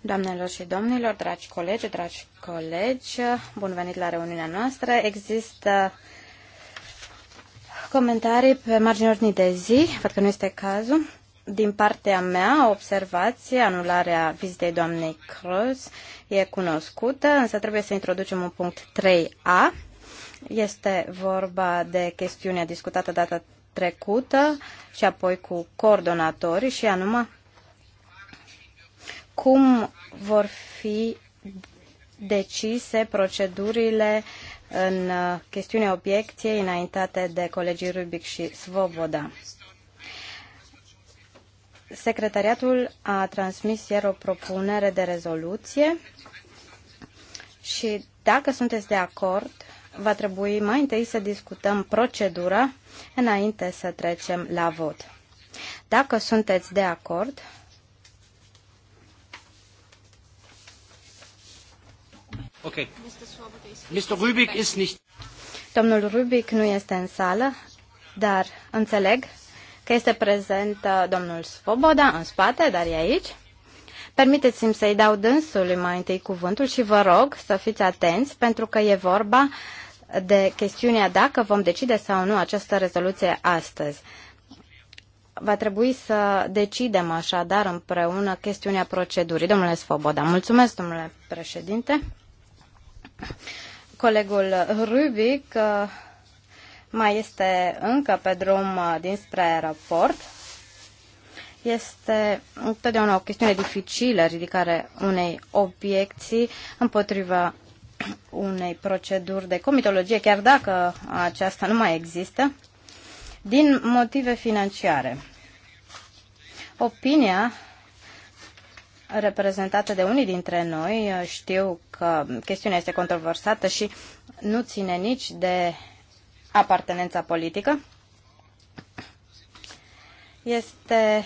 Doamnelor și domnilor, dragi colegi, dragi colegi, bun venit la reuniunea noastră. Există comentarii pe marginea ordinii de zi, văd că nu este cazul. Din partea mea, observație, anularea vizitei doamnei Cruz e cunoscută, însă trebuie să introducem un punct 3a. Este vorba de chestiunea discutată data trecută și apoi cu coordonatorii și anume cum vor fi decise procedurile în uh, chestiunea obiecției înaintate de colegii Rubic și Svoboda. Secretariatul a transmis ieri o propunere de rezoluție și dacă sunteți de acord va trebui mai întâi să discutăm procedura înainte să trecem la vot. Dacă sunteți de acord, Okay. Mr. Rubik is nicht. Domnul Rubic nu este în sală, dar înțeleg că este prezent uh, domnul Svoboda în spate, dar e aici. Permiteți-mi să-i dau dânsului mai întâi cuvântul și vă rog să fiți atenți pentru că e vorba de chestiunea dacă vom decide sau nu această rezoluție astăzi. Va trebui să decidem așadar împreună chestiunea procedurii. Domnule Svoboda, mulțumesc, domnule președinte. Colegul Rubic uh, mai este încă pe drum uh, dinspre aeroport. Este întotdeauna o chestiune dificilă ridicare unei obiecții împotriva unei proceduri de comitologie, chiar dacă aceasta nu mai există, din motive financiare. Opinia reprezentată de unii dintre noi, uh, știu că chestiunea este controversată și nu ține nici de apartenența politică, este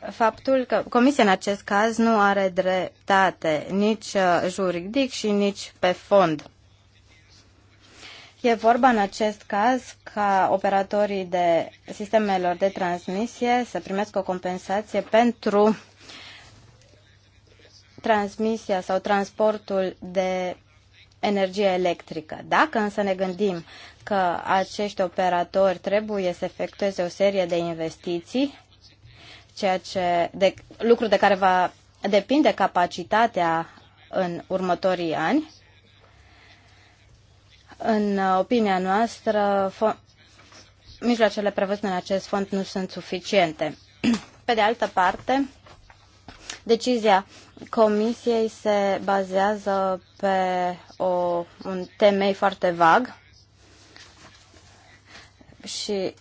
faptul că Comisia în acest caz nu are dreptate nici uh, juridic și nici pe fond. E vorba în acest caz ca operatorii de sistemelor de transmisie să primească o compensație pentru transmisia sau transportul de energie electrică. Dacă însă ne gândim că acești operatori trebuie să efectueze o serie de investiții, ceea ce, de, lucru de care va depinde capacitatea în următorii ani. În opinia noastră, mijloacele prevăzute în acest fond nu sunt suficiente. Pe de altă parte, decizia Comisiei se bazează pe o, un temei foarte vag și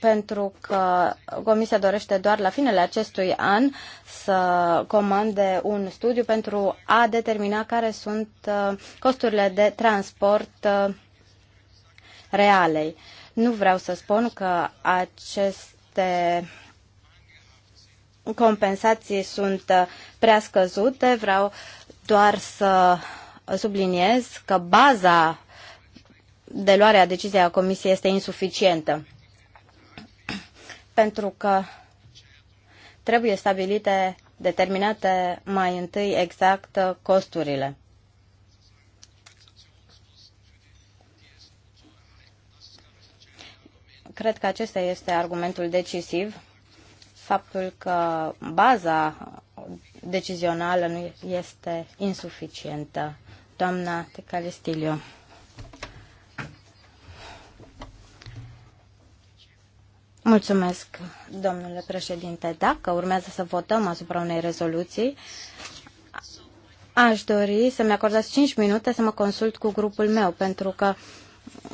pentru că Comisia dorește doar la finele acestui an să comande un studiu pentru a determina care sunt uh, costurile de transport uh, reale. Nu vreau să spun că aceste compensații sunt uh, prea scăzute, vreau doar să subliniez că baza de luare a deciziei a Comisiei este insuficientă pentru că trebuie stabilite, determinate mai întâi exact uh, costurile. Cred că acesta este argumentul decisiv, faptul că baza decizională nu este insuficientă. Doamna Tecalistilio. Mulțumesc, domnule președinte. Dacă urmează să votăm asupra unei rezoluții, aș dori să-mi acordați 5 minute să mă consult cu grupul meu, pentru că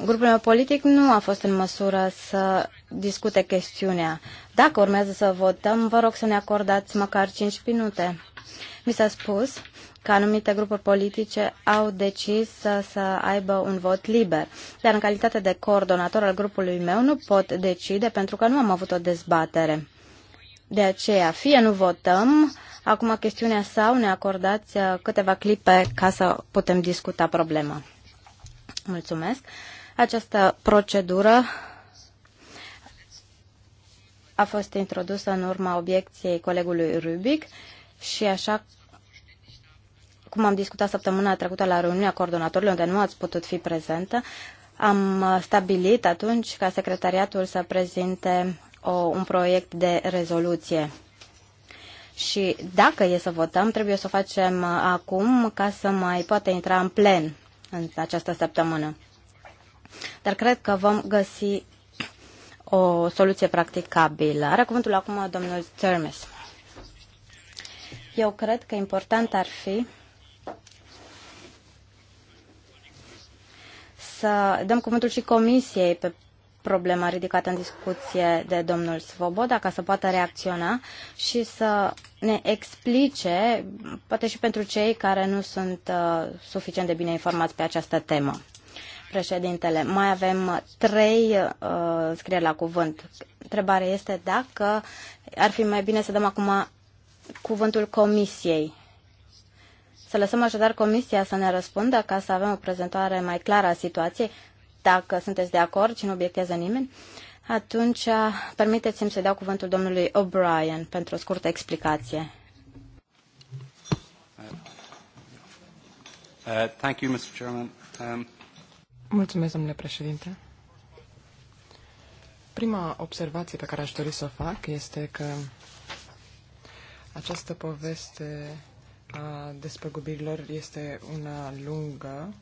grupul meu politic nu a fost în măsură să discute chestiunea. Dacă urmează să votăm, vă rog să ne acordați măcar 5 minute. Mi s-a spus că anumite grupuri politice au decis să, să aibă un vot liber. Dar în calitate de coordonator al grupului meu nu pot decide pentru că nu am avut o dezbatere. De aceea, fie nu votăm, acum chestiunea sau ne acordați uh, câteva clipe ca să putem discuta problema. Mulțumesc. Această procedură a fost introdusă în urma obiecției colegului Rubic și așa cum am discutat săptămâna trecută la reuniunea coordonatorilor, unde nu ați putut fi prezentă, am uh, stabilit atunci ca secretariatul să prezinte o, un proiect de rezoluție. Și dacă e să votăm, trebuie să o facem uh, acum ca să mai poată intra în plen în această săptămână. Dar cred că vom găsi o soluție practicabilă. Are cuvântul acum domnul Termes. Eu cred că important ar fi să dăm cuvântul și Comisiei pe problema ridicată în discuție de domnul Svoboda ca să poată reacționa și să ne explice, poate și pentru cei care nu sunt uh, suficient de bine informați pe această temă. Președintele, mai avem trei uh, scrieri la cuvânt. Întrebarea este dacă ar fi mai bine să dăm acum cuvântul Comisiei să lăsăm așadar Comisia să ne răspundă ca să avem o prezentare mai clară a situației, dacă sunteți de acord și nu obiectează nimeni. Atunci, permiteți-mi să dau cuvântul domnului O'Brien pentru o scurtă explicație. Uh, thank you, Mr. Chairman. Um... Mulțumesc, domnule președinte. Prima observație pe care aș dori să o fac este că această poveste a despăgubirilor este una lungă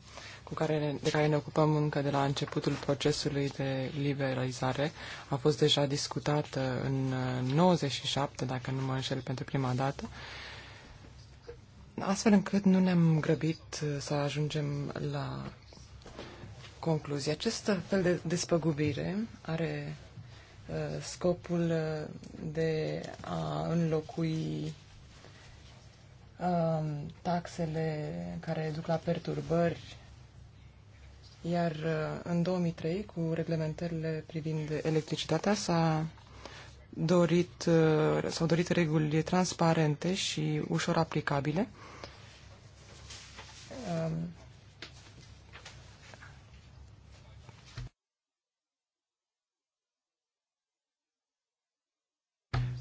cu care, de care ne ocupăm încă de la începutul procesului de liberalizare. A fost deja discutată uh, în 97, uh, dacă nu mă înșel, pentru prima dată, astfel încât nu ne-am grăbit uh, să ajungem la concluzie. Acest fel de despăgubire are scopul de a înlocui Um, taxele care duc la perturbări, iar uh, în 2003, cu reglementările privind electricitatea, s-a dorit, uh, s-au dorit reguli transparente și ușor aplicabile. Um,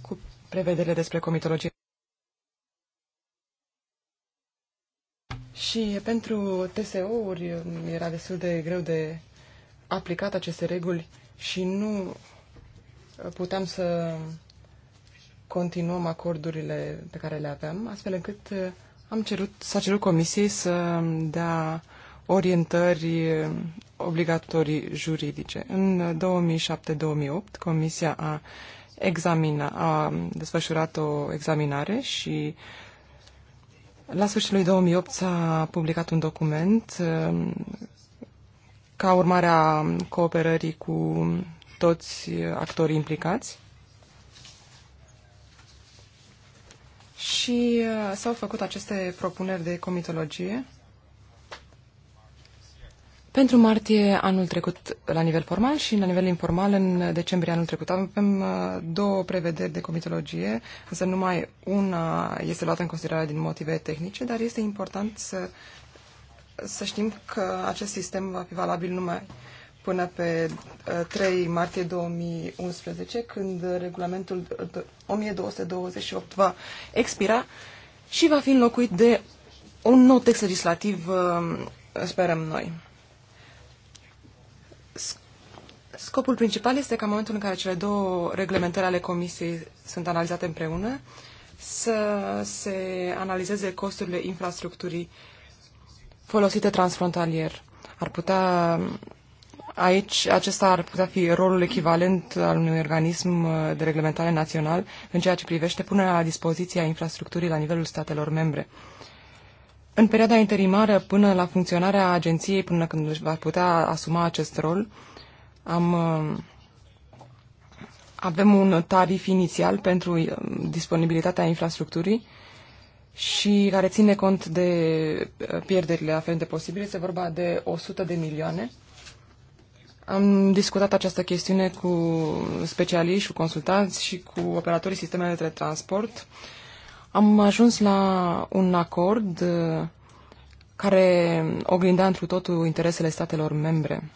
cu prevederile despre comitologie. Și pentru TSO-uri era destul de greu de aplicat aceste reguli și nu puteam să continuăm acordurile pe care le aveam, astfel încât uh, am cerut, s-a cerut comisiei să dea orientări uh, obligatorii juridice. În 2007-2008, uh, comisia a examina, a desfășurat o examinare și la sfârșitul lui 2008 s-a publicat un document um, ca urmare a cooperării cu toți actorii implicați. Și uh, s-au făcut aceste propuneri de comitologie pentru martie anul trecut la nivel formal și la nivel informal în decembrie anul trecut avem uh, două prevederi de comitologie, însă numai una este luată în considerare din motive tehnice, dar este important să, să știm că acest sistem va fi valabil numai până pe 3 uh, martie 2011, când regulamentul 1228 va expira și va fi înlocuit de un nou text legislativ, uh, sperăm noi. Scopul principal este ca în momentul în care cele două reglementări ale Comisiei sunt analizate împreună, să se analizeze costurile infrastructurii folosite transfrontalier. Ar putea Aici, acesta ar putea fi rolul echivalent al unui organism de reglementare național în ceea ce privește punerea la dispoziție a infrastructurii la nivelul statelor membre. În perioada interimară până la funcționarea agenției, până când va putea asuma acest rol, am, uh, avem un tarif inițial pentru uh, disponibilitatea infrastructurii și care ține cont de uh, pierderile aferente posibile. Este vorba de 100 de milioane. Am discutat această chestiune cu specialiști, cu consultanți și cu operatorii sistemelor de transport. Am ajuns la un acord care oglindea întru totul interesele statelor membre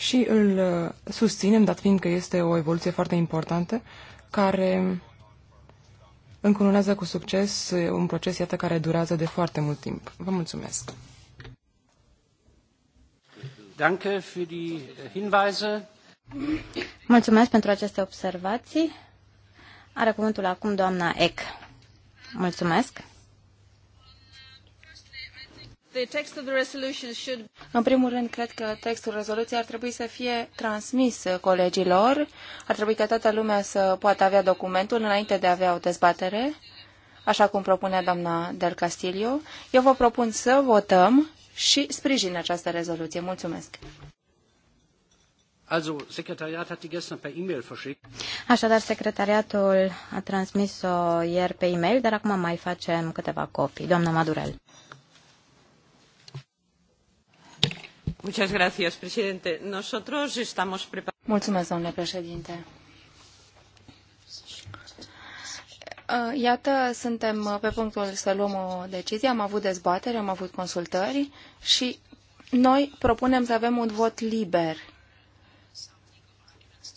și îl uh, susținem, dat fiindcă este o evoluție foarte importantă, care încununează cu succes uh, un proces, iată, care durează de foarte mult timp. Vă mulțumesc! Danke für die uh, Hinweise. Mulțumesc pentru aceste observații. Are cuvântul acum doamna Eck. Mulțumesc. În primul rând, cred că textul rezoluției ar trebui să fie transmis colegilor. Ar trebui ca toată lumea să poată avea documentul înainte de a avea o dezbatere, așa cum propunea doamna Del Castillo. Eu vă propun să votăm și sprijin această rezoluție. Mulțumesc! Așadar, secretariatul a transmis-o ieri pe e-mail, dar acum mai facem câteva copii. Doamna Madurel. Mulțumesc, domnule președinte. Uh, iată, suntem uh, pe punctul să luăm o decizie. Am avut dezbatere, am avut consultări și noi propunem să avem un vot liber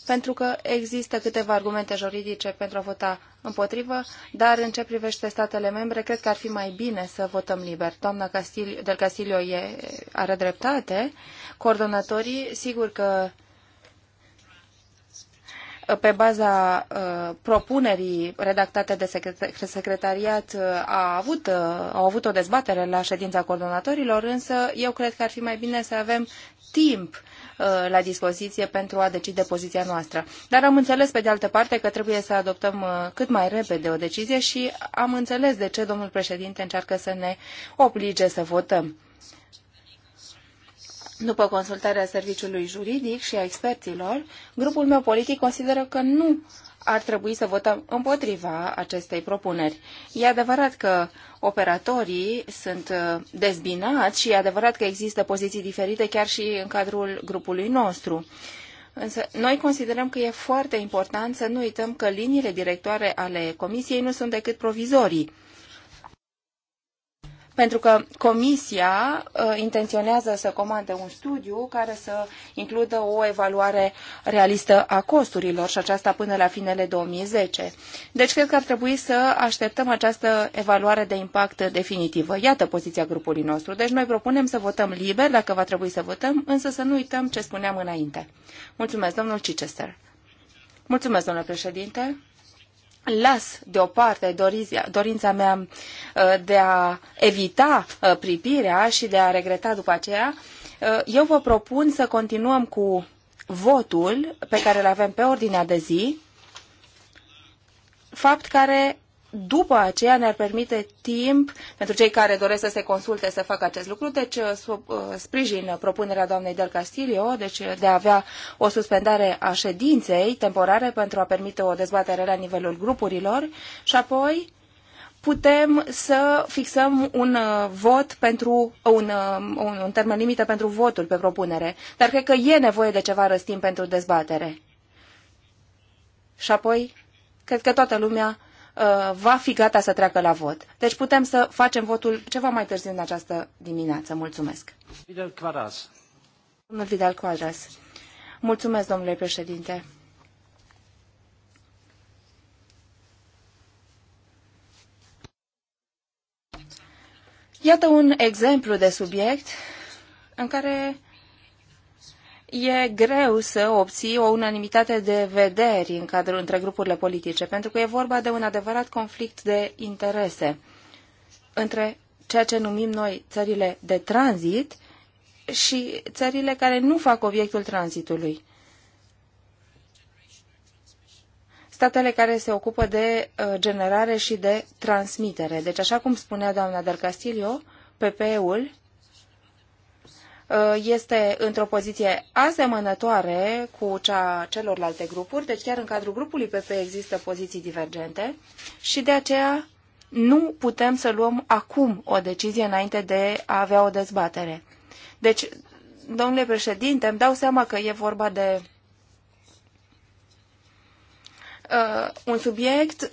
pentru că există câteva argumente juridice pentru a vota împotrivă, dar în ce privește statele membre, cred că ar fi mai bine să votăm liber. Doamna Castilio, del Castillo e, are dreptate. Coordonatorii, sigur că pe baza uh, propunerii redactate de secretariat uh, a avut, uh, au avut o dezbatere la ședința coordonatorilor, însă eu cred că ar fi mai bine să avem timp Uh, la dispoziție pentru a decide poziția noastră. Dar am înțeles, pe de altă parte, că trebuie să adoptăm uh, cât mai repede o decizie și am înțeles de ce domnul președinte încearcă să ne oblige să votăm. După consultarea serviciului juridic și a experților, grupul meu politic consideră că nu ar trebui să votăm împotriva acestei propuneri. E adevărat că operatorii sunt uh, dezbinați și e adevărat că există poziții diferite chiar și în cadrul grupului nostru. Însă noi considerăm că e foarte important să nu uităm că liniile directoare ale Comisiei nu sunt decât provizorii pentru că Comisia uh, intenționează să comande un studiu care să includă o evaluare realistă a costurilor și aceasta până la finele 2010. Deci cred că ar trebui să așteptăm această evaluare de impact definitivă. Iată poziția grupului nostru. Deci noi propunem să votăm liber dacă va trebui să votăm, însă să nu uităm ce spuneam înainte. Mulțumesc, domnul Chichester. Mulțumesc, domnule președinte las deoparte dorința mea uh, de a evita uh, pripirea și de a regreta după aceea, uh, eu vă propun să continuăm cu votul pe care îl avem pe ordinea de zi, fapt care după aceea ne-ar permite timp pentru cei care doresc să se consulte să facă acest lucru. Deci uh, uh, sprijin propunerea doamnei Del Castillo deci uh, de a avea o suspendare a ședinței temporare pentru a permite o dezbatere la nivelul grupurilor și apoi putem să fixăm un vot pentru un, un, un termen limită pentru votul pe propunere, dar cred că e nevoie de ceva răstim pentru dezbatere. Și apoi, cred că toată lumea Uh, va fi gata să treacă la vot. Deci putem să facem votul ceva mai târziu în această dimineață. Mulțumesc. Vidal Quadras. Domnul Vidal Quadras. Mulțumesc, domnule președinte. Iată un exemplu de subiect în care e greu să obții o unanimitate de vederi în cadrul între grupurile politice, pentru că e vorba de un adevărat conflict de interese între ceea ce numim noi țările de tranzit și țările care nu fac obiectul tranzitului. Statele care se ocupă de uh, generare și de transmitere. Deci, așa cum spunea doamna Del Castillo, PPE-ul Uh, este într-o poziție asemănătoare cu cea celorlalte grupuri, deci chiar în cadrul grupului PP există poziții divergente și de aceea nu putem să luăm acum o decizie înainte de a avea o dezbatere. Deci, domnule președinte, îmi dau seama că e vorba de uh, un subiect uh,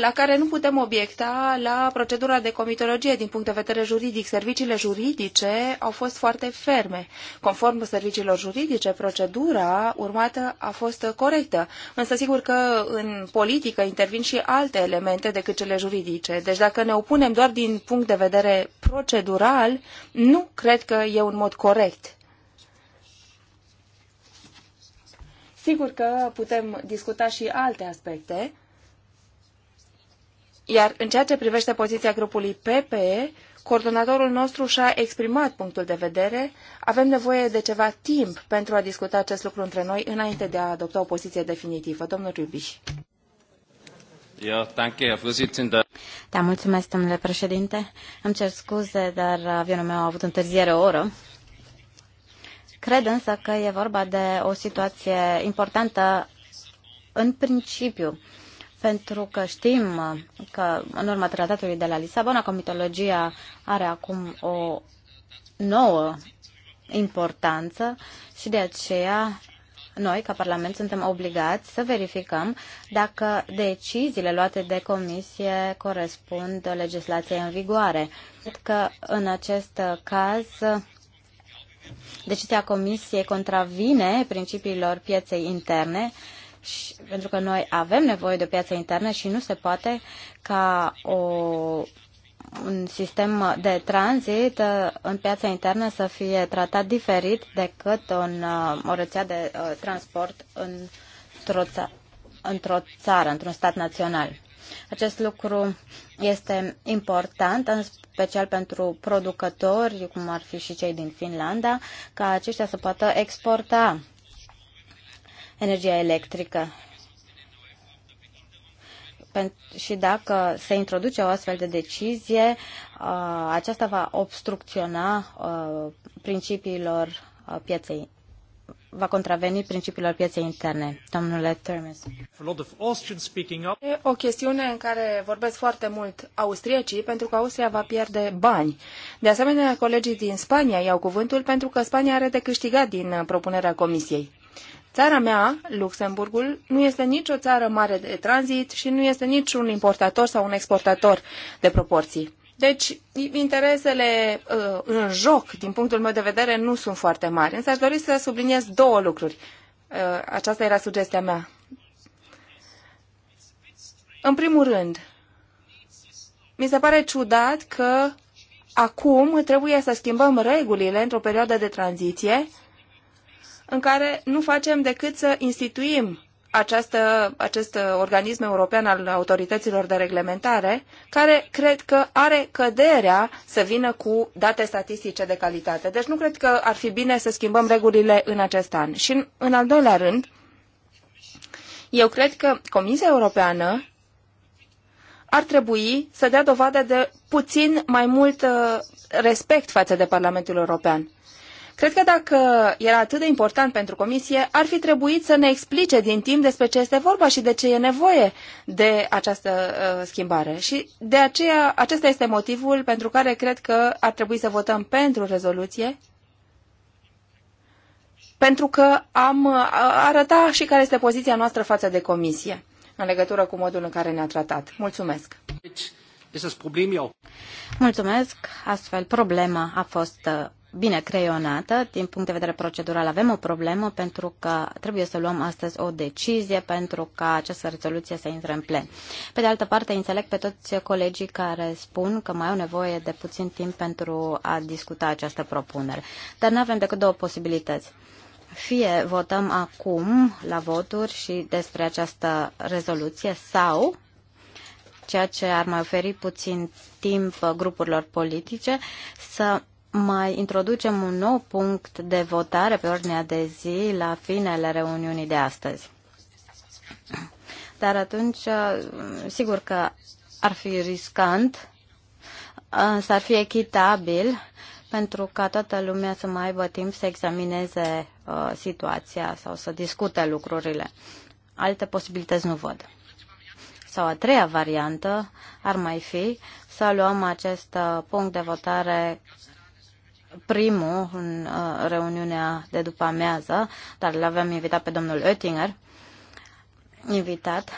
la care nu putem obiecta la procedura de comitologie din punct de vedere juridic. Serviciile juridice au fost foarte ferme. Conform serviciilor juridice, procedura urmată a fost corectă. Însă sigur că în politică intervin și alte elemente decât cele juridice. Deci dacă ne opunem doar din punct de vedere procedural, nu cred că e un mod corect Sigur că putem discuta și alte aspecte, iar în ceea ce privește poziția grupului PPE, coordonatorul nostru și-a exprimat punctul de vedere. Avem nevoie de ceva timp pentru a discuta acest lucru între noi înainte de a adopta o poziție definitivă. Domnul Rubiș. Da, mulțumesc, domnule președinte. Îmi cer scuze, dar avionul meu a avut întârziere o oră. Cred însă că e vorba de o situație importantă în principiu, pentru că știm că în urma tratatului de la Lisabona, comitologia are acum o nouă importanță și de aceea noi, ca Parlament, suntem obligați să verificăm dacă deciziile luate de comisie corespund legislației în vigoare. Cred că în acest caz Decizia Comisiei contravine principiilor pieței interne și, pentru că noi avem nevoie de o piață internă și nu se poate ca o, un sistem de tranzit uh, în piața internă să fie tratat diferit decât un uh, o rețea de uh, transport într-o, într-o țară, într-un stat național. Acest lucru este important, în special pentru producători, cum ar fi și cei din Finlanda, ca aceștia să poată exporta energia electrică. Și dacă se introduce o astfel de decizie, uh, aceasta va obstrucționa uh, principiilor uh, pieței va contraveni principiilor pieței interne. Domnule Termes. E o chestiune în care vorbesc foarte mult austriecii, pentru că Austria va pierde bani. De asemenea, colegii din Spania iau cuvântul pentru că Spania are de câștigat din uh, propunerea Comisiei. Țara mea, Luxemburgul, nu este nici o țară mare de tranzit și nu este nici un importator sau un exportator de proporții. Deci, interesele uh, în joc, din punctul meu de vedere, nu sunt foarte mari. Însă aș dori să subliniez două lucruri. Uh, aceasta era sugestia mea. În primul rând, mi se pare ciudat că acum trebuie să schimbăm regulile într-o perioadă de tranziție în care nu facem decât să instituim această, acest uh, organism european al autorităților de reglementare, care cred că are căderea să vină cu date statistice de calitate. Deci nu cred că ar fi bine să schimbăm regulile în acest an. Și în, în al doilea rând, eu cred că Comisia Europeană ar trebui să dea dovadă de puțin mai mult uh, respect față de Parlamentul European. Cred că dacă era atât de important pentru comisie, ar fi trebuit să ne explice din timp despre ce este vorba și de ce e nevoie de această uh, schimbare. Și de aceea, acesta este motivul pentru care cred că ar trebui să votăm pentru rezoluție pentru că am uh, arătat și care este poziția noastră față de comisie în legătură cu modul în care ne-a tratat. Mulțumesc! Deci, Mulțumesc! Astfel, problema a fost uh, bine creionată. Din punct de vedere procedural avem o problemă pentru că trebuie să luăm astăzi o decizie pentru ca această rezoluție să intre în plen. Pe de altă parte, înțeleg pe toți colegii care spun că mai au nevoie de puțin timp pentru a discuta această propunere. Dar nu avem decât două posibilități. Fie votăm acum la voturi și despre această rezoluție sau ceea ce ar mai oferi puțin timp grupurilor politice, să mai introducem un nou punct de votare pe ordinea de zi la finele reuniunii de astăzi. Dar atunci, uh, sigur că ar fi riscant, însă ar fi echitabil pentru ca toată lumea să mai aibă timp să examineze uh, situația sau să discute lucrurile. Alte posibilități nu văd. Sau a treia variantă ar mai fi să luăm acest uh, punct de votare primul în uh, reuniunea de după amiază, dar l-aveam invitat pe domnul Oettinger, invitat.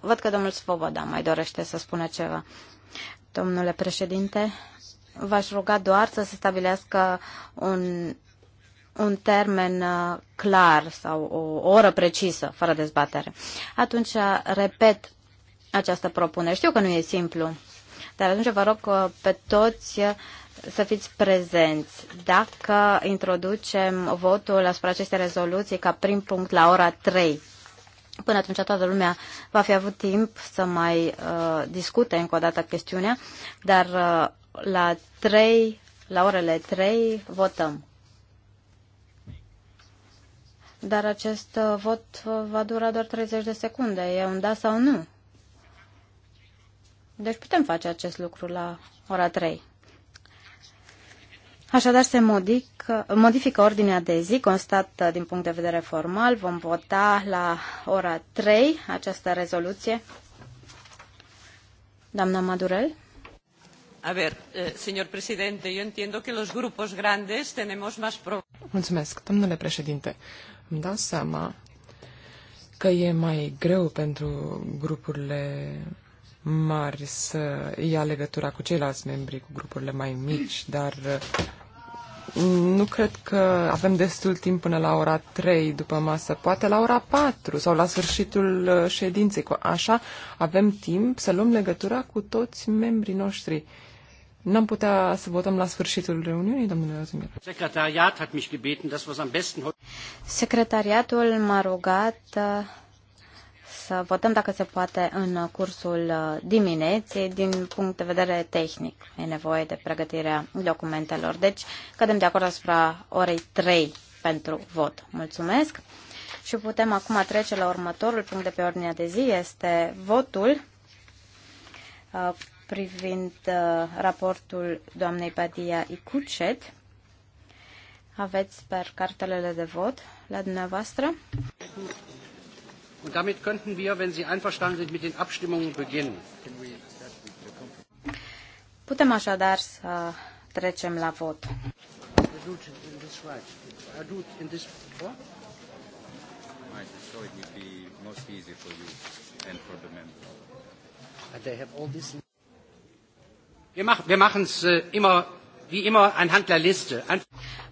Văd că domnul Svoboda mai dorește să spună ceva. Domnule președinte, v-aș ruga doar să se stabilească un, un termen uh, clar sau o oră precisă, fără dezbatere. Atunci uh, repet această propunere. Știu că nu e simplu, dar atunci vă rog pe toți să fiți prezenți. Dacă introducem votul asupra acestei rezoluții ca prim punct la ora 3, până atunci toată lumea va fi avut timp să mai uh, discute încă o dată chestiunea, dar uh, la 3, la orele 3 votăm. Dar acest uh, vot uh, va dura doar 30 de secunde. E un da sau nu? Deci putem face acest lucru la ora 3. Așadar se modică, modifică ordinea de zi, constat din punct de vedere formal. Vom vota la ora 3 această rezoluție. Doamna Madurel? A ver, eh, señor presidente, yo entiendo que los grupos grandes tenemos más problemas. Mulțumesc, domnule președinte. Îmi dau seama că e mai greu pentru grupurile mari să ia legătura cu ceilalți membri, cu grupurile mai mici, dar nu cred că avem destul timp până la ora 3 după masă, poate la ora 4 sau la sfârșitul uh, ședinței. Așa avem timp să luăm legătura cu toți membrii noștri. N-am putea să votăm la sfârșitul reuniunii, domnule Razumir? Secretariat Secretariatul m-a rugat uh, să votăm dacă se poate în cursul uh, dimineții. Din punct de vedere tehnic e nevoie de pregătirea documentelor. Deci cădem de acord asupra orei 3 pentru vot. Mulțumesc! Și putem acum trece la următorul punct de pe ordinea de zi. Este votul uh, privind uh, raportul doamnei Padia Icucet. Aveți, sper, cartelele de vot la dumneavoastră? Und damit könnten wir, wenn Sie einverstanden sind, mit den Abstimmungen beginnen. Putem așadar să trecem la vot.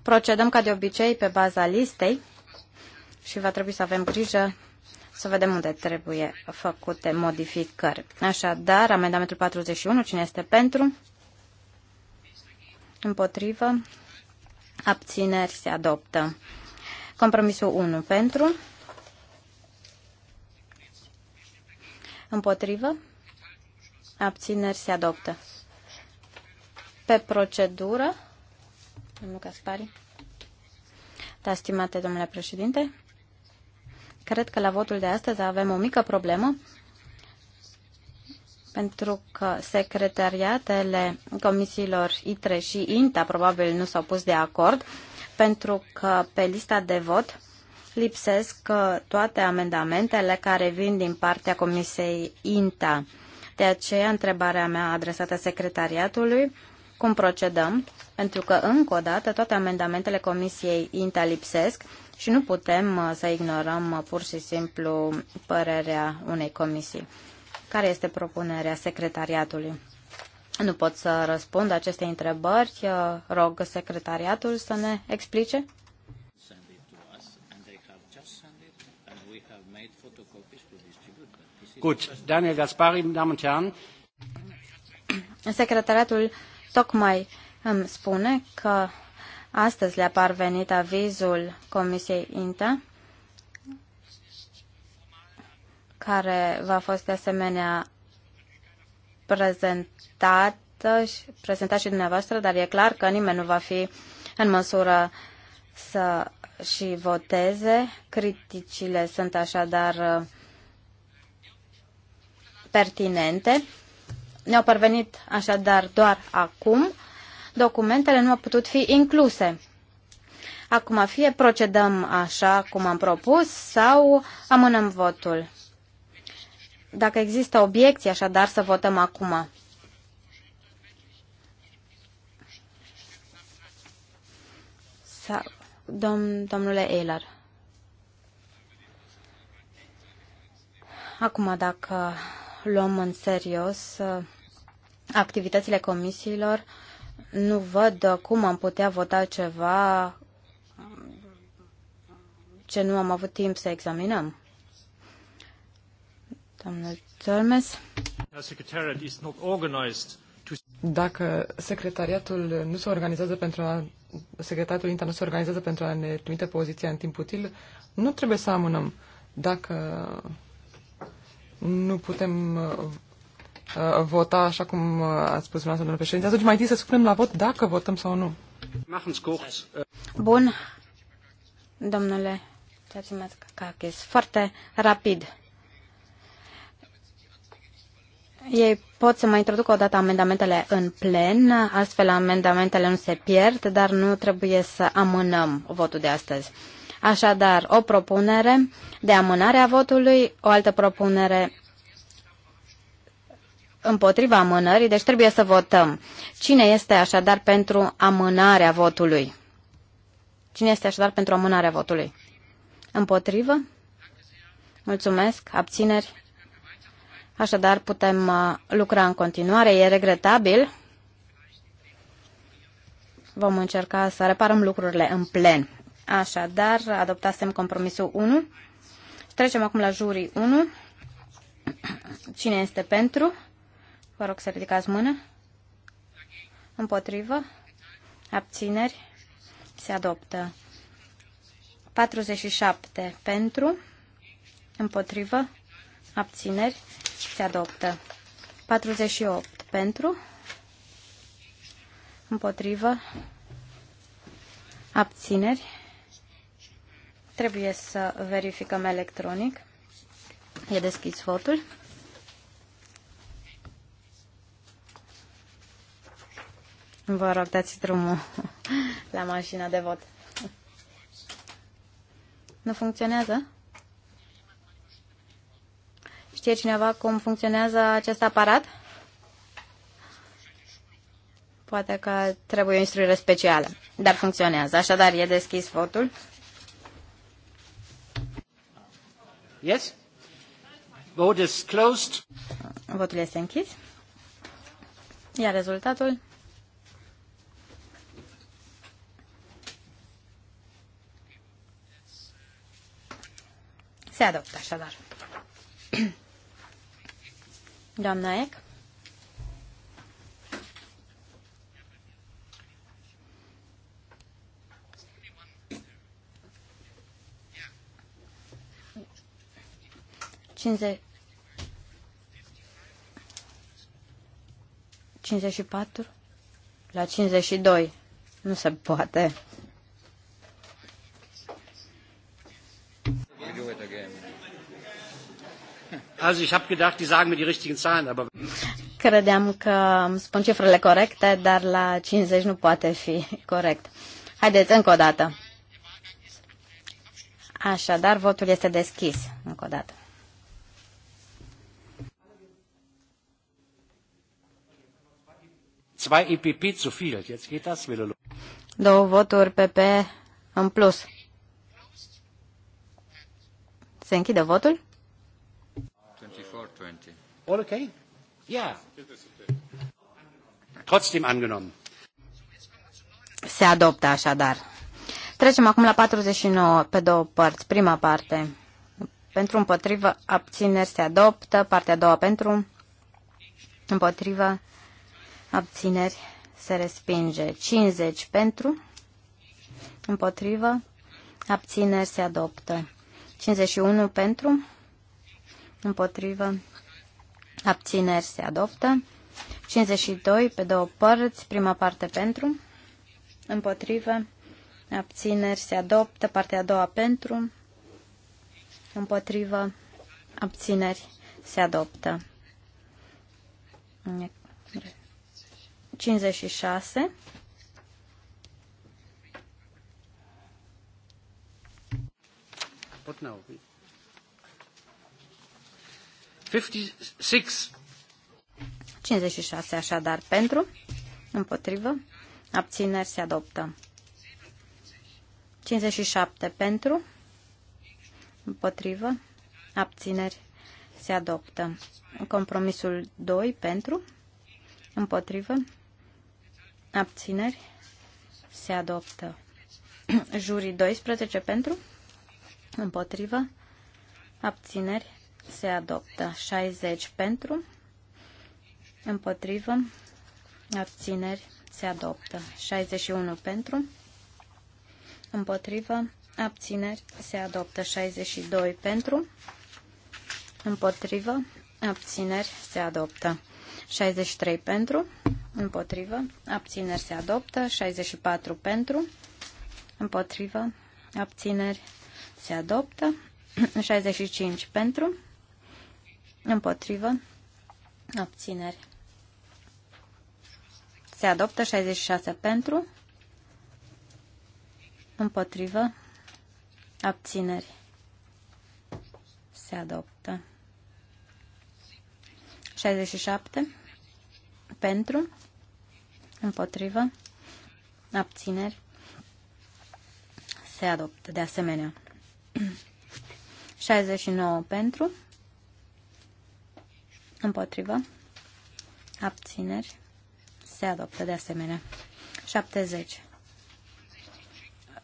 Procedăm ca de obicei pe baza listei și va trebui să avem grijă să vedem unde trebuie făcute modificări. Așadar, amendamentul 41, cine este pentru? Împotrivă? Abțineri se adoptă. Compromisul 1 pentru? Împotrivă? Abțineri se adoptă. Pe procedură, domnul Caspari. Da, stimate domnule președinte. Cred că la votul de astăzi avem o mică problemă pentru că secretariatele comisiilor ITRE și INTA probabil nu s-au pus de acord, pentru că pe lista de vot lipsesc uh, toate amendamentele care vin din partea comisiei INTA. De aceea, întrebarea mea adresată secretariatului, cum procedăm? Pentru că, încă o dată, toate amendamentele comisiei INTA lipsesc și nu putem uh, să ignorăm uh, pur și simplu părerea unei comisii. Care este propunerea secretariatului? Nu pot să răspund aceste întrebări. Uh, rog secretariatul să ne explice. Gut, Daniel Gaspari, Damen und Herren. Secretariatul tocmai îmi spune că Astăzi le-a parvenit avizul Comisiei INTA, care va fost de asemenea prezentat, prezentat și dumneavoastră, dar e clar că nimeni nu va fi în măsură să și voteze. Criticile sunt așadar uh, pertinente. Ne-au parvenit așadar doar acum documentele nu au putut fi incluse. Acum fie procedăm așa cum am propus sau amânăm votul. Dacă există obiecții, așadar să votăm acum. Sau, dom, domnule Eiler. Acum, dacă luăm în serios uh, activitățile comisiilor, uh, nu văd cum am putea vota ceva ce nu am avut timp să examinăm. Domnul Tormes? Dacă secretariatul nu se organizează pentru a secretariatul INTA nu se organizează pentru a ne trimite poziția în timp util, nu trebuie să amânăm. Dacă nu putem Uh, vota așa cum uh, ați spus dumneavoastră, domnule președinte. Atunci mai întâi să spunem la vot dacă votăm sau nu. Uh, Bun. Domnule Kakis, foarte rapid. Ei pot să mai o dată amendamentele în plen, astfel amendamentele nu se pierd, dar nu trebuie să amânăm votul de astăzi. Așadar, o propunere de amânare a votului, o altă propunere împotriva amânării, deci trebuie să votăm. Cine este așadar pentru amânarea votului? Cine este așadar pentru amânarea votului? Împotrivă? Mulțumesc. Abțineri? Așadar, putem uh, lucra în continuare. E regretabil. Vom încerca să reparăm lucrurile în plen. Așadar, adoptasem compromisul 1. Trecem acum la jurii 1. Cine este pentru? Vă rog să ridicați mână. Împotrivă. Abțineri. Se adoptă. 47 pentru. Împotrivă. Abțineri. Se adoptă. 48 pentru. Împotrivă. Abțineri. Trebuie să verificăm electronic. E deschis votul. Vă rog, dați drumul la mașina de vot. Nu funcționează? Știe cineva cum funcționează acest aparat? Poate că trebuie o instruire specială, dar funcționează. Așadar, e deschis votul. Yes? Vote is closed. Votul este închis. Iar rezultatul Se adoptă așadar. Doamna Eck? Cincizeci 54 la 52. Nu se poate. ich habe gedacht, die sagen mir die richtigen Zahlen, aber Credeam că spun cifrele corecte, dar la 50 nu poate fi corect. Haideți încă o dată. Așadar, votul este deschis încă o dată. Două voturi PP în plus. Se închide votul? All okay? Yeah. Trotzdem angenommen. Se adoptă așadar. Trecem acum la 49 pe două părți. Prima parte. Pentru împotrivă, abțineri se adoptă. Partea a doua pentru împotrivă, abțineri se respinge. 50 pentru împotrivă, abțineri se adoptă. 51 pentru împotrivă, abțineri se adoptă. 52 pe două părți, prima parte pentru, împotrivă, abțineri se adoptă, partea a doua pentru, împotrivă, abțineri se adoptă. 56 But no, we 56. așadar pentru, împotrivă, abțineri se adoptă. 57 pentru, împotrivă, abțineri se adoptă. Compromisul 2 pentru, împotrivă, abțineri se adoptă. Jurii 12 pentru, împotrivă, abțineri se adoptă. 60 pentru, împotrivă, abțineri, se adoptă. 61 pentru, împotrivă, abțineri, se adoptă. 62 pentru, împotrivă, abțineri, se adoptă. 63 pentru, împotrivă, abțineri se adoptă, 64 pentru, împotrivă, abțineri se adoptă, 65 pentru, Împotrivă. Abțineri. Se adoptă 66 pentru. Împotrivă. Abțineri. Se adoptă. 67 pentru. Împotrivă. Abțineri. Se adoptă de asemenea. 69 pentru. Împotrivă. Abțineri. Se adoptă de asemenea. 70.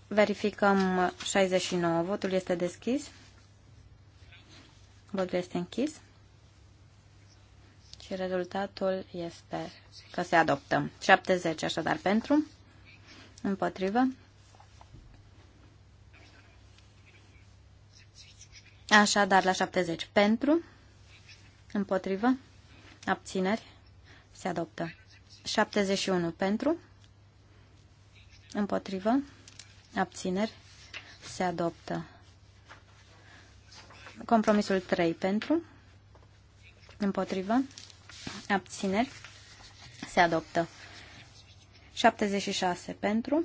Verificăm 69. Votul este deschis. Votul este închis. Și rezultatul este că se adoptă. 70, așadar, pentru. Împotrivă. Așadar, la 70 pentru, Împotrivă. Abțineri. Se adoptă. 71 pentru. Împotrivă. Abțineri. Se adoptă. Compromisul 3 pentru. Împotrivă. Abțineri. Se adoptă. 76 pentru.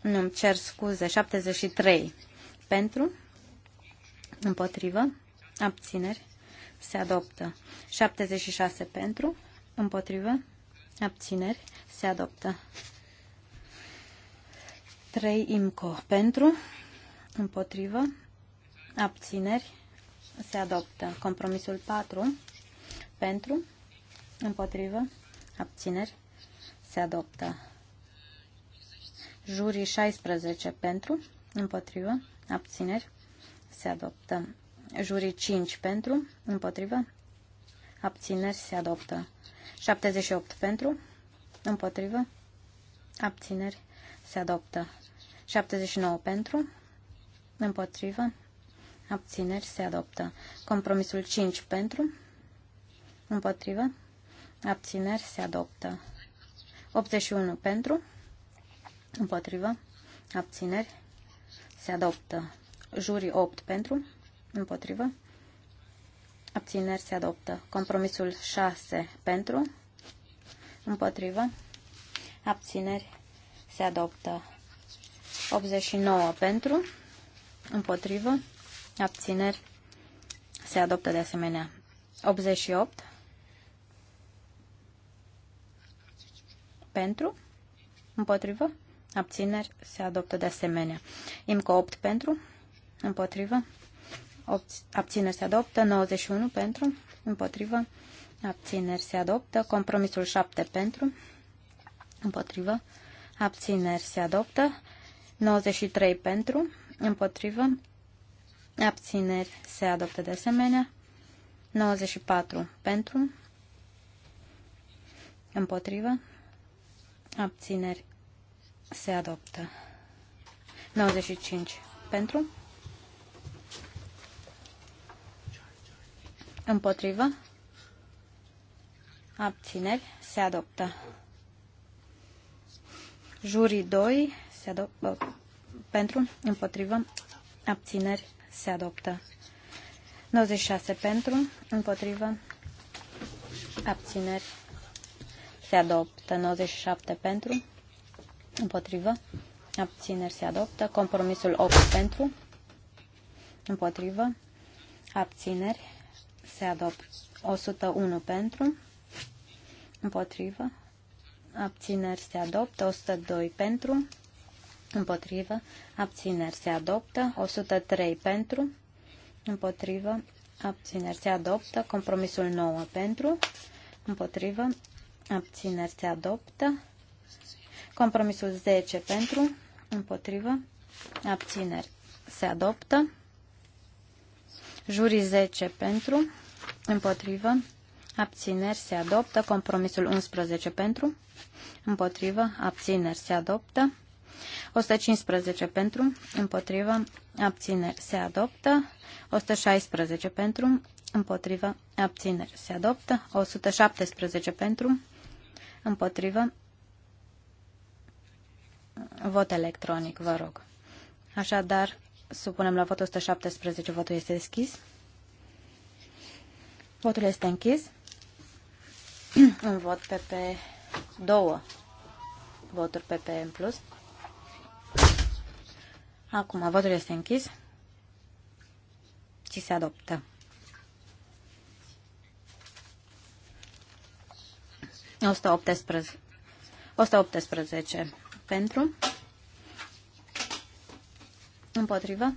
Nu, îmi cer scuze. 73 pentru. Împotrivă. Abțineri. Se adoptă. 76 pentru. Împotrivă. Abțineri. Se adoptă. 3 IMCO pentru. Împotrivă. Abțineri. Se adoptă. Compromisul 4 pentru. Împotrivă. Abțineri. Se adoptă. Jurii 16 pentru. Împotrivă. Abțineri se adoptă. Jurii 5 pentru, împotrivă, abțineri se adoptă. 78 pentru, împotrivă, abțineri se adoptă. 79 pentru, împotrivă, abțineri se adoptă. Compromisul 5 pentru, împotrivă, abțineri se adoptă. 81 pentru, împotrivă, abțineri se adoptă. Jurii 8 pentru, împotrivă. Abțineri se adoptă. Compromisul 6 pentru, împotrivă. Abțineri se adoptă. 89 pentru, împotrivă. Abțineri se adoptă de asemenea. 88 pentru, împotrivă. Abțineri se adoptă de asemenea. IMCO 8 pentru, împotrivă, abțineri se adoptă, 91 pentru, împotrivă, abțineri se adoptă, compromisul 7 pentru, împotrivă, abțineri se adoptă, 93 pentru, împotrivă, abțineri se adoptă de asemenea, 94 pentru, împotrivă, abțineri se adoptă, 95 pentru, Împotrivă. Abțineri. Se adoptă. Jurii 2. Se adoptă. Pentru. Împotrivă. Abțineri. Se adoptă. 96 pentru. Împotrivă. Abțineri. Se adoptă. 97 pentru. Împotrivă. Abțineri se adoptă. Compromisul 8 pentru. Împotrivă. Abțineri se adoptă. 101 pentru, împotrivă, abțineri se adoptă. 102 pentru, împotrivă, abțineri se adoptă. 103 pentru, împotrivă, abțineri se adoptă. Compromisul 9 pentru, împotrivă, abțineri se adoptă. Compromisul 10 pentru, împotrivă, abțineri se adoptă. Jurii 10 pentru, Împotrivă. Abțineri se adoptă. Compromisul 11 pentru. Împotrivă. Abțineri se adoptă. 115 pentru. Împotrivă. Abțineri se adoptă. 116 pentru. Împotrivă. Abțineri se adoptă. 117 pentru. Împotrivă. Vot electronic, vă rog. Așadar, supunem la vot 117. Votul este deschis. Votul este închis. Un vot PP, două voturi PP în plus. Acum, votul este închis și se adoptă. O 118, 118 pentru, împotrivă,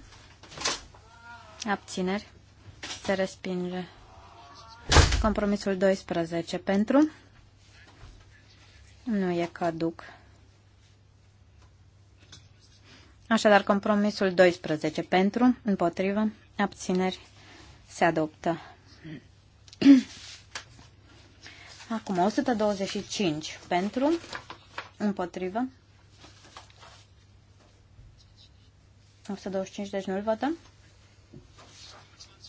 abțineri, se respinge. Compromisul 12 pentru. Nu e caduc. Așadar, compromisul 12 pentru, împotrivă, abțineri se adoptă. Acum 125 pentru, împotrivă. 125, deci nu-l votăm.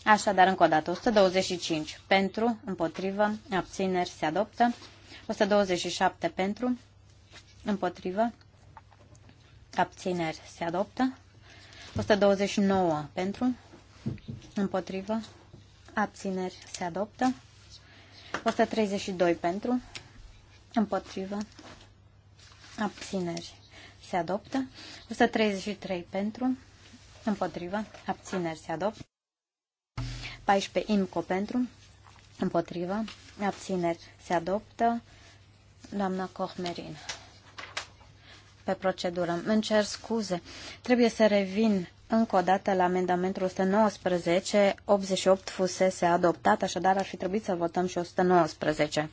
Așadar, încă o dată, 125 pentru, împotrivă, abțineri se adoptă, 127 pentru, împotrivă, abțineri se adoptă, 129 pentru, împotrivă, abțineri se adoptă, 132 pentru, împotrivă, abțineri se adoptă, 133 pentru, împotrivă, abțineri se adoptă. 14 IMCO pentru, împotrivă, abțineri se adoptă, doamna Cohmerin. Pe procedură. Îmi cer scuze. Trebuie să revin încă o dată la amendamentul 119. 88 fusese adoptat, așadar ar fi trebuit să votăm și 119.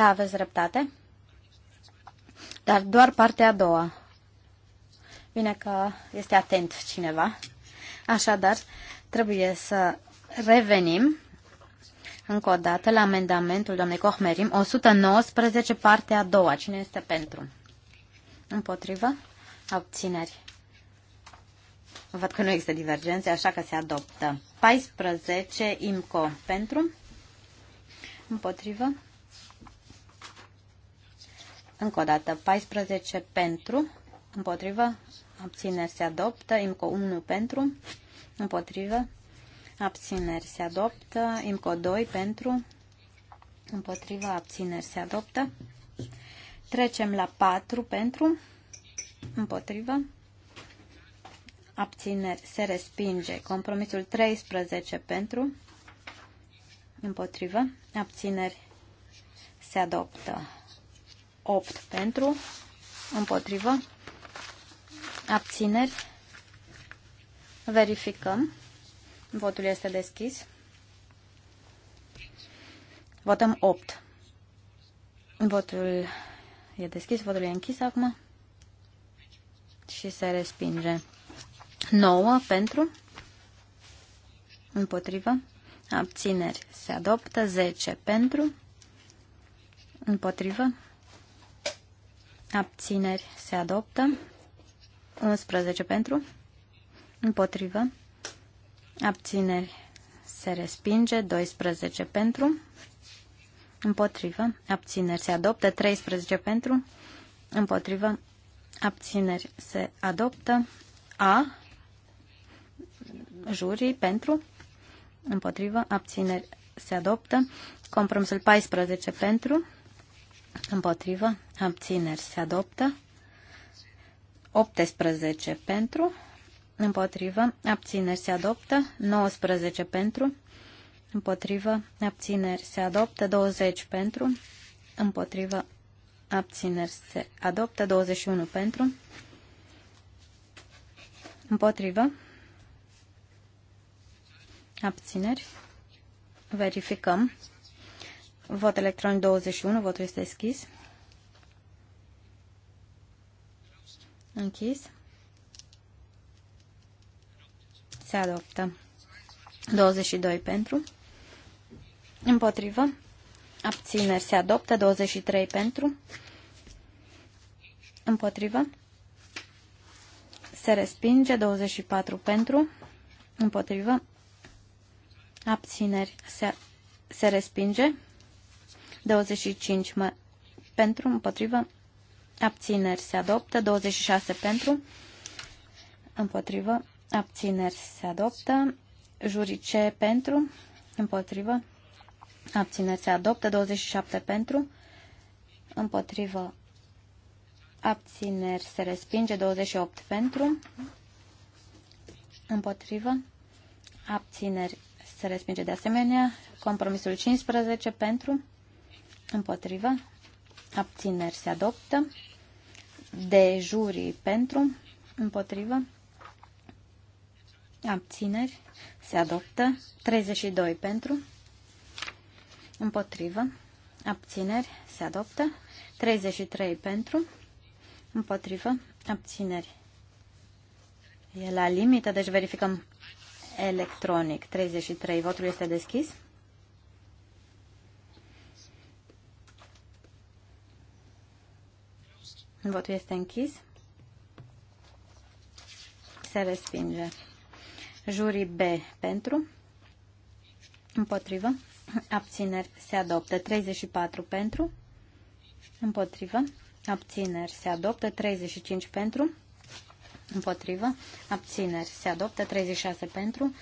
Da, aveți dreptate. Dar doar partea a doua. Bine că este atent cineva. Așadar, trebuie să revenim încă o dată la amendamentul doamnei Cohmerim, 119, partea a doua. Cine este pentru? Împotrivă? Abțineri. Văd că nu există divergențe, așa că se adoptă. 14, IMCO. Pentru? Împotrivă? Încă o dată, 14 pentru, împotrivă, abțineri se adoptă, IMCO 1 pentru, împotrivă, abțineri se adoptă, IMCO 2 pentru, împotrivă, abțineri se adoptă. Trecem la 4 pentru, împotrivă, abțineri se respinge, compromisul 13 pentru, împotrivă, abțineri se adoptă. 8 pentru, împotrivă, abțineri, verificăm, votul este deschis, votăm 8, votul e deschis, votul e închis acum și se respinge, 9 pentru, împotrivă, abțineri, se adoptă, 10 pentru, împotrivă, abțineri se adoptă, 11 pentru, împotrivă, abțineri se respinge, 12 pentru, împotrivă, abțineri se adoptă, 13 pentru, împotrivă, abțineri se adoptă, A, jurii pentru, împotrivă, abțineri se adoptă, compromisul 14 pentru, Împotrivă. Abțineri se adoptă. 18 pentru. Împotrivă. Abțineri se adoptă. 19 pentru. Împotrivă. Abțineri se adoptă. 20 pentru. Împotrivă. Abțineri se adoptă. 21 pentru. Împotrivă. Abțineri. Verificăm. Vot electronic 21, votul este deschis. Închis. Se adoptă. 22 pentru. Împotrivă. Abțineri se adoptă. 23 pentru. Împotrivă. Se respinge. 24 pentru. Împotrivă. Abțineri se, se respinge. 25 pentru, împotrivă, abțineri se adoptă, 26 pentru, împotrivă, abțineri se adoptă, jurice pentru, împotrivă, abțineri se adoptă, 27 pentru, împotrivă, abțineri se respinge, 28 pentru, împotrivă, abțineri se respinge de asemenea, compromisul 15 pentru, Împotrivă. Abțineri se adoptă. De jurii pentru. Împotrivă. Abțineri se adoptă. 32 pentru. Împotrivă. Abțineri se adoptă. 33 pentru. Împotrivă. Abțineri. E la limită, deci verificăm electronic. 33. Votul este deschis. Votul este închis. Se respinge. Jurii B pentru. Împotrivă. Abțineri se adoptă. 34 pentru. Împotrivă. Abțineri se adoptă. 35 pentru. Împotrivă. Abțineri se adoptă. 36 pentru.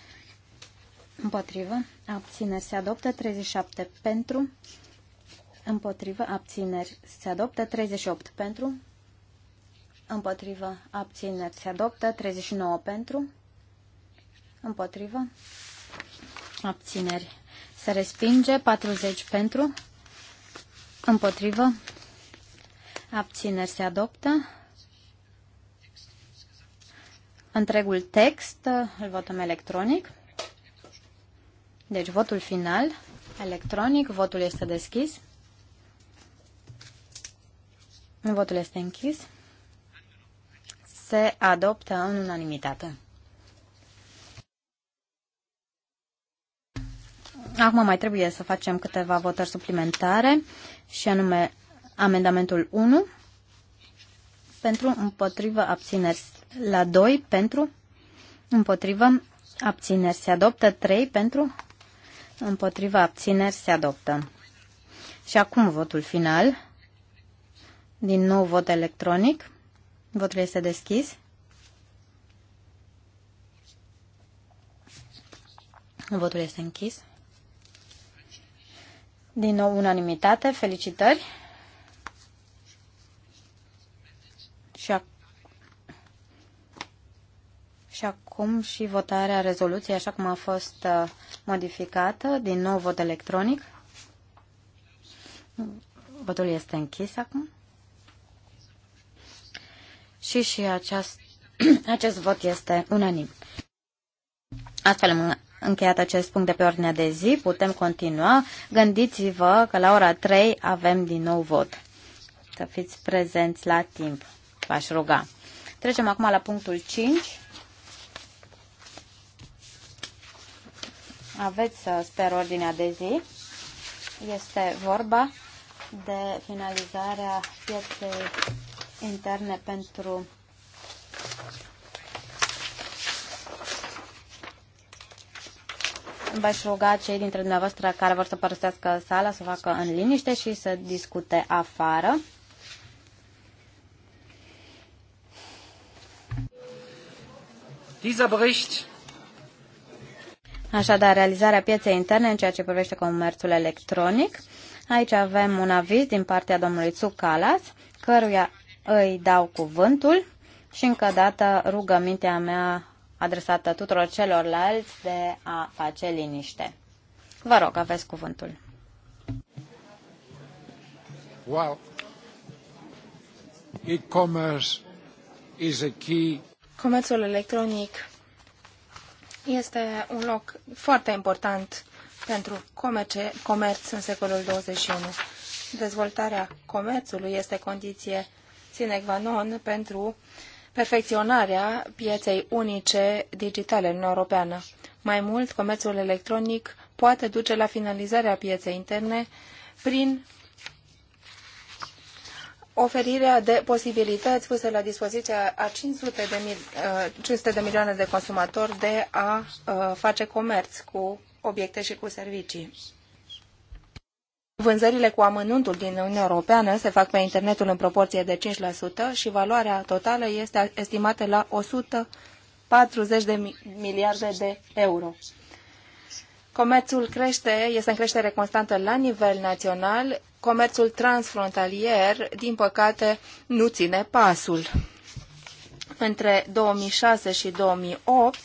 Împotrivă. Abțineri se adoptă. 37 pentru. Împotrivă. Abțineri se adoptă. 38 pentru. Împotrivă. Abțineri. Se adoptă. 39 pentru. Împotrivă. Abțineri. Se respinge. 40 pentru. Împotrivă. Abțineri. Se adoptă. Întregul text îl votăm electronic. Deci votul final electronic. Votul este deschis. Votul este închis se adoptă în unanimitate. Acum mai trebuie să facem câteva votări suplimentare și anume amendamentul 1 pentru împotrivă abțineri la 2 pentru împotrivă abțineri se adoptă 3 pentru împotrivă abțineri se adoptă. Și acum votul final. Din nou vot electronic. Votul este deschis. Votul este închis. Din nou unanimitate. Felicitări. Și, ac și acum și votarea rezoluției așa cum a fost uh, modificată. Din nou vot electronic. Votul este închis acum și și aceast, acest vot este unanim. Astfel am încheiat acest punct de pe ordinea de zi. Putem continua. Gândiți-vă că la ora 3 avem din nou vot. Să fiți prezenți la timp. V-aș ruga. Trecem acum la punctul 5. Aveți, uh, sper, ordinea de zi. Este vorba de finalizarea pieței interne pentru v-aș ruga cei dintre dumneavoastră care vor să părăsească sala să facă în liniște și să discute afară. Dieser Bericht Așadar, realizarea pieței interne în ceea ce privește comerțul electronic. Aici avem un aviz din partea domnului Tsukalas, căruia îi dau cuvântul și încă o dată rugămintea mea adresată tuturor celorlalți de a face liniște. Vă rog, aveți cuvântul. Wow. E-commerce is a key. Comerțul electronic este un loc foarte important pentru comerț în secolul 21. Dezvoltarea comerțului este condiție sine qua non pentru perfecționarea pieței unice digitale în Europeană. Mai mult, comerțul electronic poate duce la finalizarea pieței interne prin oferirea de posibilități puse la dispoziția a 500 de, mil, 500 uh, de milioane de consumatori de a uh, face comerț cu obiecte și cu servicii. Vânzările cu amănuntul din Uniunea Europeană se fac pe internetul în proporție de 5% și valoarea totală este estimată la 140 de miliarde de euro. Comerțul crește, este în creștere constantă la nivel național, comerțul transfrontalier, din păcate, nu ține pasul. Între 2006 și 2008,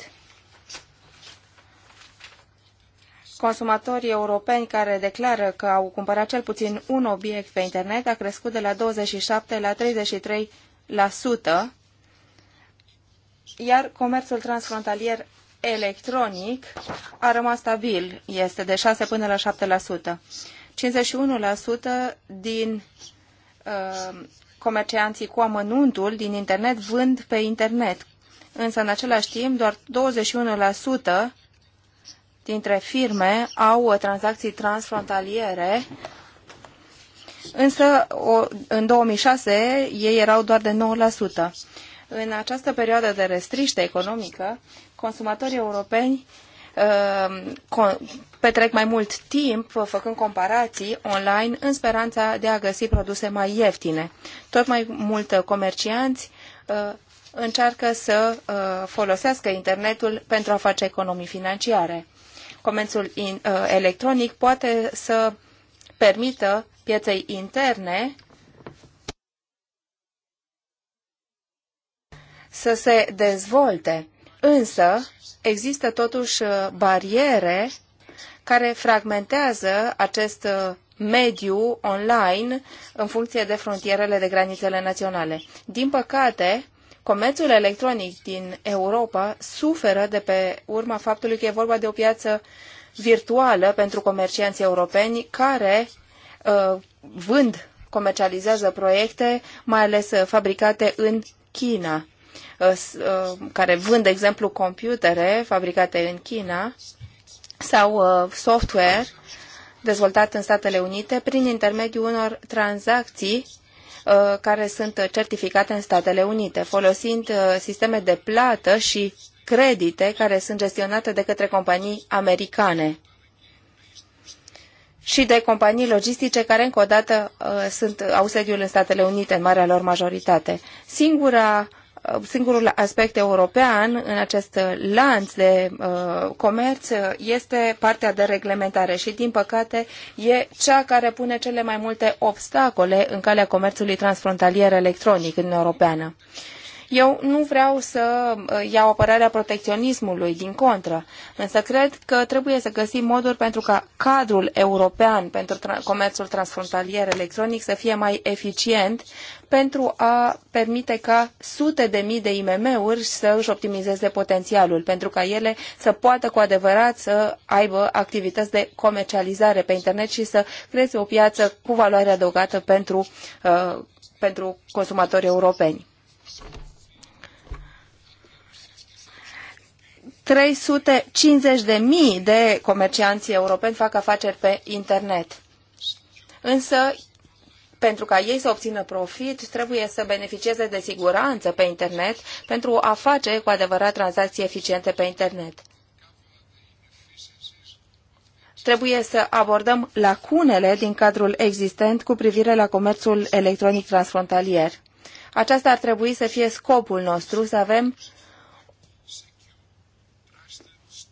consumatorii europeni care declară că au cumpărat cel puțin un obiect pe internet a crescut de la 27 la 33%, iar comerțul transfrontalier electronic a rămas stabil, este de 6 până la 7%. 51% din uh, comercianții cu amănuntul din internet vând pe internet, însă în același timp doar 21% dintre firme au uh, tranzacții transfrontaliere, însă o, în 2006 ei erau doar de 9%. În această perioadă de restriște economică, consumatorii europeni uh, petrec mai mult timp uh, făcând comparații online în speranța de a găsi produse mai ieftine. Tot mai mult uh, comercianți uh, încearcă să folosească internetul pentru a face economii financiare comerțul in, uh, electronic poate să permită pieței interne să se dezvolte. Însă există totuși uh, bariere care fragmentează acest uh, mediu online în funcție de frontierele de granițele naționale. Din păcate, Comerțul electronic din Europa suferă de pe urma faptului că e vorba de o piață virtuală pentru comercianții europeni care uh, vând, comercializează proiecte, mai ales uh, fabricate în China, uh, uh, care vând, de exemplu, computere fabricate în China sau uh, software dezvoltat în Statele Unite prin intermediul unor tranzacții Uh, care sunt certificate în Statele Unite, folosind uh, sisteme de plată și credite care sunt gestionate de către companii americane și de companii logistice care încă o dată uh, sunt, au sediul în Statele Unite, în marea lor majoritate. Singura uh, singurul aspect european în acest lanț de uh, comerț este partea de reglementare și, din păcate, e cea care pune cele mai multe obstacole în calea comerțului transfrontalier electronic în Europeană. Eu nu vreau să uh, iau apărarea protecționismului, din contră, însă cred că trebuie să găsim moduri pentru ca cadrul european pentru comerțul transfrontalier electronic să fie mai eficient pentru a permite ca sute de mii de IMM-uri să își optimizeze potențialul, pentru ca ele să poată cu adevărat să aibă activități de comercializare pe internet și să creeze o piață cu valoare adăugată pentru, uh, pentru consumatorii europeni. 350.000 de comercianți europeni fac afaceri pe internet. Însă, pentru ca ei să obțină profit, trebuie să beneficieze de siguranță pe internet pentru a face cu adevărat tranzacții eficiente pe internet. Trebuie să abordăm lacunele din cadrul existent cu privire la comerțul electronic transfrontalier. Aceasta ar trebui să fie scopul nostru, să avem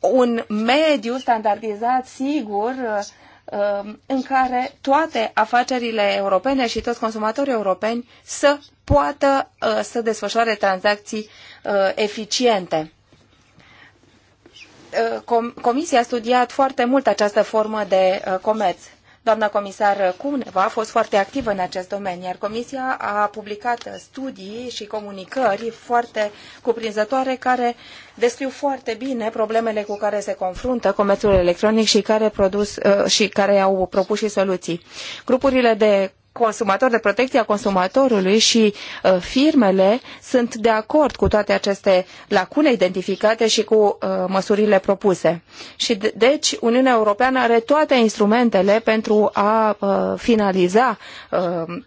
un mediu standardizat, sigur, uh, în care toate afacerile europene și toți consumatorii europeni să poată uh, să desfășoare tranzacții uh, eficiente. Comisia a studiat foarte mult această formă de comerț. Doamna comisar Cuneva a fost foarte activă în acest domeniu, iar Comisia a publicat studii și comunicări foarte cuprinzătoare care descriu foarte bine problemele cu care se confruntă comerțul electronic și care, produs, uh, și care au propus și soluții. Grupurile de consumatori, de protecție a consumatorului și uh, firmele sunt de acord cu toate aceste lacune identificate și cu uh, măsurile propuse. Și de deci Uniunea Europeană are toate instrumentele pentru a uh, finaliza uh,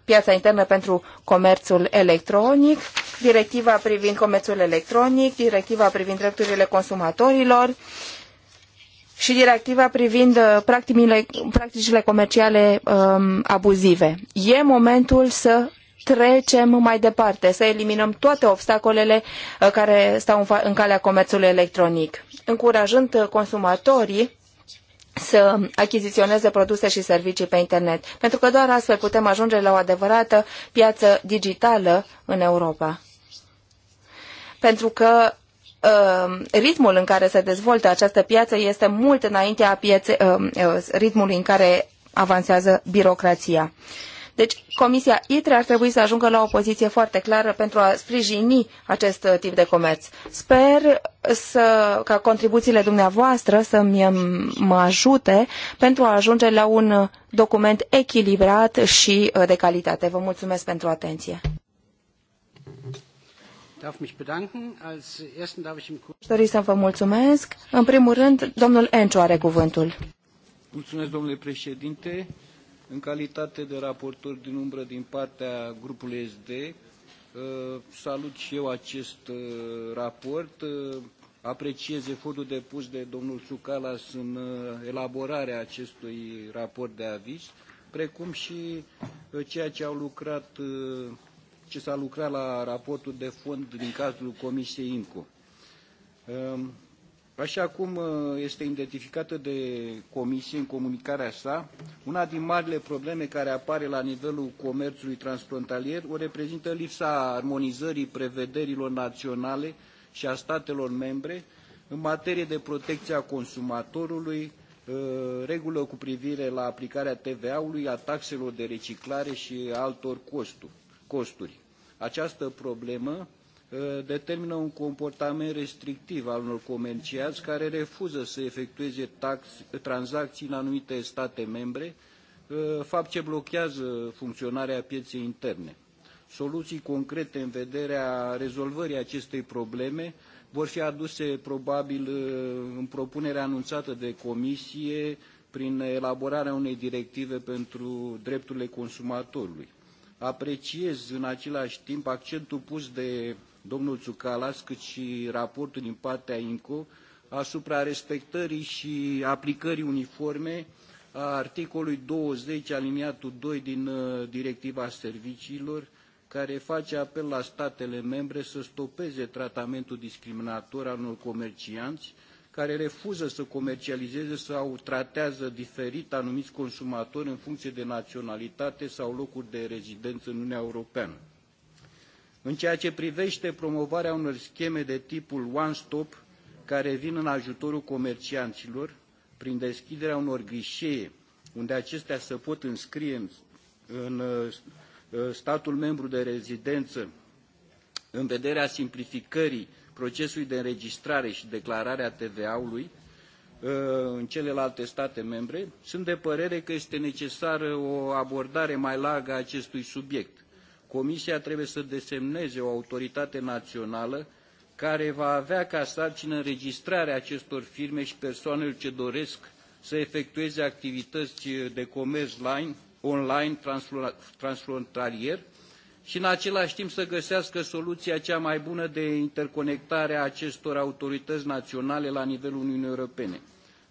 piața internă pentru comerțul electronic, directiva privind comerțul electronic, directiva privind drepturile consumatorilor, uh, și directiva privind uh, practicile comerciale um, abuzive. E momentul să trecem mai departe, să eliminăm toate obstacolele uh, care stau în, calea comerțului electronic, încurajând uh, consumatorii să achiziționeze produse și servicii pe internet, pentru că doar astfel putem ajunge la o adevărată piață digitală în Europa. Pentru că Um, ritmul în care se dezvoltă această piață este mult înaintea piețe, um, uh, ritmului în care avansează birocrația. Deci, Comisia ITRE ar trebui să ajungă la o poziție foarte clară pentru a sprijini acest uh, tip de comerț. Sper să, ca contribuțiile dumneavoastră să-mi um, mă ajute pentru a ajunge la un uh, document echilibrat și de calitate. Vă mulțumesc pentru atenție. Aș dori să vă mulțumesc. În primul rând, domnul Enciu are cuvântul. Mulțumesc, domnule președinte. În calitate de raportor din umbră din partea grupului SD, uh, salut și eu acest uh, raport. Uh, apreciez efortul depus de domnul Sucalas în elaborarea acestui raport de aviz, precum și ceea ce au lucrat ce s-a lucrat la raportul de fond din cazul Comisiei IMCO. Ehm, așa cum ă, este identificată de Comisie în comunicarea sa, una din marile probleme care apare la nivelul comerțului transfrontalier o reprezintă lipsa armonizării prevederilor naționale și a statelor membre în materie de protecția a consumatorului, ă, regulă cu privire la aplicarea TVA-ului, a taxelor de reciclare și altor costuri costuri. Această problemă uh, determină un comportament restrictiv al unor comerciați care refuză să efectueze tax, tranzacții în anumite state membre, uh, fapt ce blochează funcționarea pieței interne. Soluții concrete în vederea rezolvării acestei probleme vor fi aduse probabil uh, în propunerea anunțată de Comisie prin elaborarea unei directive pentru drepturile consumatorului. Apreciez în același timp accentul pus de domnul Tsukalas, cât și raportul din partea INCO asupra respectării și aplicării uniforme a articolului 20 aliniatul 2 din uh, Directiva Serviciilor, care face apel la statele membre să stopeze tratamentul discriminator al unor comercianți care refuză să comercializeze sau tratează diferit anumiți consumatori în funcție de naționalitate sau locuri de rezidență în Uniunea Europeană. În ceea ce privește promovarea unor scheme de tipul One Stop, care vin în ajutorul comercianților, prin deschiderea unor ghișee unde acestea se pot înscrie în, în uh, statul membru de rezidență în vederea simplificării procesului de înregistrare și declarare a TVA-ului ă, în celelalte state membre, sunt de părere că este necesară o abordare mai largă a acestui subiect. Comisia trebuie să desemneze o autoritate națională care va avea ca sarcină înregistrarea acestor firme și persoanelor ce doresc să efectueze activități de comerț online, online transfrontalier, și în același timp să găsească soluția cea mai bună de interconectare a acestor autorități naționale la nivelul Uniunii Europene.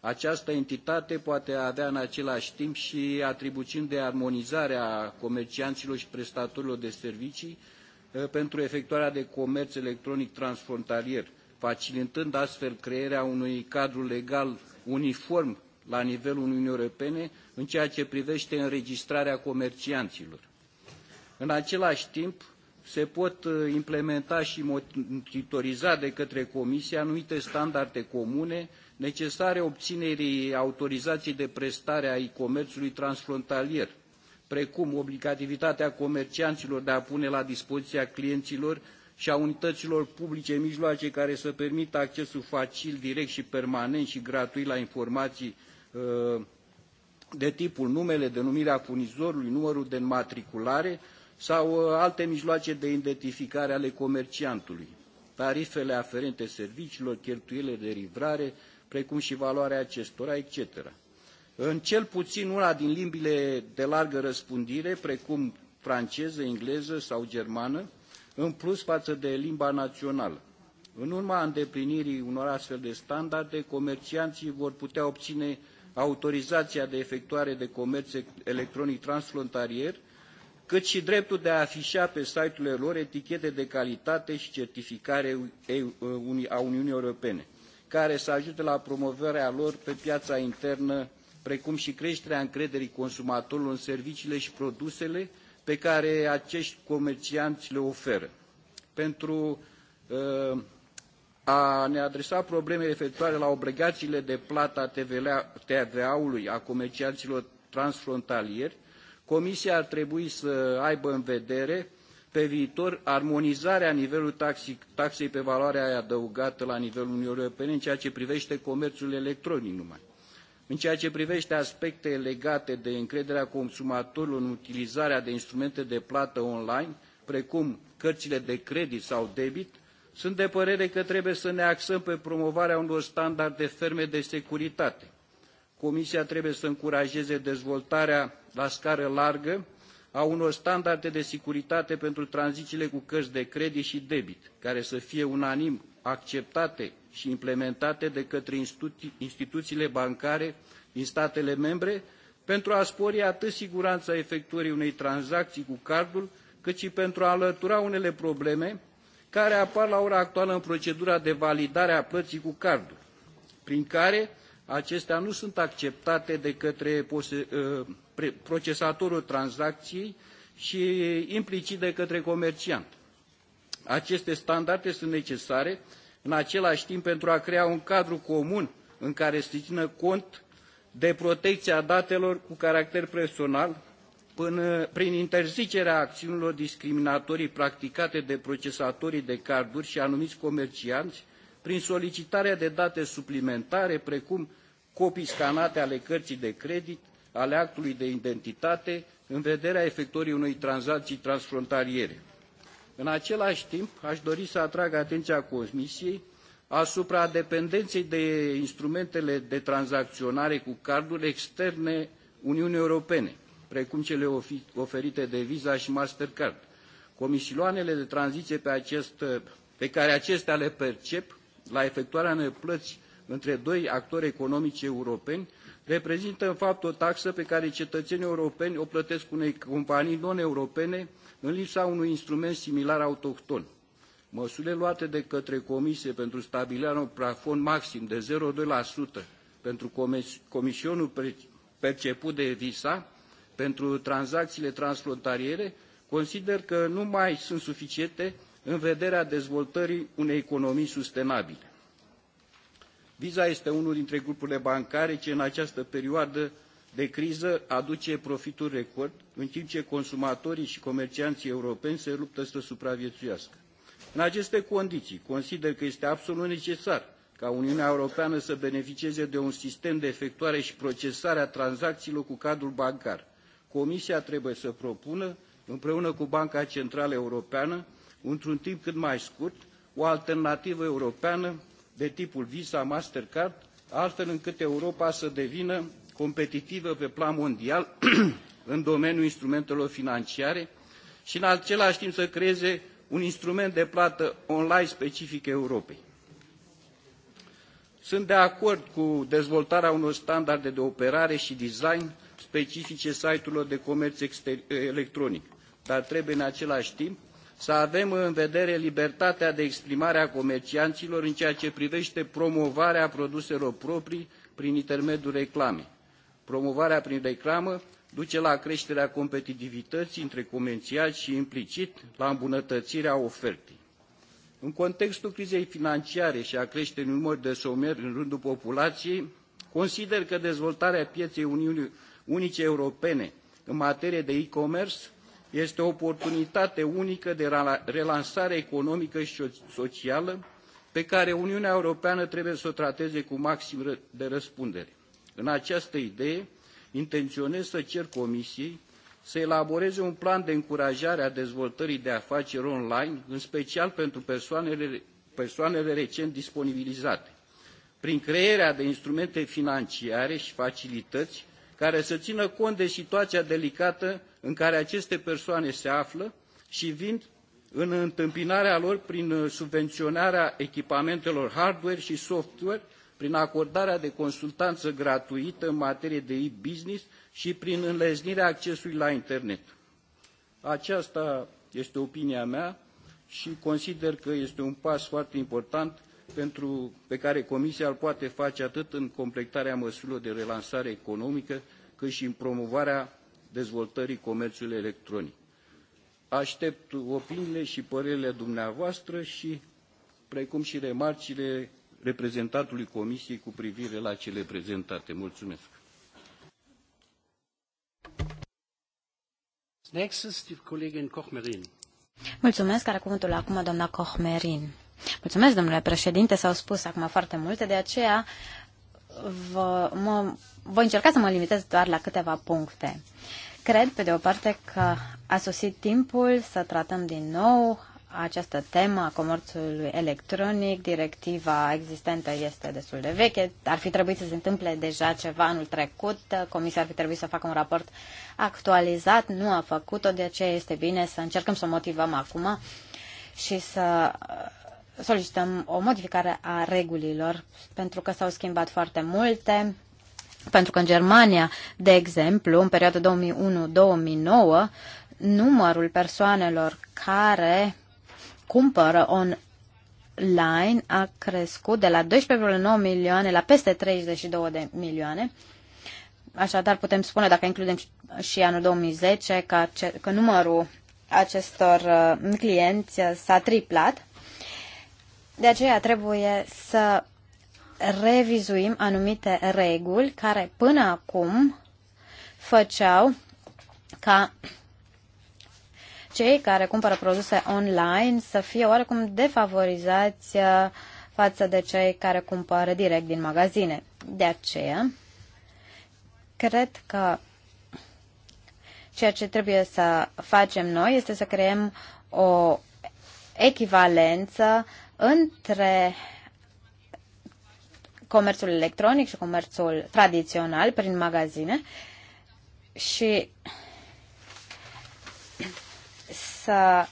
Această entitate poate avea în același timp și atribuțiuni de armonizare a comercianților și prestatorilor de servicii eh, pentru efectuarea de comerț electronic transfrontalier, facilitând astfel crearea unui cadru legal uniform la nivelul Uniunii Europene în ceea ce privește înregistrarea comercianților. În același timp, se pot uh, implementa și monitoriza de către Comisie anumite standarde comune necesare obținerii autorizației de prestare a e-comerțului transfrontalier, precum obligativitatea comercianților de a pune la dispoziția clienților și a unităților publice mijloace care să permită accesul facil, direct și permanent și gratuit la informații uh, de tipul numele, denumirea furnizorului, numărul de înmatriculare, sau uh, alte mijloace de identificare ale comerciantului, tarifele aferente serviciilor, cheltuielile de livrare, precum și valoarea acestora, etc. În cel puțin una din limbile de largă răspândire, precum franceză, engleză sau germană, în plus față de limba națională. În urma îndeplinirii unor astfel de standarde, comercianții vor putea obține autorizația de efectuare de comerț electronic transfrontalier, cât și dreptul de a afișa pe site-urile lor etichete de calitate și certificare a Uniunii Europene, care să ajute la promovarea lor pe piața internă, precum și creșterea încrederii consumatorilor în serviciile și produsele pe care acești comercianți le oferă. Pentru ă, a ne adresa probleme referitoare la obligațiile de plată a TVA-ului a comercianților transfrontalieri, Comisia ar trebui să aibă în vedere pe viitor armonizarea nivelului taxei pe valoarea adăugată la nivelul Uniunii Europene în ceea ce privește comerțul electronic numai. În ceea ce privește aspecte legate de încrederea consumatorilor în utilizarea de instrumente de plată online, precum cărțile de credit sau debit, sunt de părere că trebuie să ne axăm pe promovarea unor standarde ferme de securitate Comisia trebuie să încurajeze dezvoltarea la scară largă a unor standarde de securitate pentru tranzițiile cu cărți de credit și debit, care să fie unanim acceptate și implementate de către instituțiile bancare din statele membre pentru a spori atât siguranța efectuării unei tranzacții cu cardul, cât și pentru a alătura unele probleme care apar la ora actuală în procedura de validare a plății cu cardul, prin care acestea nu sunt acceptate de către ă, procesatorul tranzacției și implicit de către comerciant. Aceste standarde sunt necesare în același timp pentru a crea un cadru comun în care se țină cont de protecția datelor cu caracter personal până, prin interzicerea acțiunilor discriminatorii practicate de procesatorii de carduri și anumiți comercianți prin solicitarea de date suplimentare, precum copii scanate ale cărții de credit, ale actului de identitate, în vederea efectuării unei tranzacții transfrontaliere. În același timp, aș dori să atrag atenția Comisiei asupra dependenței de instrumentele de tranzacționare cu carduri externe Uniunii Europene, precum cele oferite de Visa și Mastercard. Comisioanele de tranziție pe, acest, pe care acestea le percep la efectuarea neplăți între doi actori economici europeni reprezintă în fapt o taxă pe care cetățenii europeni o plătesc unei companii non-europene în lipsa unui instrument similar autohton. Măsurile luate de către Comisie pentru stabilirea unui plafon maxim de 0,2% pentru comisionul perceput de Visa pentru tranzacțiile transfrontaliere consider că nu mai sunt suficiente în vederea dezvoltării unei economii sustenabile. Visa este unul dintre grupurile bancare ce în această perioadă de criză aduce profituri record, în timp ce consumatorii și comercianții europeni se luptă să supraviețuiască. În aceste condiții, consider că este absolut necesar ca Uniunea Europeană să beneficieze de un sistem de efectuare și procesare a tranzacțiilor cu cadrul bancar. Comisia trebuie să propună, împreună cu Banca Centrală Europeană, într-un timp cât mai scurt, o alternativă europeană de tipul Visa, Mastercard, altfel încât Europa să devină competitivă pe plan mondial în domeniul instrumentelor financiare și în același timp să creeze un instrument de plată online specific Europei. Sunt de acord cu dezvoltarea unor standarde de operare și design specifice site-urilor de comerț electronic, dar trebuie în același timp să avem în vedere libertatea de exprimare a comercianților în ceea ce privește promovarea produselor proprii prin intermediul reclamei. Promovarea prin reclamă duce la creșterea competitivității între comercianți și implicit la îmbunătățirea ofertei. În contextul crizei financiare și a creșterii numărului de somieri în rândul populației, consider că dezvoltarea pieței Uniunii unice europene în materie de e-commerce este o oportunitate unică de relansare economică și socială pe care Uniunea Europeană trebuie să o trateze cu maxim de răspundere. În această idee, intenionez să cer Comisiei să elaboreze un plan de încurajare a dezvoltării de afaceri online, în special pentru persoanele, persoanele recent disponibilizate, prin crearea de instrumente financiare și facilități care să ină cont de situația delicată în care aceste persoane se află și vin în întâmpinarea lor prin uh, subvenționarea echipamentelor hardware și software, prin acordarea de consultanță gratuită în materie de e-business și prin înlesnirea accesului la internet. Aceasta este opinia mea și consider că este un pas foarte important pentru, pe care Comisia îl poate face atât în completarea măsurilor de relansare economică, cât și în promovarea dezvoltării comerțului electronic. Aștept opiniile și părerile dumneavoastră și precum și remarcile reprezentantului Comisiei cu privire la cele prezentate. Mulțumesc! Mulțumesc, are cuvântul acum doamna Kochmerin. Mulțumesc, domnule președinte, s-au spus acum foarte multe, de aceea vă, mă, voi încerca să mă limitez doar la câteva puncte. Cred, pe de o parte, că a sosit timpul să tratăm din nou această temă a comerțului electronic. Directiva existentă este destul de veche. Ar fi trebuit să se întâmple deja ceva anul trecut. Comisia ar fi trebuit să facă un raport actualizat. Nu a făcut-o, de aceea este bine să încercăm să o motivăm acum și să uh, solicităm o modificare a regulilor, pentru că s-au schimbat foarte multe pentru că în Germania, de exemplu, în perioada 2001-2009, numărul persoanelor care cumpără online a crescut de la 12,9 milioane la peste 32 de milioane. Așadar, putem spune, dacă includem și anul 2010, că, că numărul acestor uh, clienți s-a triplat. De aceea trebuie să revizuim anumite reguli care până acum făceau ca cei care cumpără produse online să fie oarecum defavorizați uh, față de cei care cumpără direct din magazine. De aceea, cred că ceea ce trebuie să facem noi este să creăm o echivalență între comerțul electronic și comerțul tradițional prin magazine și să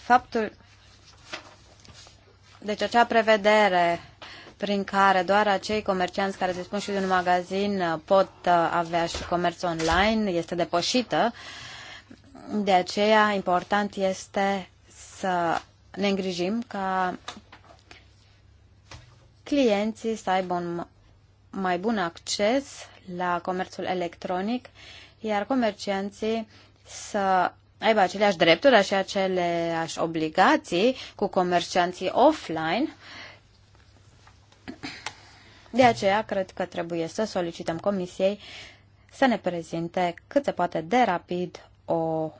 faptul deci acea prevedere prin care doar acei comercianți care dispun și de un magazin pot uh, avea și comerț online este depășită uh, de aceea, important este să ne îngrijim ca clienții să aibă un mai bun acces la comerțul electronic, iar comercianții să aibă aceleași drepturi și aceleași obligații cu comercianții offline. De aceea, cred că trebuie să solicităm Comisiei să ne prezinte cât se poate de rapid o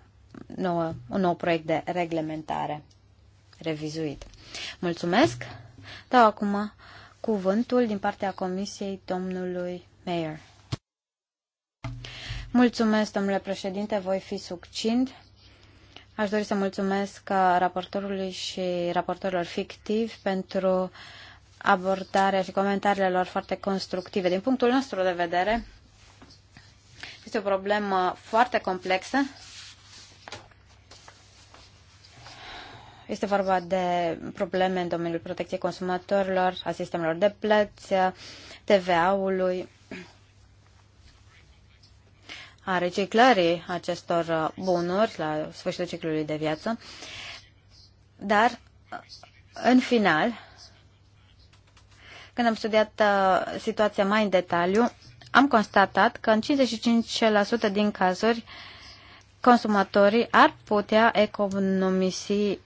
nouă, un nou proiect de reglementare revizuit. Mulțumesc! Dau acum cuvântul din partea Comisiei domnului Mayer. Mulțumesc, domnule președinte, voi fi succint. Aș dori să mulțumesc raportorului și raportorilor fictivi pentru abordarea și comentariile lor foarte constructive. Din punctul nostru de vedere, este o problemă foarte complexă. Este vorba de probleme în domeniul protecției consumatorilor, a sistemelor de plăți, TVA-ului, a reciclării acestor bunuri la sfârșitul ciclului de viață. Dar, în final, când am studiat uh, situația mai în detaliu, am constatat că în 55% din cazuri consumatorii ar putea economisi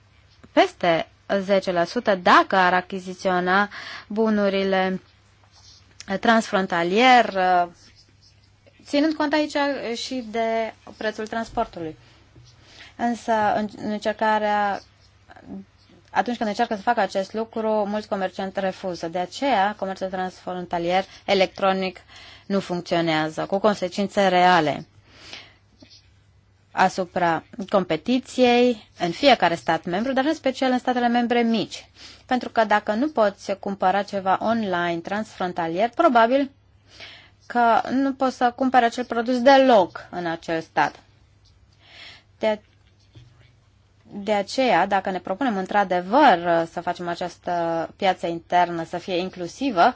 peste 10% dacă ar achiziționa bunurile transfrontalier, ținând cont aici și de prețul transportului. Însă în încercarea atunci când încearcă să facă acest lucru, mulți comercianți refuză. De aceea, comerțul transfrontalier electronic nu funcționează, cu consecințe reale asupra competiției în fiecare stat membru, dar în special în statele membre mici. Pentru că dacă nu poți cumpăra ceva online transfrontalier, probabil că nu poți să cumpere acel produs deloc în acel stat. De de aceea, dacă ne propunem într-adevăr uh, să facem această piață internă să fie inclusivă,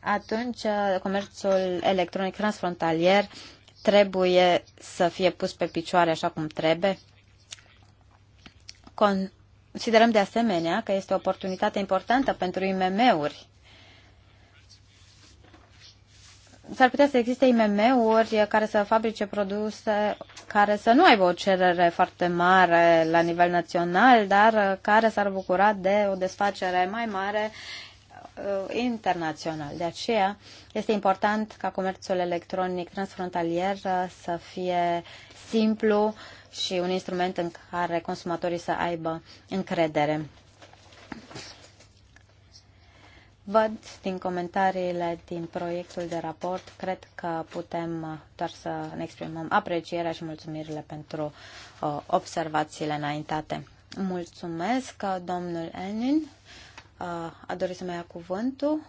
atunci uh, comerțul electronic transfrontalier trebuie să fie pus pe picioare așa cum trebuie. Considerăm de asemenea că este o oportunitate importantă pentru IMM-uri s-ar putea să existe IMM-uri care să fabrice produse care să nu aibă o cerere foarte mare la nivel național, dar care s-ar bucura de o desfacere mai mare uh, internațional. De aceea este important ca comerțul electronic transfrontalier uh, să fie simplu și un instrument în care consumatorii să aibă încredere. Văd din comentariile din proiectul de raport, cred că putem uh, doar să ne exprimăm aprecierea și mulțumirile pentru uh, observațiile înaintate. Mulțumesc, uh, domnul Enin. Uh, a dorit să mai ia cuvântul.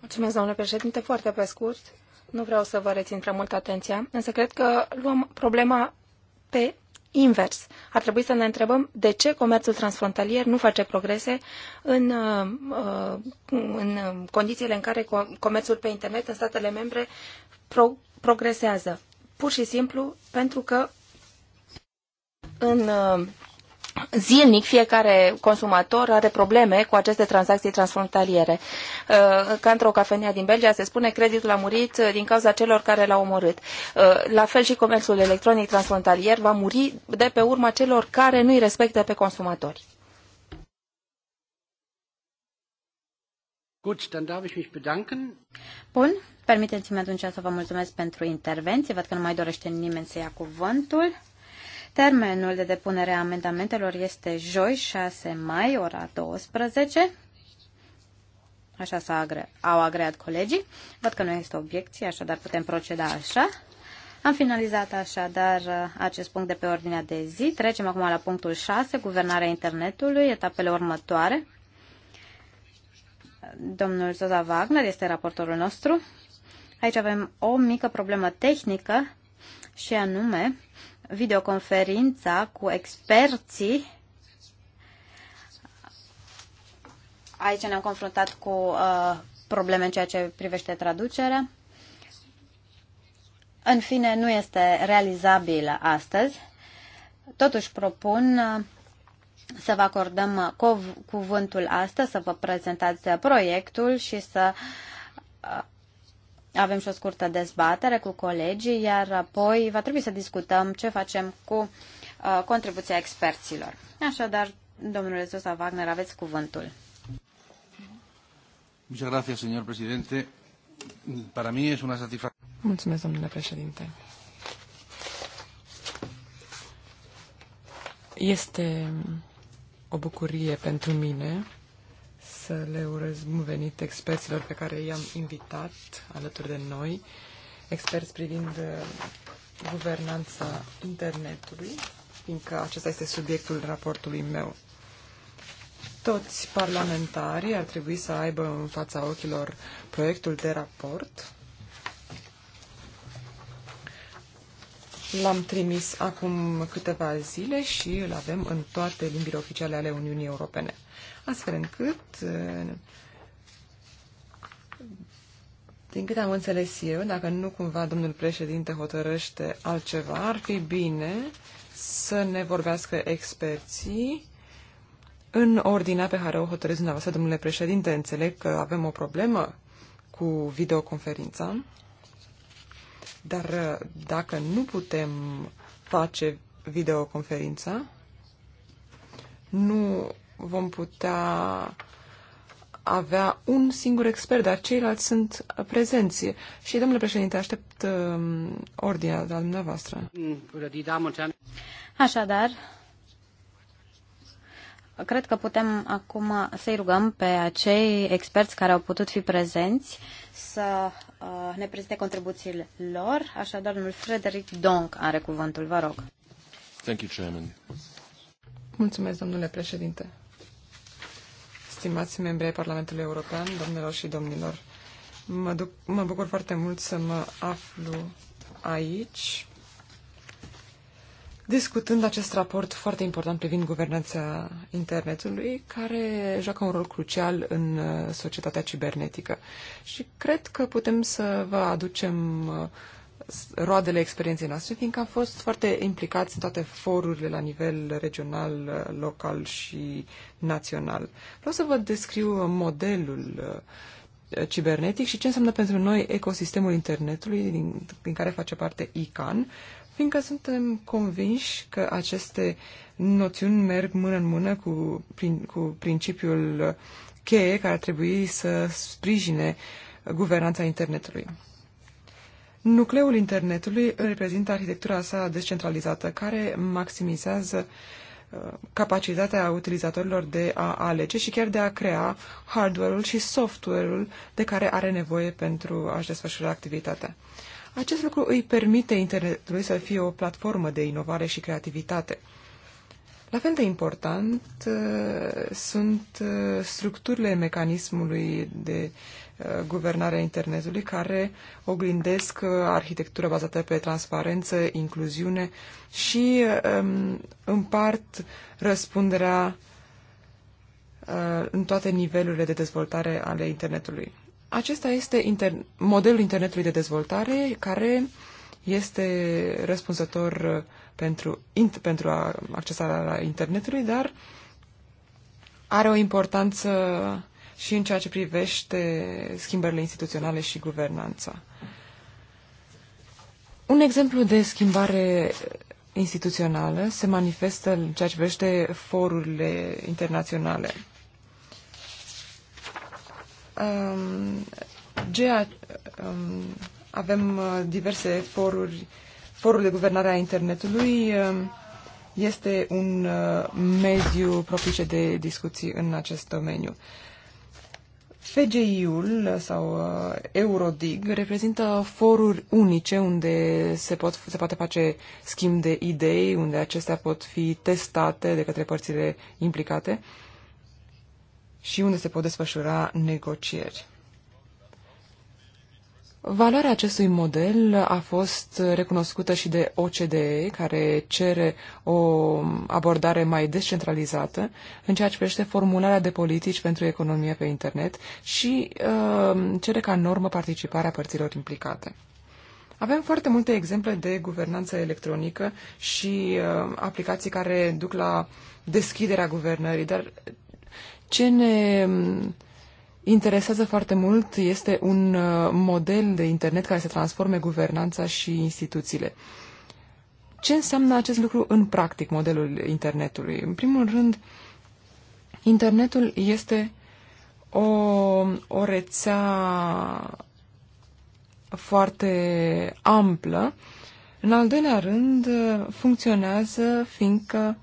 Mulțumesc, domnule președinte, foarte pe scurt. Nu vreau să vă rețin prea mult atenția, însă cred că luăm problema pe invers. Ar trebui să ne întrebăm de ce comerțul transfrontalier nu face progrese în, uh, uh, în condițiile în care comerțul pe internet în statele membre pro, progresează. Pur și simplu pentru că în uh, zilnic fiecare consumator are probleme cu aceste tranzacții transfrontaliere. Uh, ca într-o cafenea din Belgia se spune creditul a murit uh, din cauza celor care l-au omorât. Uh, la fel și comerțul electronic transfrontalier va muri de pe urma celor care nu-i respectă pe consumatori. Bun, permiteți-mi atunci să vă mulțumesc pentru intervenție. Văd că nu mai dorește nimeni să ia cuvântul. Termenul de depunere a amendamentelor este joi, 6 mai, ora 12. Așa s-au agre- au agreat colegii. Văd că nu este obiecție, așadar putem proceda așa. Am finalizat așadar uh, acest punct de pe ordinea de zi. Trecem acum la punctul 6, guvernarea internetului, etapele următoare. Domnul Zoza Wagner este raportorul nostru. Aici avem o mică problemă tehnică și anume videoconferința cu experții. Aici ne-am confruntat cu uh, probleme în ceea ce privește traducerea. În fine, nu este realizabilă astăzi. Totuși propun uh, să vă acordăm uh, cuvântul astăzi, să vă prezentați uh, proiectul și să avem și o scurtă dezbatere cu colegii, iar apoi va trebui să discutăm ce facem cu uh, contribuția experților. Așadar, domnule Sosa Wagner, aveți cuvântul. Muchas gracias, señor presidente. Para mí es una satisfacción. Mulțumesc, domnule președinte. Este o bucurie pentru mine să le urez bun venit experților pe care i-am invitat alături de noi, experți privind uh, guvernanța internetului, fiindcă acesta este subiectul raportului meu. Toți parlamentarii ar trebui să aibă în fața ochilor proiectul de raport L-am trimis acum câteva zile și îl avem în toate limbile oficiale ale Uniunii Europene. Astfel încât, din câte am înțeles eu, dacă nu cumva domnul președinte hotărăște altceva, ar fi bine să ne vorbească experții în ordinea pe care o hotărâți dumneavoastră, domnule președinte. Înțeleg că avem o problemă cu videoconferința. Dar uh, dacă nu putem face videoconferința, nu vom putea avea un singur expert, dar ceilalți sunt prezenți. Și, domnule președinte, aștept uh, ordinea de la dumneavoastră. Așadar, cred că putem acum să-i rugăm pe acei experți care au putut fi prezenți să uh, ne prezinte contribuțiile lor. Așadar, domnul Frederic Donk are cuvântul. Vă rog. Thank you, Chairman. Mulțumesc, domnule președinte. Stimați membri ai Parlamentului European, domnilor și domnilor, mă, duc, mă bucur foarte mult să mă aflu aici discutând acest raport foarte important privind guvernanța internetului, care joacă un rol crucial în uh, societatea cibernetică. Și cred că putem să vă aducem uh, roadele experienței noastre, fiindcă am fost foarte implicați în toate forurile la nivel regional, uh, local și național. Vreau să vă descriu modelul cibernetic și ce înseamnă pentru noi ecosistemul internetului din, din care face parte ICANN fiindcă suntem convinși că aceste noțiuni merg mână în mână cu, prin, cu principiul cheie care ar trebui să sprijine guvernanța internetului. Nucleul internetului reprezintă arhitectura sa descentralizată, care maximizează uh, capacitatea utilizatorilor de a alege și chiar de a crea hardware-ul și software-ul de care are nevoie pentru a-și desfășura activitatea. Acest lucru îi permite internetului să fie o platformă de inovare și creativitate. La fel de important uh, sunt uh, structurile mecanismului de uh, guvernare a internetului care oglindesc arhitectură bazată pe transparență, incluziune și um, împart răspunderea în toate nivelurile de dezvoltare ale internetului. Acesta este inter- modelul internetului de dezvoltare care este răspunzător pentru, int- pentru accesarea internetului, dar are o importanță și în ceea ce privește schimbările instituționale și guvernanța. Un exemplu de schimbare instituțională se manifestă în ceea ce privește forurile internaționale um, GEA, um, avem uh, diverse foruri. Forul de guvernare a internetului um, este un uh, mediu propice de discuții în acest domeniu. FGI-ul sau uh, Eurodig reprezintă foruri unice unde se, pot, se poate face schimb de idei, unde acestea pot fi testate de către părțile implicate. Uh, și unde se pot desfășura negocieri. Valoarea acestui model a fost recunoscută și de OCDE, care cere o abordare mai descentralizată în ceea ce privește formularea de politici pentru economie pe internet și uh, cere ca normă participarea părților implicate. Avem foarte multe exemple de guvernanță electronică și uh, aplicații care duc la deschiderea guvernării, dar ce ne mm, interesează foarte mult este un uh, model de internet care să transforme guvernanța și instituțiile. Ce înseamnă acest lucru în practic, modelul internetului? În primul rând, internetul este o, o rețea foarte amplă. În al doilea rând, funcționează fiindcă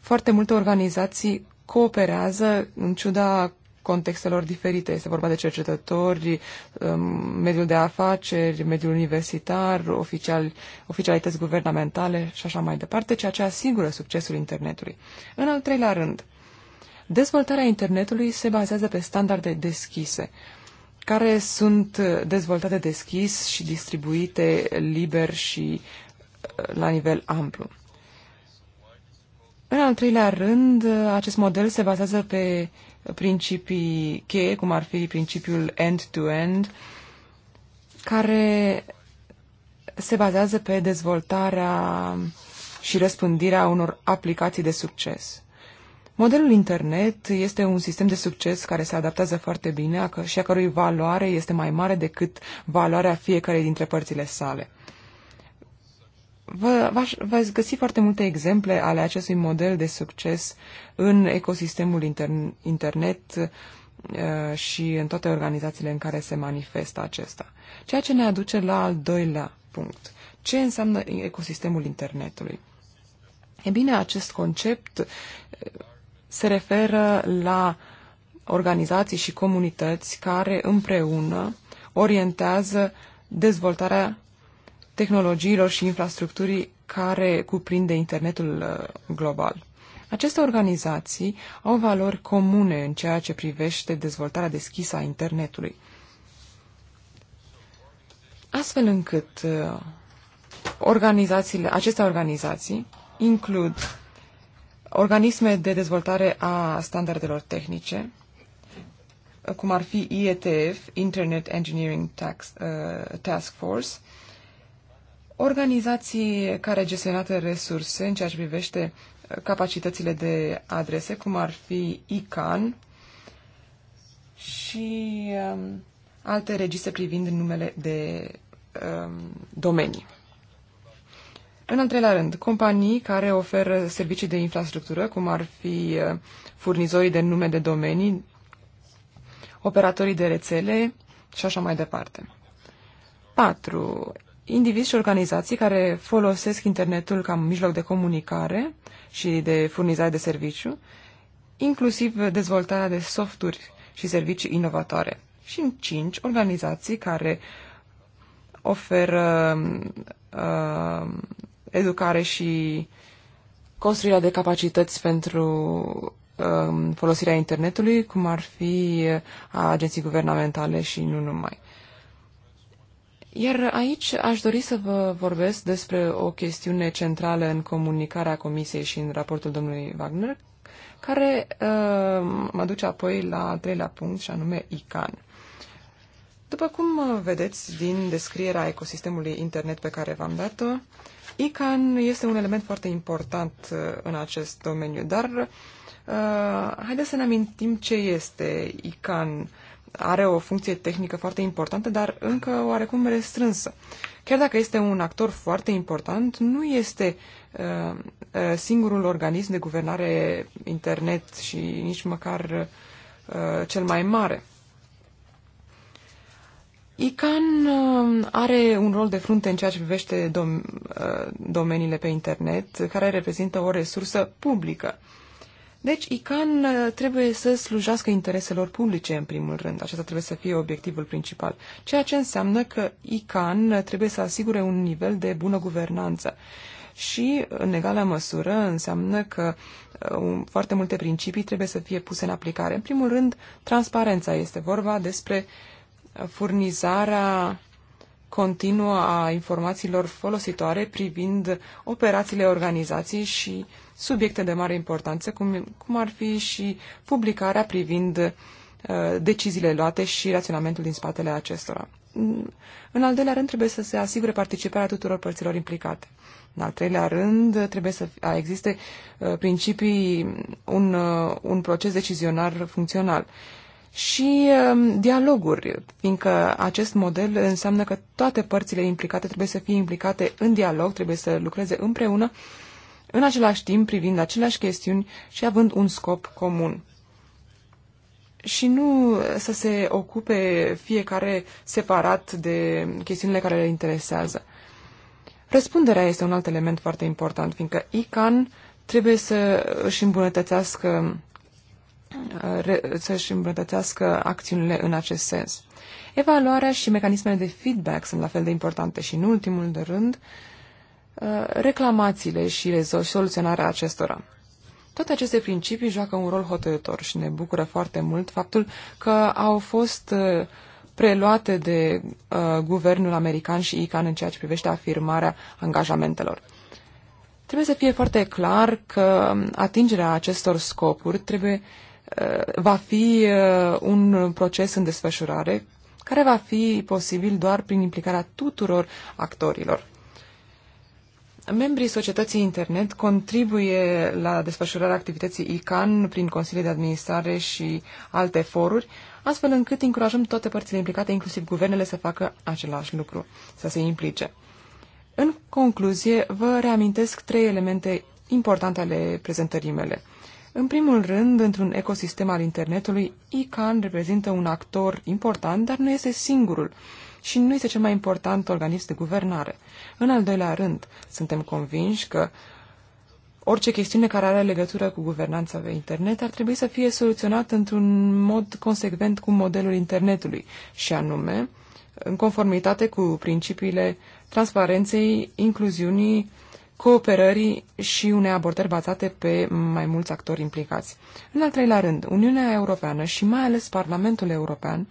foarte multe organizații cooperează în ciuda contextelor diferite. Este vorba de cercetători, um, mediul de afaceri, mediul universitar, oficial, oficialități guvernamentale și așa mai departe, ceea ce asigură succesul internetului. În al treilea rând, dezvoltarea internetului se bazează pe standarde deschise care sunt dezvoltate deschis și distribuite liber și uh, la nivel amplu. În al treilea rând, acest model se bazează pe principii cheie, cum ar fi principiul end-to-end, -end, care se bazează pe dezvoltarea și răspândirea unor aplicații de succes. Modelul internet este un sistem de succes care se adaptează foarte bine și a cărui valoare este mai mare decât valoarea fiecarei dintre părțile sale v-ați găsi foarte multe exemple ale acestui model de succes în ecosistemul intern, internet uh, și în toate organizațiile în care se manifestă acesta. Ceea ce ne aduce la al doilea punct. Ce înseamnă ecosistemul internetului? E bine, acest concept uh, se referă la organizații și comunități care împreună orientează dezvoltarea tehnologiilor și infrastructurii care cuprinde internetul uh, global. Aceste organizații au valori comune în ceea ce privește dezvoltarea deschisă a internetului. Astfel încât uh, organizațiile, aceste organizații includ organisme de dezvoltare a standardelor tehnice, cum ar fi IETF, Internet Engineering Task, uh, Task Force, Organizații care gestionate resurse în ceea ce privește uh, capacitățile de adrese, cum ar fi ICAN și um, alte registre privind numele de um, domenii. În al treilea rând, companii care oferă servicii de infrastructură, cum ar fi uh, furnizorii de nume de domenii, operatorii de rețele și așa mai departe. 4 indivizi și organizații care folosesc internetul ca mijloc de comunicare și de furnizare de serviciu, inclusiv dezvoltarea de softuri și servicii inovatoare. Și în cinci, organizații care oferă uh, educare și construirea de capacități pentru uh, folosirea internetului, cum ar fi agenții guvernamentale și nu numai. Iar aici aș dori să vă vorbesc despre o chestiune centrală în comunicarea Comisiei și în raportul domnului Wagner, care uh, mă duce apoi la al treilea punct, și anume ICAN. După cum vedeți din descrierea ecosistemului internet pe care v-am dat-o, ICAN este un element foarte important uh, în acest domeniu, dar uh, haideți să ne amintim ce este ICAN are o funcție tehnică foarte importantă, dar încă oarecum restrânsă. Chiar dacă este un actor foarte important, nu este uh, uh singurul organism de guvernare internet și nici măcar uh, cel mai mare. ICAN uh, are un rol de frunte în ceea ce privește dom- uh, domeniile pe internet, care reprezintă o resursă publică. Uh, deci, ICAN uh, trebuie să slujească intereselor publice, în primul rând. Acesta trebuie să fie obiectivul principal. Ceea ce înseamnă că ICAN uh, trebuie să asigure un nivel de bună guvernanță. Și, în egală măsură, înseamnă că um, foarte multe principii trebuie să fie puse în aplicare. În primul rând, transparența. Este vorba despre furnizarea continuă a informațiilor folositoare privind operațiile organizației și subiecte de mare importanță, cum, cum ar fi și publicarea privind uh, deciziile luate și raționamentul din spatele acestora. În al doilea rând, trebuie să se asigure participarea tuturor părților implicate. În al treilea rând, trebuie să existe uh, principii, un, uh, un proces decizionar funcțional. Uh, și um, dialoguri, fiindcă acest model înseamnă că toate părțile implicate trebuie să fie implicate în dialog, trebuie să lucreze împreună, în același timp privind aceleași chestiuni și având un scop comun. Și nu să se ocupe fiecare separat de chestiunile care le interesează. Răspunderea este un alt element foarte important, fiindcă ICAN trebuie să își îmbunătățească să-și îmbunătățească acțiunile în acest sens. Evaluarea și mecanismele de feedback sunt la fel de importante și, în ultimul de rând, uh, reclamațiile și soluționarea acestora. Toate aceste principii joacă un rol hotărător și ne bucură foarte mult faptul că au fost uh, preluate de uh, guvernul american și ICAN în ceea ce privește afirmarea angajamentelor. Trebuie să fie foarte clar că atingerea acestor scopuri trebuie uh, Eh, va fi eh, un proces în desfășurare care va fi posibil doar prin implicarea tuturor actorilor. Membrii societății internet contribuie la desfășurarea activității ICAN prin consilii de administrare și alte foruri, astfel încât încurajăm toate părțile implicate, inclusiv guvernele, să facă același lucru, să se implice. În concluzie, vă reamintesc trei elemente importante ale prezentării mele. În primul rând, într-un ecosistem al internetului, ICANN reprezintă un actor important, dar nu este singurul și nu este cel mai important organism de guvernare. În al doilea rând, suntem convinși că orice chestiune care are legătură cu guvernanța pe internet ar trebui să fie soluționată într-un mod consecvent cu modelul internetului, și anume, în conformitate cu principiile transparenței, incluziunii, cooperării și unei abordări bazate pe mai mulți actori implicați. În al treilea rând, Uniunea Europeană și mai ales Parlamentul European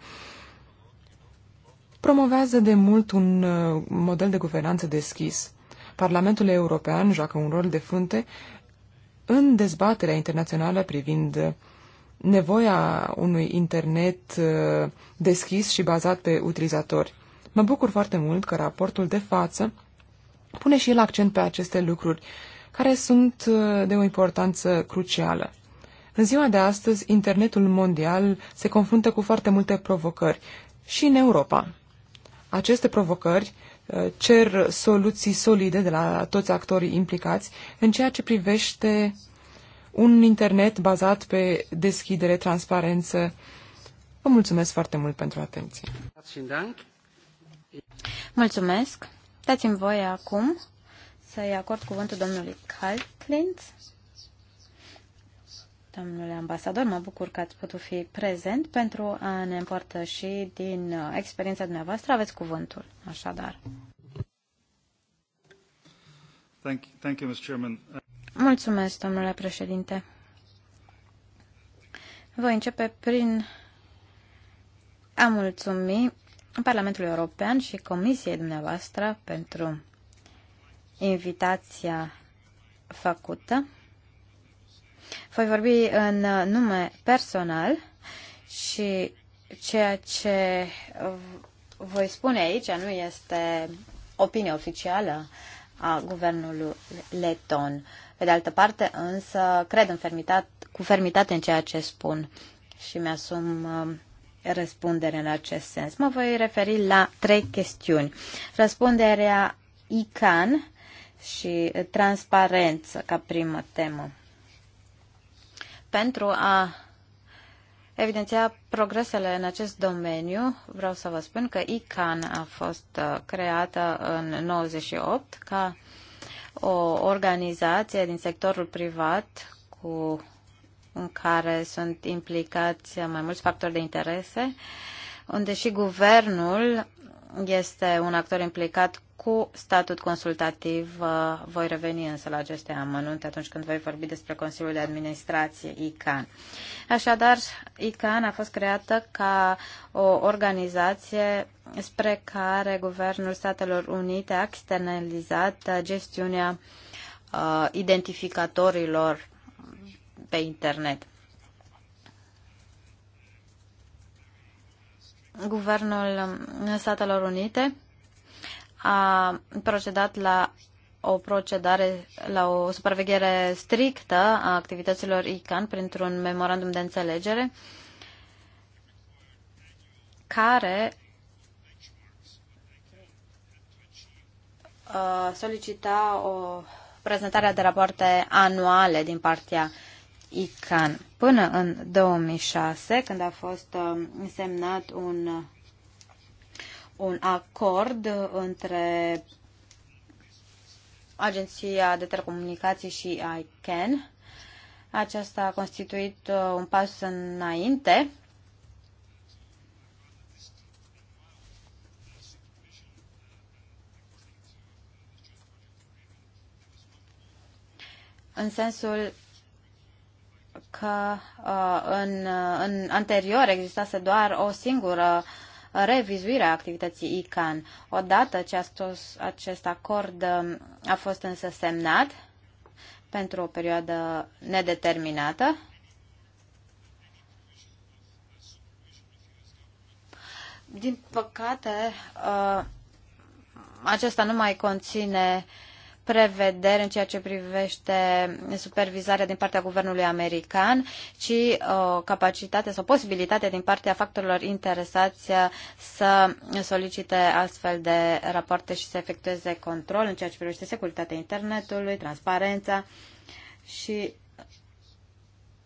promovează de mult un uh, model de guvernanță deschis. Parlamentul European joacă un rol de frunte în dezbaterea internațională privind nevoia unui internet uh, deschis și bazat pe utilizatori. Mă bucur foarte mult că raportul de față pune și el accent pe aceste lucruri, care sunt uh, de o importanță crucială. În ziua de astăzi, internetul mondial se confruntă cu foarte multe provocări și în Europa. Aceste provocări uh, cer soluții solide de la toți actorii implicați în ceea ce privește un internet bazat pe deschidere, transparență. Vă mulțumesc foarte mult pentru atenție. Mulțumesc. Dați-mi voie acum să-i acord cuvântul domnului Kalklint. Domnule ambasador, mă bucur că ați putut fi prezent pentru a ne împărtăși din uh, experiența dumneavoastră. Aveți cuvântul, așadar. Thank you, thank you, Mr. Chairman. Mulțumesc, domnule președinte. Voi începe prin a mulțumi Parlamentului European și Comisiei dumneavoastră pentru invitația făcută. Voi vorbi în nume personal și ceea ce voi spune aici nu este opinia oficială a guvernului leton. Pe de altă parte, însă, cred în fermitat, cu fermitate în ceea ce spun și mi-asum uh, răspundere în acest sens. Mă voi referi la trei chestiuni. Răspunderea ICAN și transparență ca primă temă. Pentru a evidenția progresele în acest domeniu, vreau să vă spun că ICAN a fost uh, creată în 98 ca o organizație din sectorul privat cu în care sunt implicați mai mulți factori de interese, unde și guvernul este un actor implicat cu statut consultativ. Uh, voi reveni însă la aceste amănunte atunci când voi vorbi despre Consiliul de Administrație ICAN. Așadar, ICAN a fost creată ca o organizație spre care Guvernul Statelor Unite a externalizat gestiunea uh, identificatorilor pe internet. Guvernul Statelor Unite a procedat la o procedare, la o supraveghere strictă a activităților ICAN printr-un memorandum de înțelegere care uh, solicita o prezentare de rapoarte anuale din partea ICAN. Până în 2006, când a fost um, semnat un, un acord între Agenția de Telecomunicații și ICAN, aceasta a constituit uh, un pas înainte în sensul că uh, în, uh, în anterior existase doar o singură revizuire a activității ICAN. Odată ce acest, acest acord um, a fost însă semnat pentru o perioadă nedeterminată, din păcate, uh, acesta nu mai conține uh, prevederi în ceea ce privește supervizarea din partea guvernului american, ci o capacitate sau posibilitate din partea factorilor interesați să solicite astfel de rapoarte și să efectueze control în ceea ce privește securitatea internetului, transparența și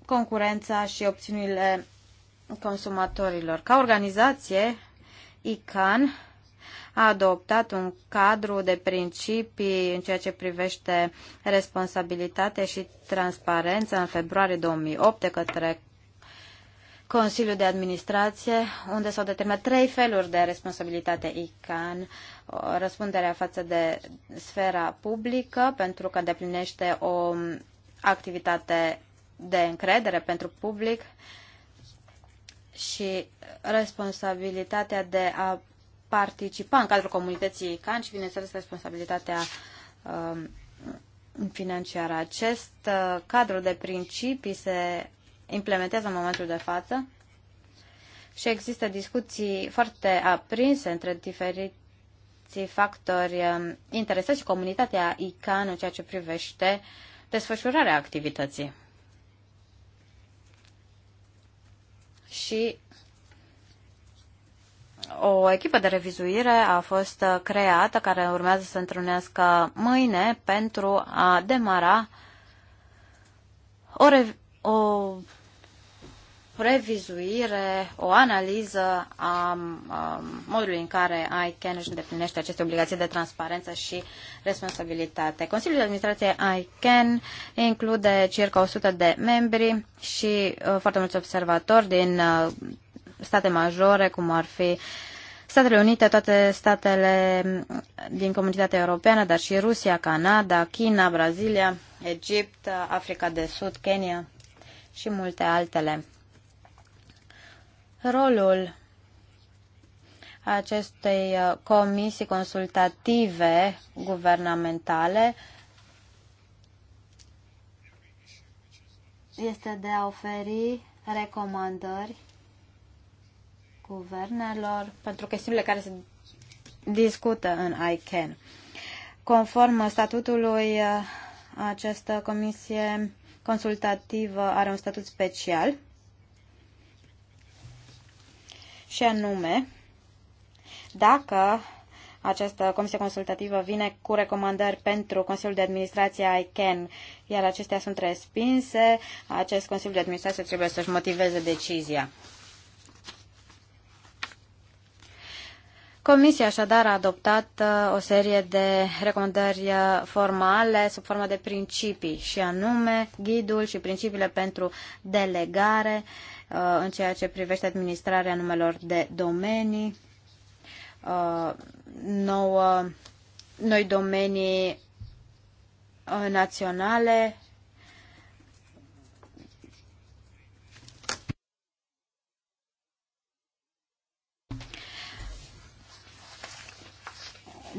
concurența și opțiunile consumatorilor. Ca organizație, ICANN a adoptat un cadru de principii în ceea ce privește responsabilitate și transparență în februarie 2008 de către Consiliul de Administrație, unde s-au determinat trei feluri de responsabilitate ICAN, răspunderea față de sfera publică, pentru că deplinește o activitate de încredere pentru public și responsabilitatea de a participa în cadrul comunității CAN și, bineînțeles, responsabilitatea um, financiară. Acest uh, cadru de principii se implementează în momentul de față și există discuții foarte aprinse între diferiți factori um, interesați și comunitatea ICAN în ceea ce privește desfășurarea activității. Și o echipă de revizuire a fost uh, creată care urmează să întrunească mâine pentru a demara o, rev- o revizuire, o analiză a, a um, modului în care ICANN își îndeplinește aceste obligații de transparență și responsabilitate. Consiliul de Administrație ICANN include circa 100 de membri și a, uh, foarte mulți observatori din a, uh, state majore, cum ar fi Statele Unite, toate statele din comunitatea europeană, dar și Rusia, Canada, China, Brazilia, Egipt, Africa de Sud, Kenya și multe altele. Rolul acestei uh, comisii consultative guvernamentale este de a oferi recomandări guvernelor pentru chestiunile care se discută în ICANN. Conform statutului, această comisie consultativă are un statut special și anume dacă această comisie consultativă vine cu recomandări pentru Consiliul de Administrație ICAN ICANN, iar acestea sunt respinse, acest Consiliu de Administrație trebuie să-și motiveze decizia. Comisia așadar a adoptat uh, o serie de recomandări uh, formale sub formă de principii și anume ghidul și principiile pentru delegare uh, în ceea ce privește administrarea numelor de domenii, nouă, noi domenii naționale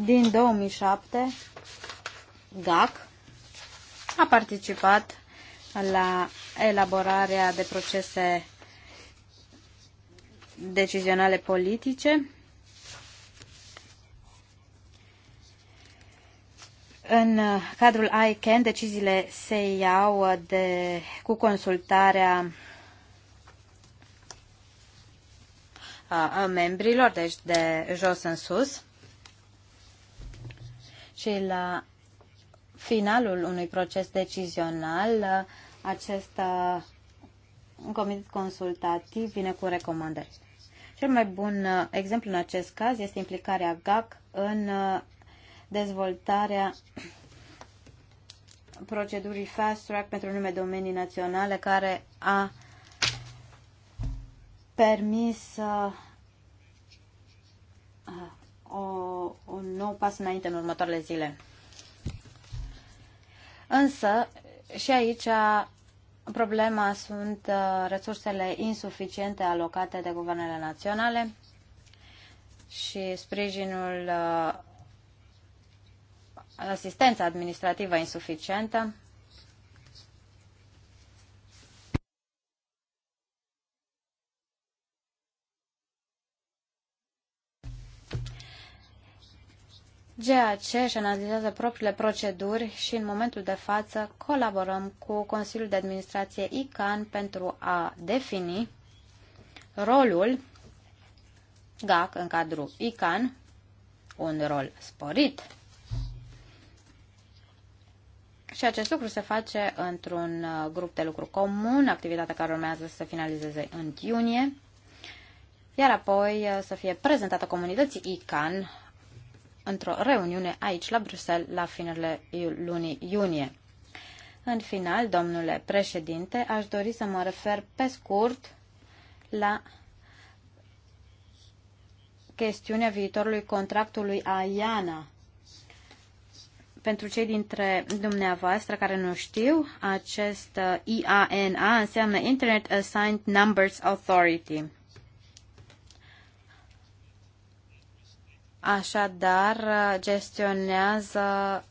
din 2007, GAC, a participat la elaborarea de procese decizionale politice În cadrul ICAN, deciziile se iau de, cu consultarea a, a membrilor, deci de jos în sus și la finalul unui proces decizional, acest comitet consultativ vine cu recomandări. Cel mai bun uh, exemplu în acest caz este implicarea GAC în uh, dezvoltarea procedurii Fast Track pentru nume domenii naționale care a permis uh, o, un nou pas înainte în următoarele zile. Însă, și aici problema sunt uh, resursele insuficiente alocate de guvernele naționale și sprijinul uh, asistența administrativă insuficientă GAC și analizează propriile proceduri și în momentul de față colaborăm cu Consiliul de Administrație ICAN pentru a defini rolul GAC în cadrul ICAN, un rol sporit. Și acest lucru se face într-un uh, grup de lucru comun, activitatea care urmează să se finalizeze în iunie, iar apoi uh, să fie prezentată comunității ICAN într-o reuniune aici la Bruxelles la finele lunii iunie. În final, domnule președinte, aș dori să mă refer pe scurt la chestiunea viitorului contractului AIANA. Pentru cei dintre dumneavoastră care nu știu, acest IANA înseamnă Internet Assigned Numbers Authority. Așadar, gestionează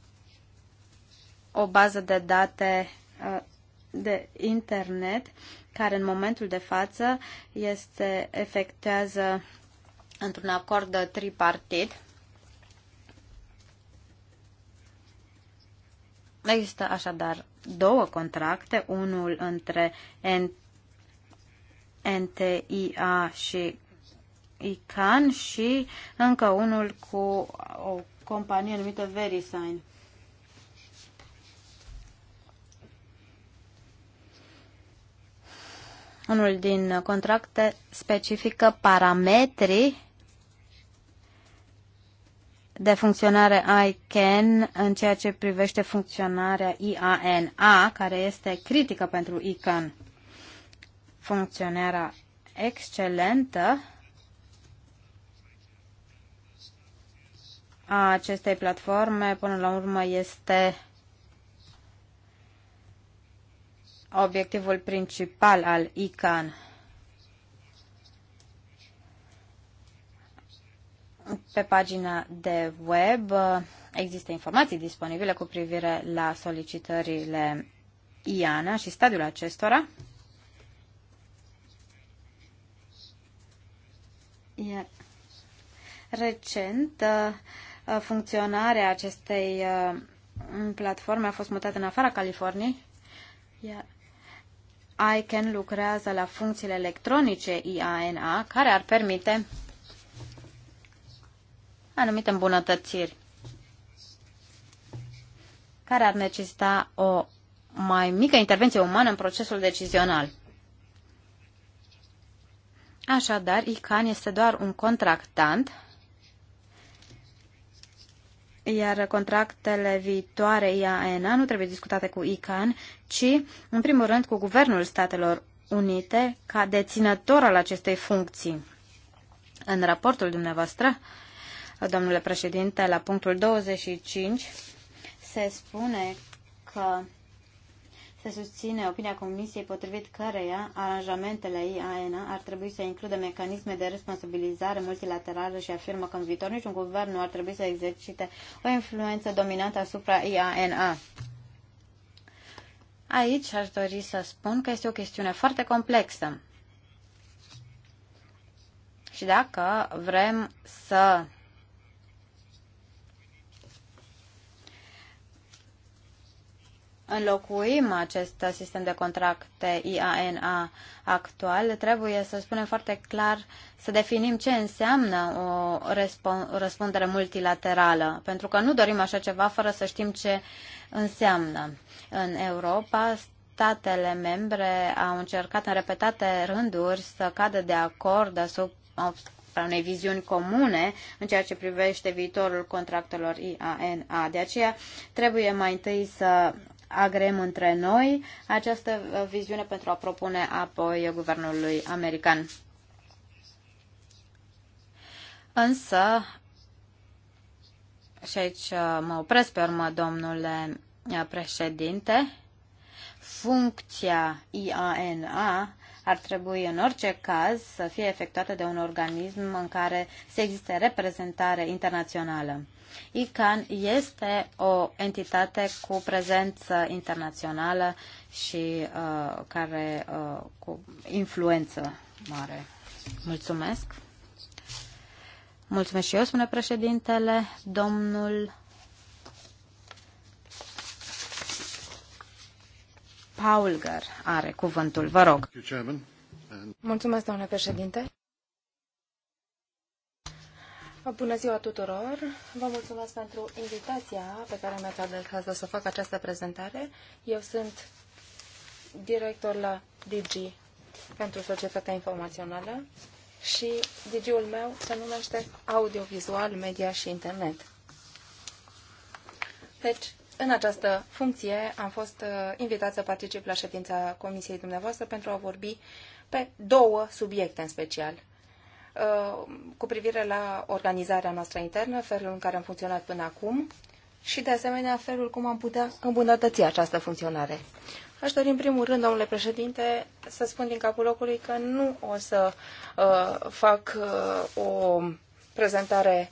o bază de date uh, de internet care în momentul de față este efectuează într-un acord tripartit. Există așadar două contracte, unul între NTIA și ICAN și încă unul cu o companie numită VeriSign. Unul din contracte specifică parametrii de funcționare ICAN în ceea ce privește funcționarea IANA, care este critică pentru ICAN. Funcționarea excelentă a acestei platforme până la urmă este obiectivul principal al ICAN. Pe pagina de web există informații disponibile cu privire la solicitările IANA și stadiul acestora. Iar recent Uh, funcționarea acestei uh, platforme a fost mutată în afara Californiei, iar ICANN lucrează la funcțiile electronice IANA, care ar permite anumite îmbunătățiri care ar necesita o mai mică intervenție umană în procesul decizional. Așadar, ICAN este doar un contractant iar contractele viitoare IANA nu trebuie discutate cu ICAN, ci, în primul rând, cu Guvernul Statelor Unite ca deținător al acestei funcții. În raportul dumneavoastră, domnule președinte, la punctul 25 se spune că se susține opinia Comisiei potrivit căreia aranjamentele IANA ar trebui să includă mecanisme de responsabilizare multilaterală și afirmă că în viitor niciun guvern nu ar trebui să exercite o influență dominantă asupra IANA. Aici aș dori să spun că este o chestiune foarte complexă. Și dacă vrem să înlocuim acest sistem de contracte IANA actual, trebuie să spunem foarte clar, să definim ce înseamnă o răspundere multilaterală, pentru că nu dorim așa ceva fără să știm ce înseamnă. În Europa, statele membre au încercat în repetate rânduri să cadă de acord asupra unei viziuni comune în ceea ce privește viitorul contractelor IANA. De aceea trebuie mai întâi să agrem între noi această uh, viziune pentru a propune apoi guvernului american. Însă, și aici uh, mă opresc pe urmă, domnule uh, președinte, funcția IANA ar trebui în orice caz să fie efectuată de un organism în care să existe reprezentare internațională. ICAN este o entitate cu prezență internațională și uh, care uh, cu influență mare. Mulțumesc. Mulțumesc și eu, spune președintele, domnul Paulger are cuvântul. Vă rog. Mulțumesc, domnule președinte. Bună ziua tuturor! Vă mulțumesc pentru invitația pe care mi-ați adresat-o să fac această prezentare. Eu sunt director la DG pentru Societatea Informațională și DG-ul meu se numește Audiovizual, Media și Internet. Deci, în această funcție am fost uh, invitat să particip la ședința comisiei dumneavoastră pentru a vorbi pe două subiecte în special – cu privire la organizarea noastră internă, felul în care am funcționat până acum și, de asemenea, felul cum am putea îmbunătăți această funcționare. Aș dori, în primul rând, domnule președinte, să spun din capul locului că nu o să uh, fac uh, o prezentare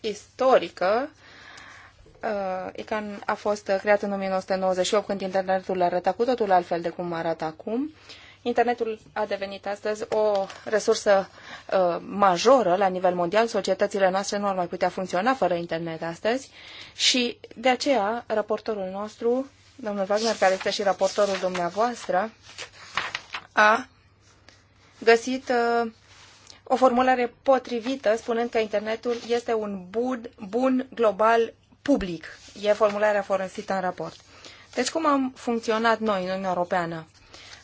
istorică. Uh, ICAN a fost creat în 1998, când internetul arăta cu totul altfel de cum arată acum. Uh, Internetul a devenit astăzi o resursă uh, majoră la nivel mondial. Societățile noastre nu ar mai putea funcționa fără internet astăzi și de aceea raportorul nostru, domnul Wagner, care este și raportorul dumneavoastră, a găsit uh, o formulare potrivită spunând că internetul este un bun, bun global public. E formularea folosită în raport. Deci cum am funcționat noi în Uniunea Europeană?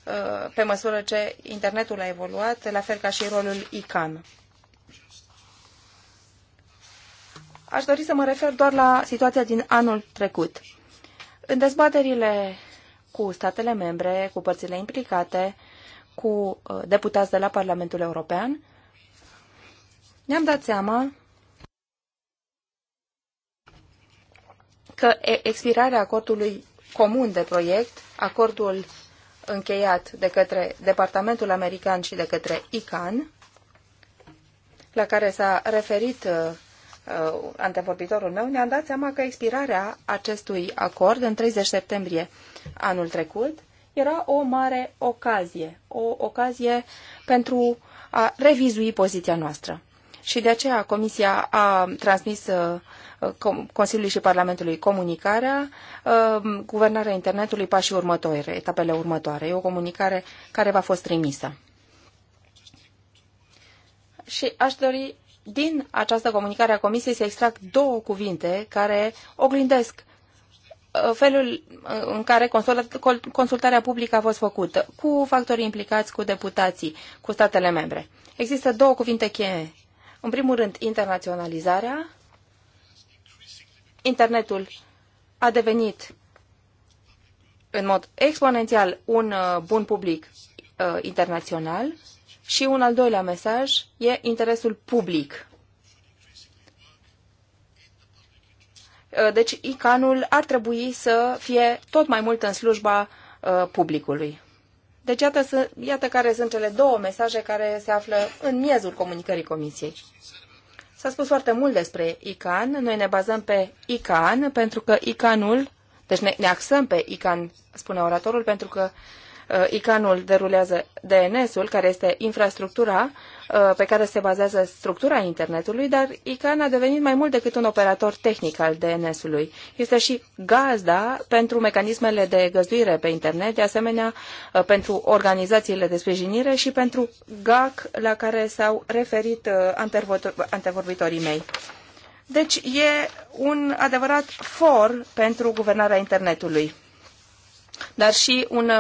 Uh, pe măsură ce internetul a evoluat, la fel ca și rolul ICAN. Aș dori să mă refer doar la situația din anul trecut. În dezbaterile cu statele membre, cu părțile implicate, cu uh, deputați de la Parlamentul European, ne-am dat seama că expirarea acordului comun de proiect, acordul încheiat de către Departamentul American și de către ICAN, la care s-a referit uh, uh, antevorbitorul meu, ne-am dat seama că expirarea acestui acord în 30 septembrie anul trecut era o mare ocazie, o ocazie pentru a revizui poziția noastră. Și de aceea Comisia a transmis uh, Uh, Consiliului și Parlamentului comunicarea, uh, guvernarea internetului, pașii următoare etapele următoare. E o comunicare care va fost trimisă. Și aș dori din această comunicare a Comisiei să extrag două cuvinte care oglindesc uh, felul în care consultarea publică a fost făcută cu factorii implicați, cu deputații, cu statele membre. Există două cuvinte cheie. În primul rând, internaționalizarea internetul a devenit în mod exponențial un uh, bun public uh, internațional și un al doilea mesaj e interesul public. Uh, deci ICANul ar trebui să fie tot mai mult în slujba uh, publicului. Deci iată, iată care sunt cele două mesaje care se află în miezul comunicării Comisiei. S-a spus foarte mult despre ICAN. Noi ne bazăm pe ICAN pentru că ICANul, deci ne, ne axăm pe ICAN, spune oratorul, pentru că uh, ICANul derulează DNS-ul, care este infrastructura Uh, pe care se bazează structura internetului, dar ICANN a devenit mai mult decât un operator tehnic al DNS-ului. Este și gazda pentru mecanismele de găzduire pe internet, de asemenea uh, pentru organizațiile de sprijinire și pentru GAC la care s-au referit uh, antevorbitorii mei. Deci e un adevărat for pentru guvernarea internetului, dar și un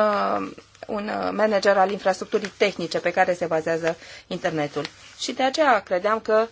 un uh, manager al infrastructurii tehnice pe care se bazează internetul. Și de aceea credeam că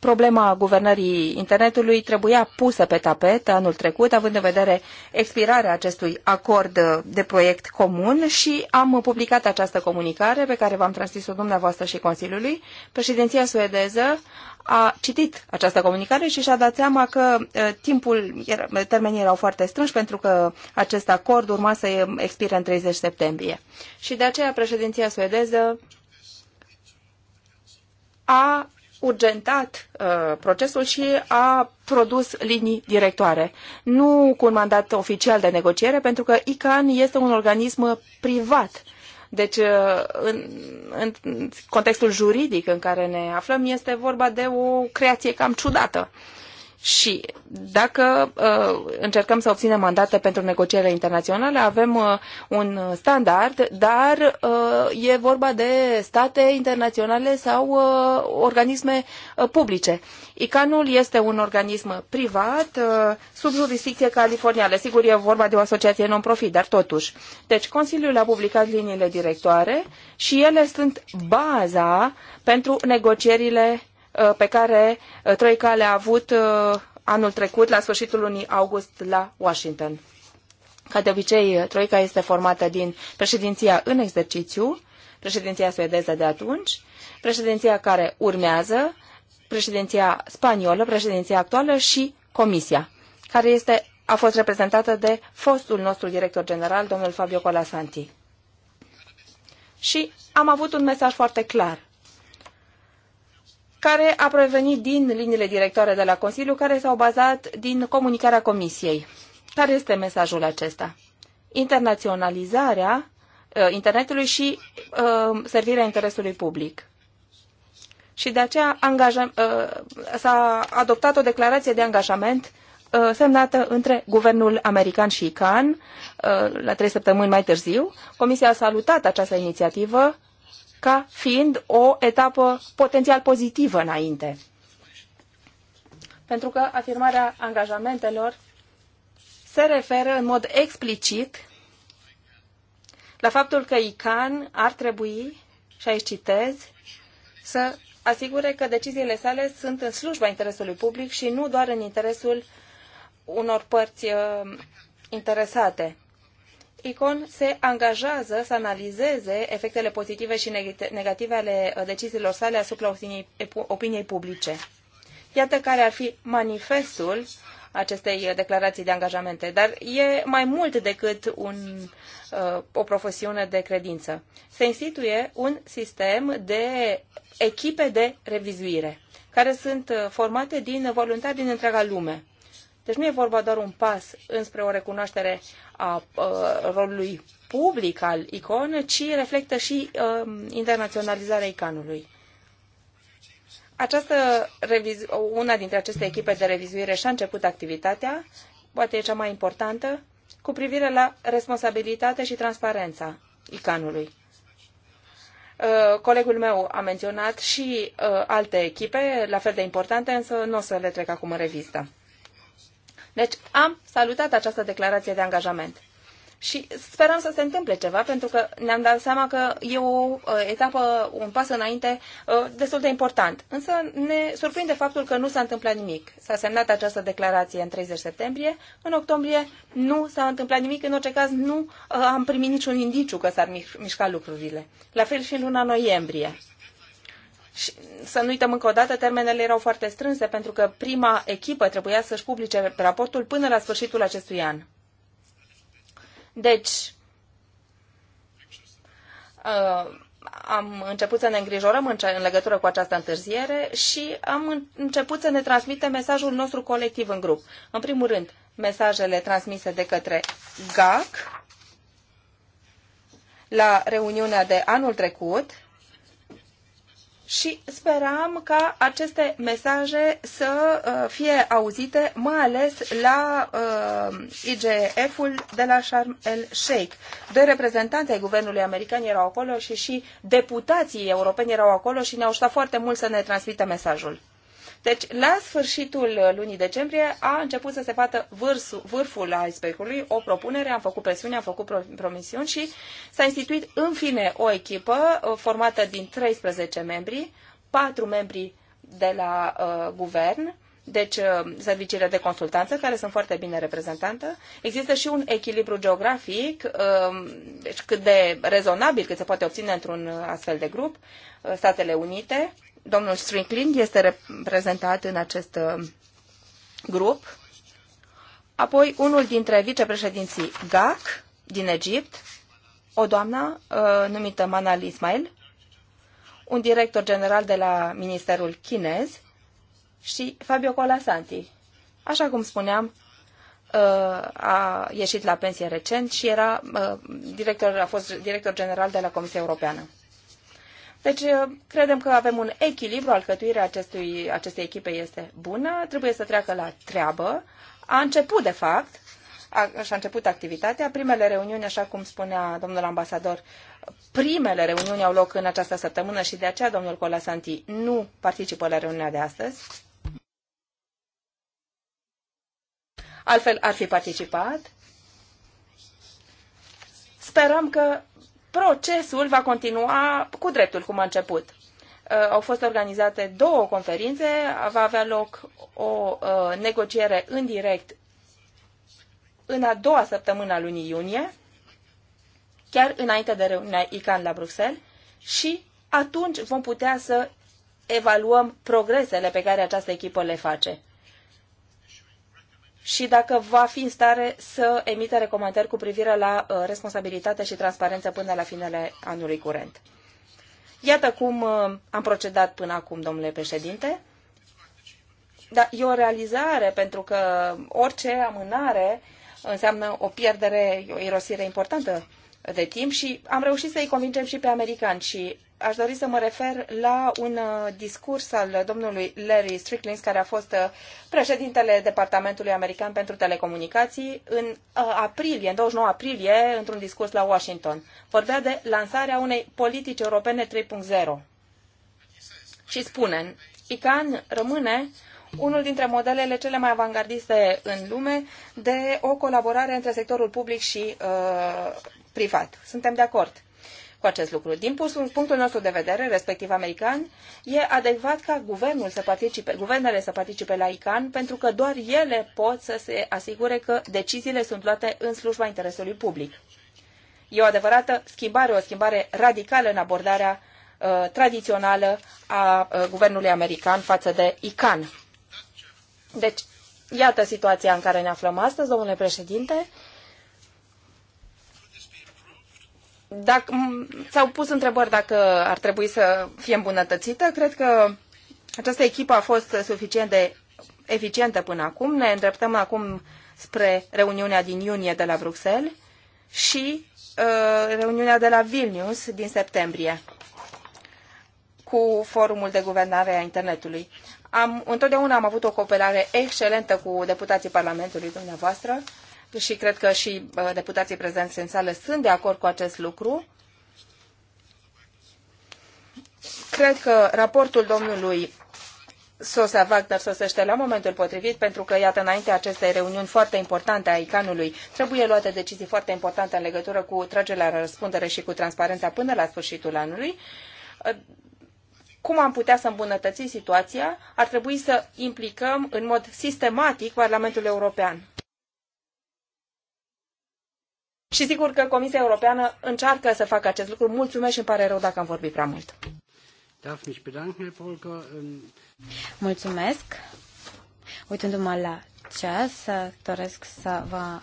problema guvernării internetului trebuia pusă pe tapet anul trecut, având în vedere expirarea acestui acord de proiect comun și am publicat această comunicare pe care v-am transmis-o dumneavoastră și Consiliului. Președinția suedeză a citit această comunicare și și-a dat seama că uh, timpul, termenii erau foarte strânși pentru că acest acord urma să expire în 30 septembrie. Și de aceea președinția suedeză a urgentat uh, procesul și a produs linii directoare. Nu cu un mandat oficial de negociere, pentru că ICAN este un organism privat. Deci, uh, în, în contextul juridic în care ne aflăm, este vorba de o creație cam ciudată. Uh, și dacă uh, încercăm să obținem mandate pentru negocierile internaționale, avem uh, un standard, dar uh, e vorba de state internaționale sau uh, organisme uh, publice. ICANul este un organism privat uh, sub jurisdicție californiană. Sigur, e vorba de o asociație non-profit, dar totuși. Deci, Consiliul a publicat liniile directoare și ele sunt baza pentru negocierile Uh, pe care uh, Troica le-a avut uh, anul trecut, la sfârșitul lunii august, la Washington. Ca de obicei, Troica este formată din președinția în exercițiu, președinția suedeză de atunci, președinția care urmează, președinția spaniolă, președinția actuală și Comisia, care este, a fost reprezentată de fostul nostru director general, domnul Fabio Colasanti. Și am avut un mesaj foarte clar care a provenit din liniile directoare de la Consiliu, care s-au bazat din comunicarea Comisiei. Care este mesajul acesta? Internaționalizarea uh, internetului și uh, servirea interesului public. Și de aceea uh, s-a adoptat o declarație de angajament uh, semnată între guvernul american și ICAN uh, la trei săptămâni mai târziu. Comisia a salutat această inițiativă ca fiind o etapă potențial pozitivă înainte. Pentru că afirmarea angajamentelor se referă în mod explicit la faptul că ICAN ar trebui, și aici citez, să asigure că deciziile sale sunt în slujba interesului public și nu doar în interesul unor părți uh, interesate. ICON se angajează să analizeze efectele pozitive și negative ale uh, deciziilor sale asupra opiniei, opiniei publice. Iată care ar fi manifestul acestei uh, declarații de angajamente, dar e mai mult decât un, uh, o profesiune de credință. Se instituie un sistem de echipe de revizuire, care sunt formate din voluntari din întreaga lume deci nu e vorba doar un pas înspre o recunoaștere a rolului public al ICON, ci reflectă și internaționalizarea ICAN-ului. Această una dintre aceste echipe de revizuire și-a început activitatea, poate e cea mai importantă, cu privire la responsabilitate și transparența ICAN-ului. Colegul meu a menționat și alte echipe, la fel de importante, însă nu o să le trec acum în revistă. Deci am salutat această declarație de angajament. Și sperăm să se întâmple ceva, pentru că ne-am dat seama că e o uh, etapă, un pas înainte uh, destul de important. Însă ne surprinde faptul că nu s-a întâmplat nimic. S-a semnat această declarație în 30 septembrie, în octombrie nu s-a întâmplat nimic, în orice caz nu uh, am primit niciun indiciu că s-ar mișca lucrurile. La fel și în luna noiembrie. Și să nu uităm încă o dată, termenele erau foarte strânse pentru că prima echipă trebuia să-și publice raportul până la sfârșitul acestui an. Deci, uh, am început să ne îngrijorăm în, legătură cu această întârziere și am început să ne transmitem mesajul nostru colectiv în grup. În primul rând, mesajele transmise de către GAC la reuniunea de anul trecut, și speram ca aceste mesaje să uh, fie auzite, mai ales la uh, IGF-ul de la Sharm el-Sheikh. Doi reprezentanți ai guvernului american erau acolo și și deputații europeni erau acolo și ne-au ștat foarte mult să ne transmită mesajul. Deci, la sfârșitul lunii decembrie a început să se facă vârful, vârful icebergului, o propunere, am făcut presiune, am făcut promisiuni și s-a instituit în fine o echipă uh, formată din 13 membri, 4 membri de la uh, guvern, deci uh, serviciile de consultanță, care sunt foarte bine reprezentantă. Există și un echilibru geografic, uh, deci cât de rezonabil cât se poate obține într-un uh, astfel de grup, uh, Statele Unite, Domnul Strickland este reprezentat în acest uh, grup. Apoi unul dintre vicepreședinții GAC din Egipt, o doamnă uh, numită Manal Ismail, un director general de la Ministerul Chinez și Fabio Colasanti. Așa cum spuneam, uh, a ieșit la pensie recent și era uh, director, a fost director general de la Comisia Europeană. Deci, uh, credem că avem un echilibru, alcătuirea acestui, acestei echipe este bună, trebuie să treacă la treabă. A început, de fapt, a, și-a început activitatea. Primele reuniuni, așa cum spunea domnul ambasador, primele reuniuni au loc în această săptămână și de aceea domnul Colasanti nu participă la reuniunea de astăzi. Altfel ar fi participat. Sperăm că procesul va continua cu dreptul cum a început. Uh, au fost organizate două conferințe, va avea loc o uh, negociere în direct în a doua săptămână a lunii iunie, chiar înainte de reuniunea ICAN la Bruxelles și atunci vom putea să evaluăm progresele pe care această echipă le face și dacă va fi în stare să emite recomandări cu privire la uh, responsabilitate și transparență până la finele anului curent. Iată cum uh, am procedat până acum, domnule președinte. Dar e o realizare, pentru că orice amânare înseamnă o pierdere, o irosire importantă de timp și am reușit să-i convingem și pe americani și aș dori să mă refer la un uh, discurs al domnului Larry Strickland, care a fost uh, președintele Departamentului American pentru Telecomunicații, în uh, aprilie, în 29 aprilie, într-un discurs la Washington. Vorbea de lansarea unei politici europene 3.0. Și spune, ICAN rămâne unul dintre modelele cele mai avangardiste în lume de o colaborare între sectorul public și uh, privat. Suntem de acord cu acest lucru. Din punctul nostru de vedere, respectiv american, e adecvat ca guvernul să participe, guvernele să participe la ICAN pentru că doar ele pot să se asigure că deciziile sunt luate în slujba interesului public. E o adevărată schimbare, o schimbare radicală în abordarea uh, tradițională a uh, guvernului american față de ICAN. Deci, iată situația în care ne aflăm astăzi, domnule președinte. Dacă, s-au pus întrebări dacă ar trebui să fie îmbunătățită. Cred că această echipă a fost suficient de eficientă până acum. Ne îndreptăm acum spre reuniunea din iunie de la Bruxelles și uh, reuniunea de la Vilnius din septembrie cu forumul de guvernare a internetului. Am, întotdeauna am avut o cooperare excelentă cu deputații Parlamentului dumneavoastră și cred că și deputații prezenți în sală sunt de acord cu acest lucru. Cred că raportul domnului Sosa Wagner sosește la momentul potrivit, pentru că, iată, înainte acestei reuniuni foarte importante a ICANului. ului trebuie luate decizii foarte importante în legătură cu tragerea la răspundere și cu transparența până la sfârșitul anului. Cum am putea să îmbunătățim situația? Ar trebui să implicăm în mod sistematic Parlamentul European și sigur că Comisia Europeană încearcă să facă acest lucru. Mulțumesc și îmi pare rău dacă am vorbit prea mult. Ähm, Mulțumesc. Uitându-mă la ceas, doresc să vă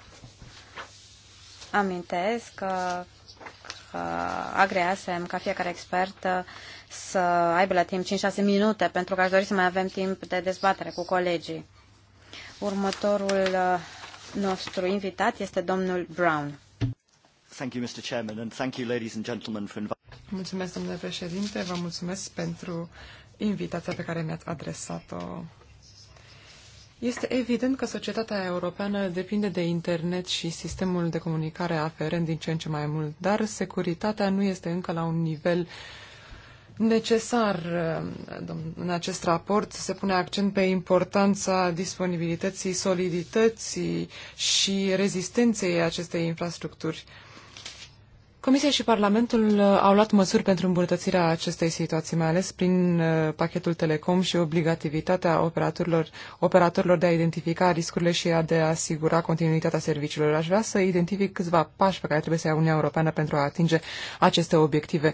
amintesc că, că agreasem ca fiecare expert uh, să aibă la timp 5-6 minute, pentru că aș dori să mai avem timp de dezbatere cu colegii. Următorul uh, nostru invitat este domnul Brown. Thank you, Mr. Chairman, and thank you, ladies and gentlemen, for Mulțumesc, domnule președinte, vă mulțumesc pentru invitația pe care mi-ați adresat-o. Este evident că societatea europeană depinde de internet și sistemul de comunicare aferent din ce în ce mai mult, dar securitatea nu este încă la un nivel necesar. În acest raport se pune accent pe importanța disponibilității, solidității și rezistenței acestei infrastructuri. Comisia și Parlamentul uh, au luat măsuri pentru îmbunătățirea acestei situații, mai ales prin uh, pachetul Telecom și obligativitatea operatorilor, operatorilor de a identifica riscurile și a de a asigura continuitatea serviciilor. Aș vrea să identific câțiva pași pe care trebuie să ia Uniunea Europeană pentru a atinge aceste obiective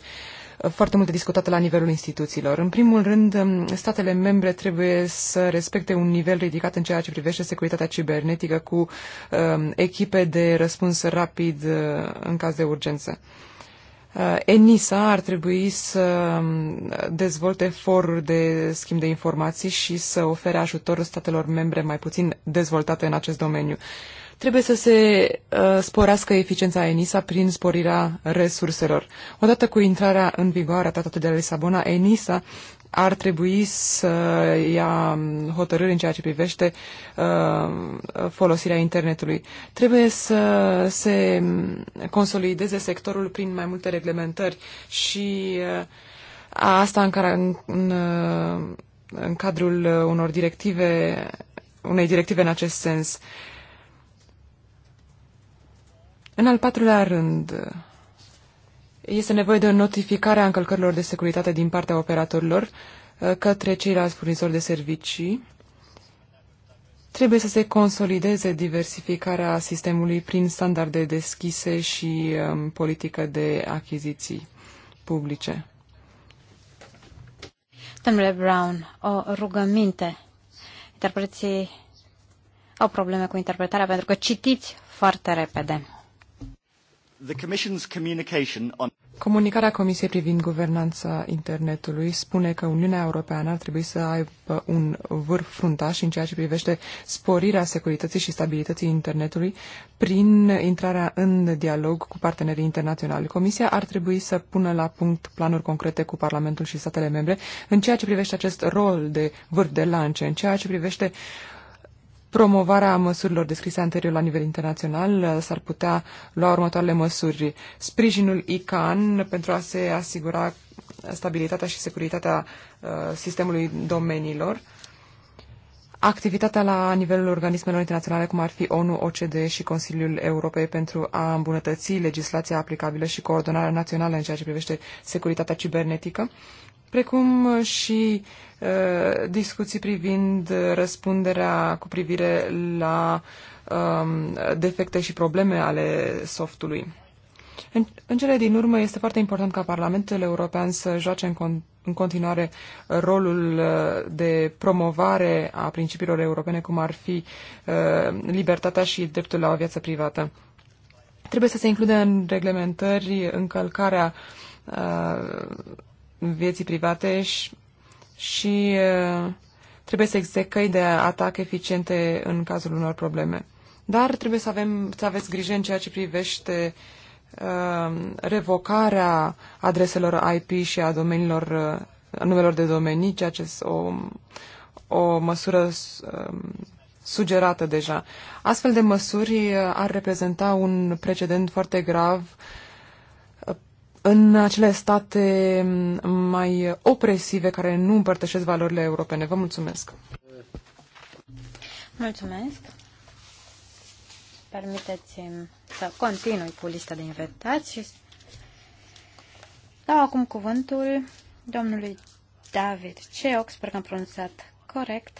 foarte multe discutate la nivelul instituțiilor. În primul rând, um, statele membre trebuie să respecte un nivel ridicat în ceea ce privește securitatea cibernetică cu uh, echipe de răspuns rapid uh, în caz de urgență. Uh, ENISA ar trebui să um, dezvolte foruri de schimb de informații și să ofere ajutor statelor membre mai puțin dezvoltate în acest domeniu. Uh, Trebuie să se uh, sporească eficiența ENISA prin sporirea resurselor. Odată cu intrarea în vigoare a tratatului de la Lisabona, ENISA ar trebui să ia hotărâri în ceea ce privește uh, folosirea internetului. Trebuie să se consolideze sectorul prin mai multe reglementări și uh, asta în, în, în, uh, în cadrul unor directive, unei directive în acest sens. În al patrulea rând, este nevoie de o notificare a încălcărilor de securitate din partea operatorilor uh, către ceilalți furnizori de servicii. Trebuie să se consolideze diversificarea sistemului prin standarde deschise și um, politică de achiziții publice. Domnule Brown, o rugăminte. Interpreții au probleme cu interpretarea pentru că citiți foarte repede. Comunicarea Comisiei privind guvernanța internetului spune că Uniunea Europeană ar trebui să aibă un vârf fruntaș în ceea ce privește sporirea securității și stabilității internetului prin intrarea în dialog cu partenerii internaționali. Comisia ar trebui să pună la punct planuri concrete cu Parlamentul și statele membre în ceea ce privește acest rol de vârf de lance, în ceea ce privește uh, promovarea măsurilor descrise anterior la nivel internațional. Uh, s-ar putea lua următoarele măsuri. Sprijinul ICAN pentru a se asigura stabilitatea și securitatea uh, sistemului domeniilor. Activitatea la nivelul organismelor internaționale, cum ar fi ONU, OCDE și Consiliul Europei pentru a îmbunătăți legislația aplicabilă și coordonarea națională în ceea ce privește securitatea cibernetică, precum și uh, Uh, discuții privind răspunderea cu privire la um, defecte și probleme ale softului. În, în cele din urmă, este foarte important ca Parlamentul European să joace în, con, în continuare rolul uh, de promovare a principiilor europene, cum ar fi uh, libertatea și dreptul la o viață privată. Trebuie să se includă în reglementări încălcarea uh, vieții private și și trebuie să existe căi de atac eficiente în cazul unor probleme. Dar trebuie să, avem, să aveți grijă în ceea ce privește uh, revocarea adreselor IP și a domeniilor, uh, numelor de domenii, ceea ce o, o măsură uh, sugerată deja. Astfel de măsuri ar reprezenta un precedent foarte grav uh, în acele state mm, mai opresive care nu împărtășesc valorile europene. Vă mulțumesc! Mulțumesc! Permiteți-mi să continui cu lista de invitați și dau acum cuvântul domnului David Ceoc, sper că am pronunțat corect,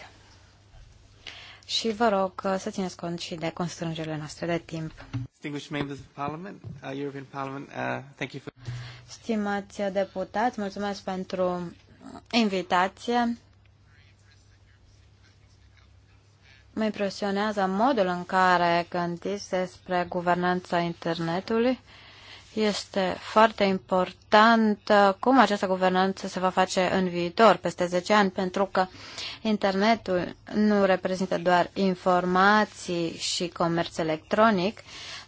și vă rog să țineți cont și de constrângerile noastre de timp. Distinguished members of Parliament, uh, Parliament, European uh, thank you for stimați deputați, mulțumesc pentru invitație. Mă impresionează modul în care gândiți despre guvernanța internetului este foarte important uh, cum această guvernanță se va face în viitor, peste 10 ani, pentru că internetul nu reprezintă doar informații și comerț electronic,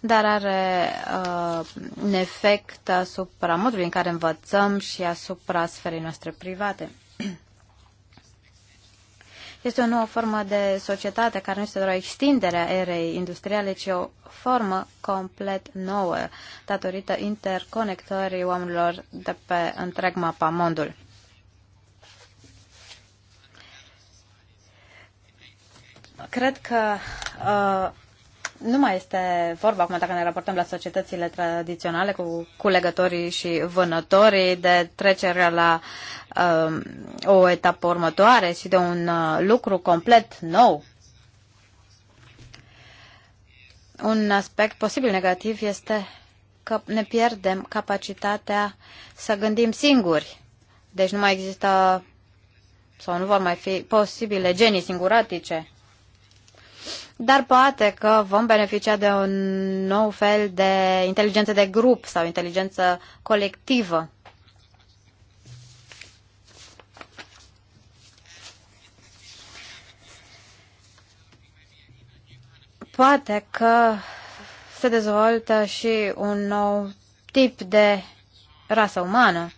dar are uh, un efect asupra modului în care învățăm și asupra sferei noastre private. Este o nouă formă de societate care nu este doar o extindere a erei industriale, ci o formă complet nouă, datorită interconectării oamenilor de pe întreg mapamondul. Cred că uh, nu mai este vorba acum dacă ne raportăm la societățile tradiționale cu culegătorii și vânătorii de trecerea la uh, o etapă următoare și de un uh, lucru complet nou. Un aspect posibil negativ este că ne pierdem capacitatea să gândim singuri. Deci nu mai există sau nu vor mai fi posibile genii singuratice dar poate că vom beneficia de un nou fel de inteligență de grup sau inteligență colectivă. Poate că se dezvoltă și un nou tip de rasă umană.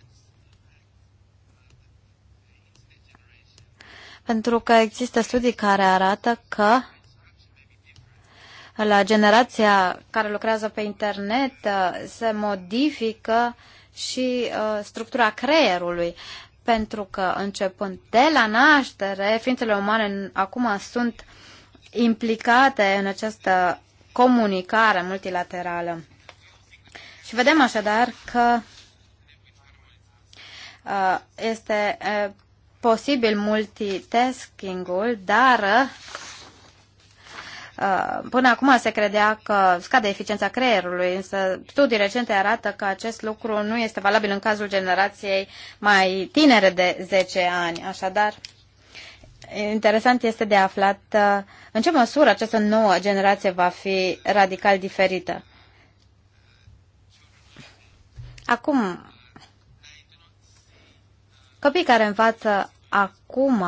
Pentru că există studii care arată că la generația care lucrează pe internet uh, se modifică și uh, structura creierului pentru că începând de la naștere, ființele umane acum sunt implicate în această comunicare multilaterală. Și vedem așadar că uh, este posibil multitasking-ul, dar Uh, până acum se credea că scade eficiența creierului, însă studii recente arată că acest lucru nu este valabil în cazul generației mai tinere de 10 ani. Așadar, interesant este de aflat uh, în ce măsură această nouă generație va fi radical diferită. Acum, copii care învață acum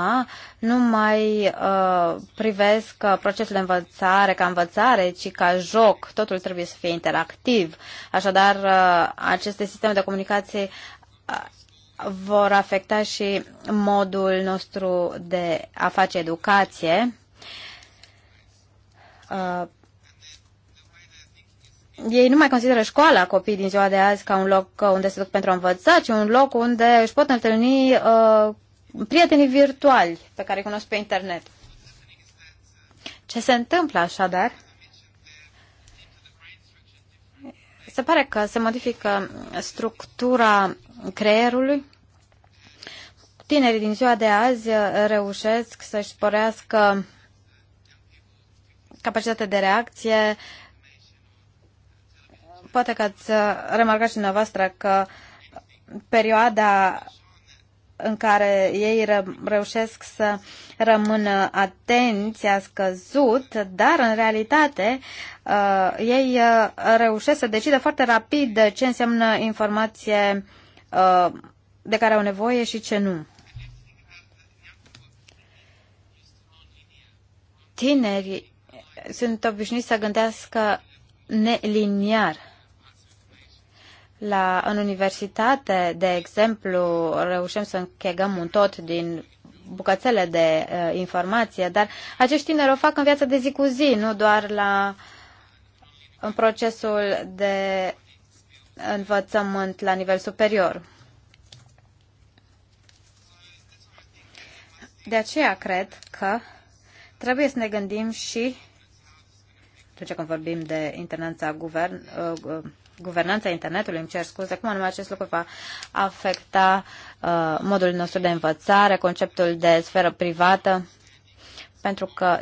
nu mai uh, privesc uh, procesul de învățare ca învățare, ci ca joc. Totul trebuie să fie interactiv. Așadar, uh, aceste sisteme de comunicație uh, vor afecta și modul nostru de a face educație. Uh, ei nu mai consideră școala copiii din ziua de azi ca un loc uh, unde se duc pentru a învăța, ci un loc unde își pot întâlni uh, prietenii virtuali pe care îi cunosc pe internet. Ce se întâmplă așadar? Se pare că se modifică structura creierului. Tinerii din ziua de azi reușesc să-și sporească capacitatea de reacție. Poate că ați remarcat și dumneavoastră că perioada în care ei ră, reușesc să rămână atenți a scăzut, dar în realitate uh, ei uh, reușesc să decidă foarte rapid ce înseamnă informație uh, de care au nevoie și ce nu. Tinerii sunt obișnuiți să gândească neliniar. La, în universitate, de exemplu, reușim să închegăm un tot din bucățele de uh, informație, dar acești tineri o fac în viața de zi cu zi, nu doar la în procesul de învățământ la nivel superior. De aceea cred că trebuie să ne gândim și atunci când vorbim de internanța guvern, uh, uh guvernanța internetului, îmi cer scuze, cum anume acest lucru va afecta uh, modul nostru de învățare, conceptul de sferă privată, pentru că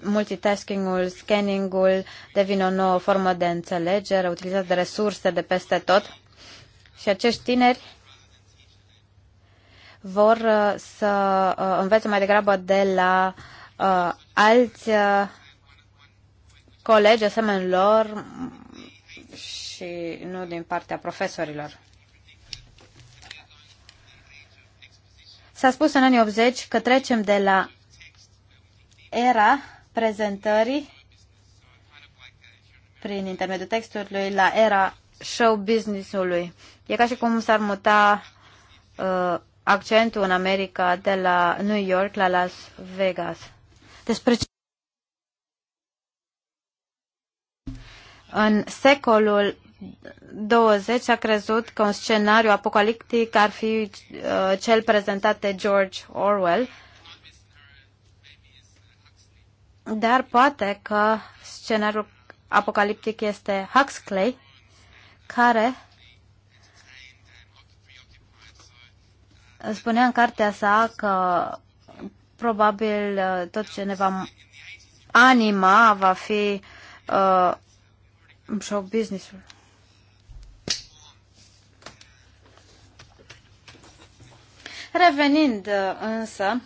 multitasking-ul, scanning-ul devine o nouă formă de înțelegere, utilizat de resurse de peste tot și acești tineri vor uh, să uh, învețe mai degrabă de la uh, alți uh, colegi asemenea lor, și nu din partea profesorilor. S-a spus în anii 80 că trecem de la era prezentării prin intermediul textului la era show business-ului. E ca și cum s-ar muta uh, accentul în America de la New York la Las Vegas. Despre ce... În secolul 20 a crezut că un scenariu apocaliptic ar fi uh, cel prezentat de George Orwell, dar poate că scenariul apocaliptic este Huxley, care spunea în cartea sa că probabil uh, tot ce ne va anima va fi uh, show business-ul. Revenind uh, însă,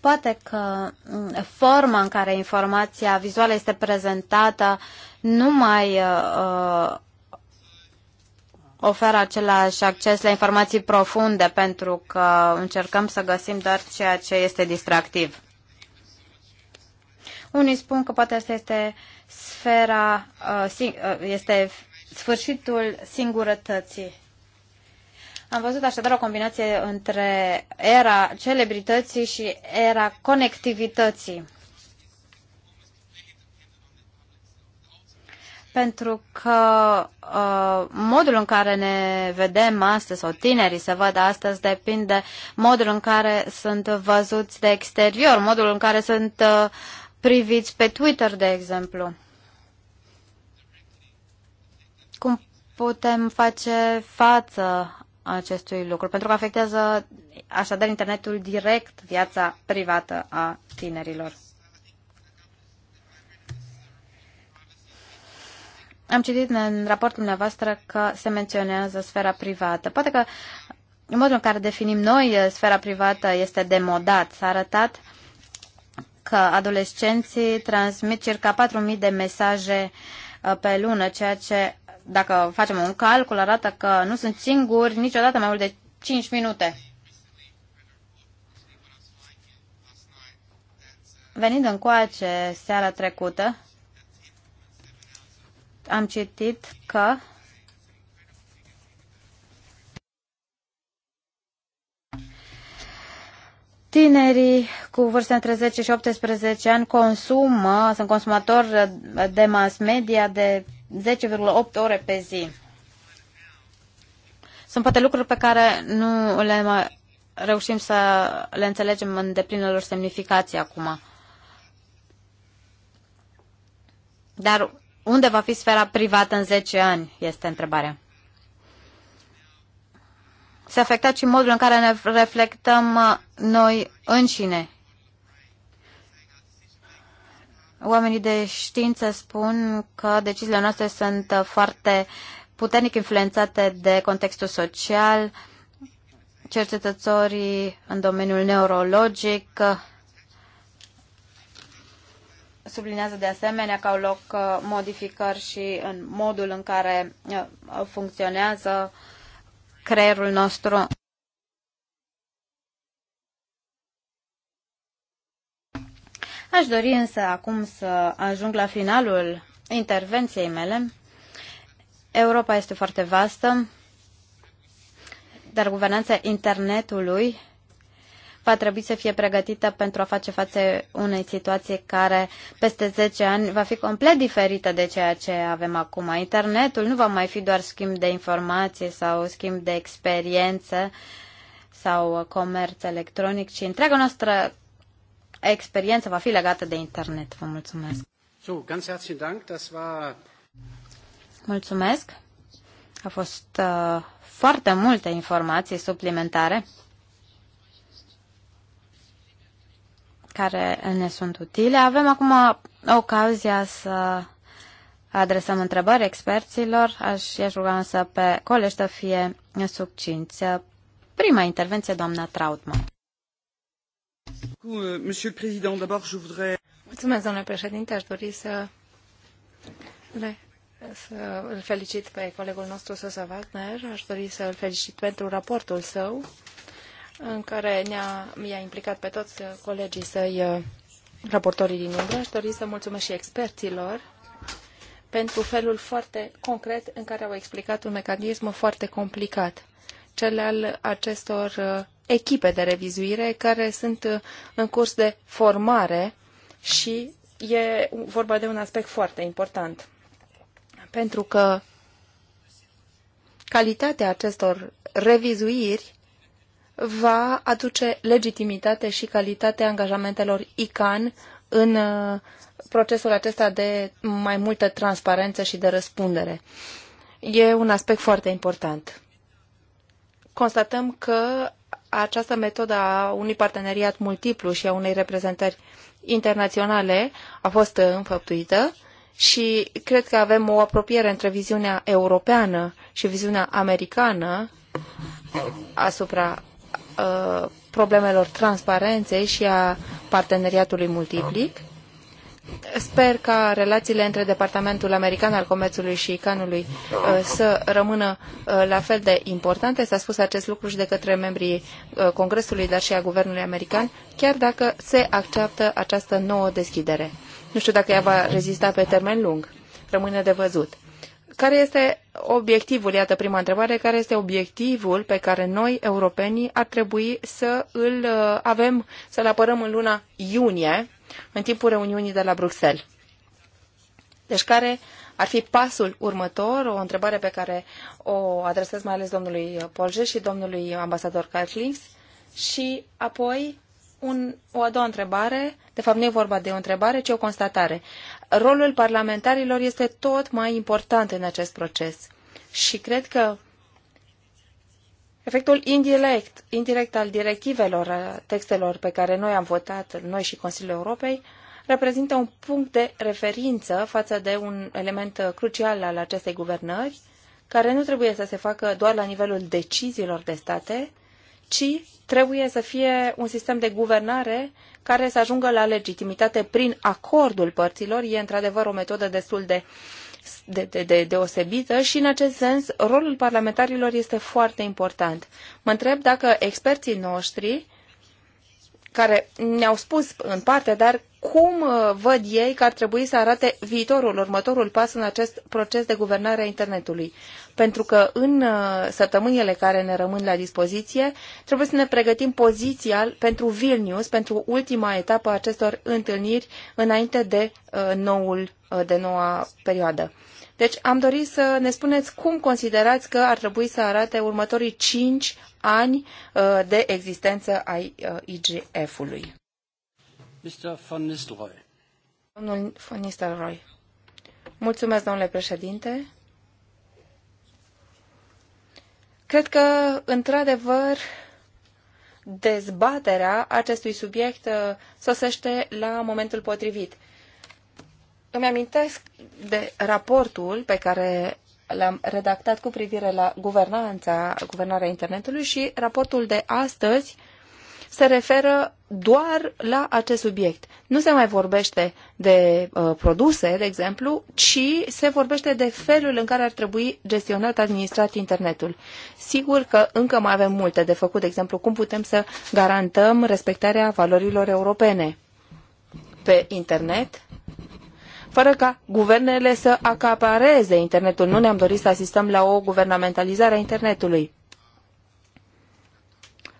poate că mm, forma în care informația vizuală este prezentată nu mai uh, uh, oferă același acces la informații profunde pentru că încercăm să găsim doar ceea ce este distractiv. Unii spun că poate asta este sfera, uh, este sfârșitul singurătății. Am văzut așadar o combinație între era celebrității și era conectivității. Pentru că uh, modul în care ne vedem astăzi, sau tinerii se văd astăzi, depinde modul în care sunt văzuți de exterior, modul în care sunt uh, priviți pe Twitter, de exemplu. Cum putem face față acestui lucru, pentru că afectează așadar internetul direct viața privată a tinerilor. Am citit în raportul dumneavoastră că se menționează sfera privată. Poate că în modul în care definim noi sfera privată este demodat. S-a arătat că adolescenții transmit circa 4.000 de mesaje uh, pe lună, ceea ce dacă facem un calcul, arată că nu sunt singuri niciodată mai mult de 5 minute. Venind coace seara trecută, am citit că Tinerii cu vârste între 10 și 18 ani consumă, sunt consumatori de mass media de 10,8 ore pe zi. Sunt poate lucruri pe care nu le mai reușim să le înțelegem în deplină lor semnificație acum. Dar unde va fi sfera privată în 10 ani, este întrebarea. Se afectat și modul în care ne reflectăm uh, noi înșine Oamenii de știință spun că deciziile noastre sunt foarte puternic influențate de contextul social, cercetătorii în domeniul neurologic sublinează de asemenea că au loc uh, modificări și în modul în care uh, funcționează creierul nostru. Aș dori însă acum să ajung la finalul intervenției mele. Europa este foarte vastă, dar guvernanța internetului va trebui să fie pregătită pentru a face față unei situații care peste 10 ani va fi complet diferită de ceea ce avem acum. Internetul nu va mai fi doar schimb de informații sau schimb de experiențe sau comerț electronic, ci întreaga noastră experiență va fi legată de internet. Vă mulțumesc. So, ganz herzlichen Dank. Das war... Mulțumesc. A fost uh, foarte multe informații suplimentare care ne sunt utile. Avem acum ocazia să adresăm întrebări experților. Aș i-aș ruga însă pe colegi să fie succinți. Prima intervenție, doamna Trautmann. Euh, domnule președinte. Aș dori să, să îl felicit pe colegul nostru, Sosa Wagner. Aș dori să îl felicit pentru raportul său, în care ne-a, mi-a implicat pe toți colegii săi, uh, raportorii din umbră. Aș dori să mulțumesc și experților pentru felul foarte concret în care au explicat un mecanism foarte complicat, cel al acestor uh, echipe de revizuire care sunt uh, în curs de formare și e vorba de un aspect foarte important. Pentru că calitatea acestor revizuiri va aduce legitimitate și calitatea angajamentelor ICAN în uh, procesul acesta de mai multă transparență și de răspundere. E un aspect foarte important. Constatăm că această metodă a unui parteneriat multiplu și a unei reprezentări internaționale a fost înfăptuită și cred că avem o apropiere între viziunea europeană și viziunea americană asupra uh, problemelor transparenței și a parteneriatului multiplic Sper ca relațiile între Departamentul American al Comerțului și ICANului uh, să rămână uh, la fel de importante. S-a spus acest lucru și de către membrii uh, Congresului, dar și a Guvernului American, chiar dacă se acceptă această nouă deschidere. Nu știu dacă ea va rezista pe termen lung. Rămâne de văzut. Care este obiectivul, iată prima întrebare, care este obiectivul pe care noi, europenii, ar trebui să îl avem, să-l apărăm în luna iunie, în timpul reuniunii de la Bruxelles. Deci care ar fi pasul următor, o întrebare pe care o adresez mai ales domnului Polje și domnului ambasador Carlings și apoi un, o a doua întrebare, de fapt nu e vorba de o întrebare, ci o constatare. Rolul parlamentarilor este tot mai important în acest proces și cred că Efectul indirect, indirect al directivelor, textelor pe care noi am votat, noi și Consiliul Europei, reprezintă un punct de referință față de un element crucial al acestei guvernări, care nu trebuie să se facă doar la nivelul deciziilor de state, ci trebuie să fie un sistem de guvernare care să ajungă la legitimitate prin acordul părților. E într-adevăr o metodă destul de uh, de, de, de deosebită și, în acest sens, rolul parlamentarilor este foarte important. Mă întreb dacă experții noștri, care ne-au spus în parte, dar cum uh, văd ei că ar trebui să arate viitorul, următorul pas în acest proces de guvernare a internetului pentru că în uh, săptămânile care ne rămân la dispoziție trebuie să ne pregătim poziția pentru Vilnius, pentru ultima etapă a acestor întâlniri înainte de uh, noul uh, de noua perioadă. Deci am dorit să ne spuneți cum considerați că ar trebui să arate următorii cinci ani de existență a IGF-ului. Mr. Nistelrooy. Domnul Van Nistelrooy. Mulțumesc, domnule președinte. Cred că, într-adevăr, dezbaterea acestui subiect uh, sosește la momentul potrivit. Îmi amintesc de raportul pe care l-am redactat cu privire la guvernanța, guvernarea internetului și raportul de astăzi se referă doar la acest subiect. Nu se mai vorbește de uh, produse, de exemplu, ci se vorbește de felul în care ar trebui gestionat administrat internetul. Sigur că încă mai avem multe de făcut, de exemplu, cum putem să garantăm respectarea valorilor europene pe internet, fără ca guvernele să acapareze internetul. Nu ne-am dorit să asistăm la o guvernamentalizare a internetului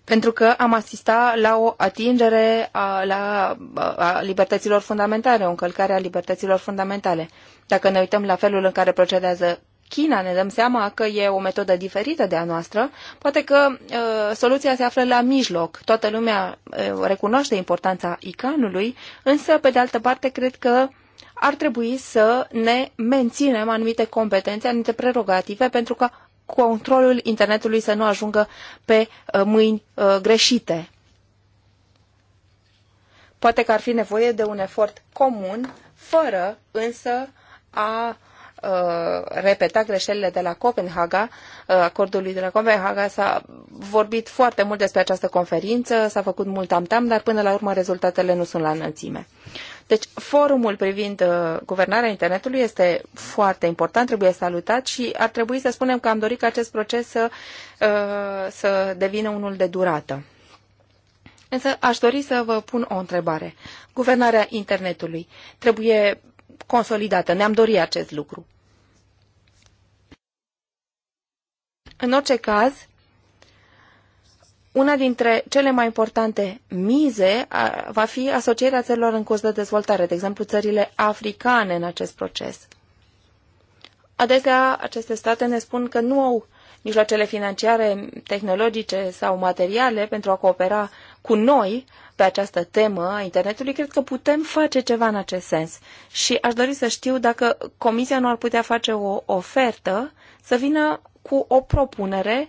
pentru că am asistat la o atingere a, la a libertăților fundamentale, o încălcare a libertăților fundamentale. Dacă ne uităm la felul în care procedează China, ne dăm seama că e o metodă diferită de a noastră, poate că e, ă, soluția se află la mijloc. Toată lumea e, ă, recunoaște importanța ICAN-ului, însă, pe de altă parte, cred că ar trebui să ne menținem anumite competențe, anumite prerogative, pentru că controlul internetului să nu ajungă pe uh, mâini uh, greșite. Poate că ar fi nevoie de un efort comun, fără însă a uh, repeta greșelile de la Copenhaga, acordului de la Copenhaga, s-a vorbit foarte mult despre această conferință, s-a făcut mult tamtam, -tam, dar până la urmă rezultatele nu sunt la înălțime. Deci, forumul privind uh, guvernarea internetului este foarte important, trebuie salutat și ar trebui să spunem că am dorit ca acest proces să, uh, să devină unul de durată. Însă aș dori să vă pun o întrebare. Guvernarea internetului trebuie consolidată. Ne-am dorit acest lucru. În orice caz, una dintre cele mai importante mize va fi asocierea țărilor în curs de dezvoltare, de exemplu țările africane în acest proces. Adesea, aceste state ne spun că nu au mijloacele financiare, tehnologice sau materiale pentru a coopera cu noi pe această temă a internetului, cred că putem face ceva în acest sens. Și aș dori să știu dacă Comisia nu ar putea face o ofertă să vină cu o propunere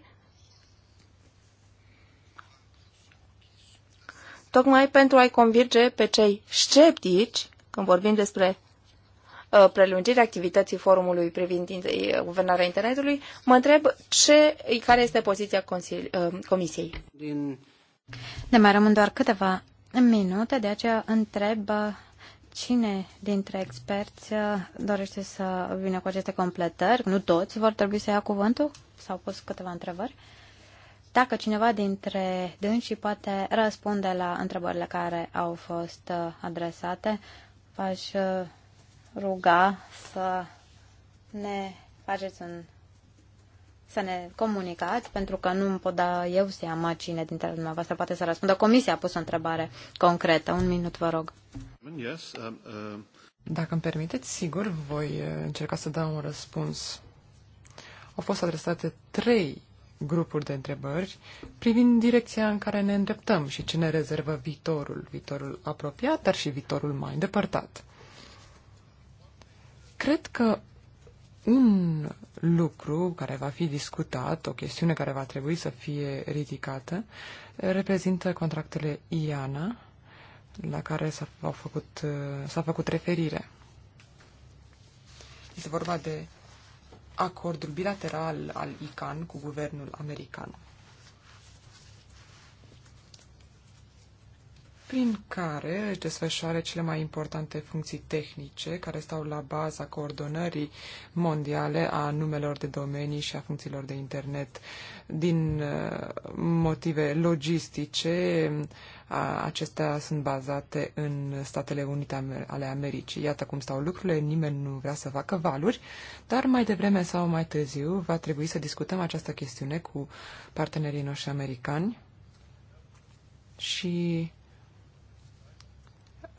tocmai pentru a-i convinge pe cei sceptici, când vorbim despre uh, prelungirea activității forumului privind uh, guvernarea internetului, mă întreb ce, care este poziția uh, Comisiei. Din... Ne mai rămân doar câteva minute, de aceea întreb cine dintre experți dorește să vină cu aceste completări. Nu toți vor trebui să ia cuvântul? S-au pus câteva întrebări dacă cineva dintre dânsii poate răspunde la întrebările care au fost uh, adresate, v-aș uh, ruga să ne faceți un să ne comunicați, pentru că nu îmi pot da eu seama cine dintre dumneavoastră poate să răspundă. Comisia a pus o întrebare concretă. Un minut, vă rog. Um, um, dacă îmi permiteți, sigur, voi uh, încerca să dau un răspuns. Au fost adresate trei grupuri de întrebări privind direcția în care ne îndreptăm și ce ne rezervă viitorul, viitorul apropiat, dar și viitorul mai îndepărtat. Cred că un lucru care va fi discutat, o chestiune care va trebui să fie ridicată, reprezintă contractele IANA, la care s-a făcut, s-a făcut referire. Este vorba de acordul bilateral al ICAN cu guvernul american. prin care își desfășoare cele mai importante funcții tehnice care stau la baza coordonării mondiale a numelor de domenii și a funcțiilor de internet. Din uh, motive logistice, acestea sunt bazate în Statele Unite ale Americii. Iată cum stau lucrurile, nimeni nu vrea să facă valuri, dar mai devreme sau mai târziu va trebui să discutăm această chestiune cu partenerii noștri americani și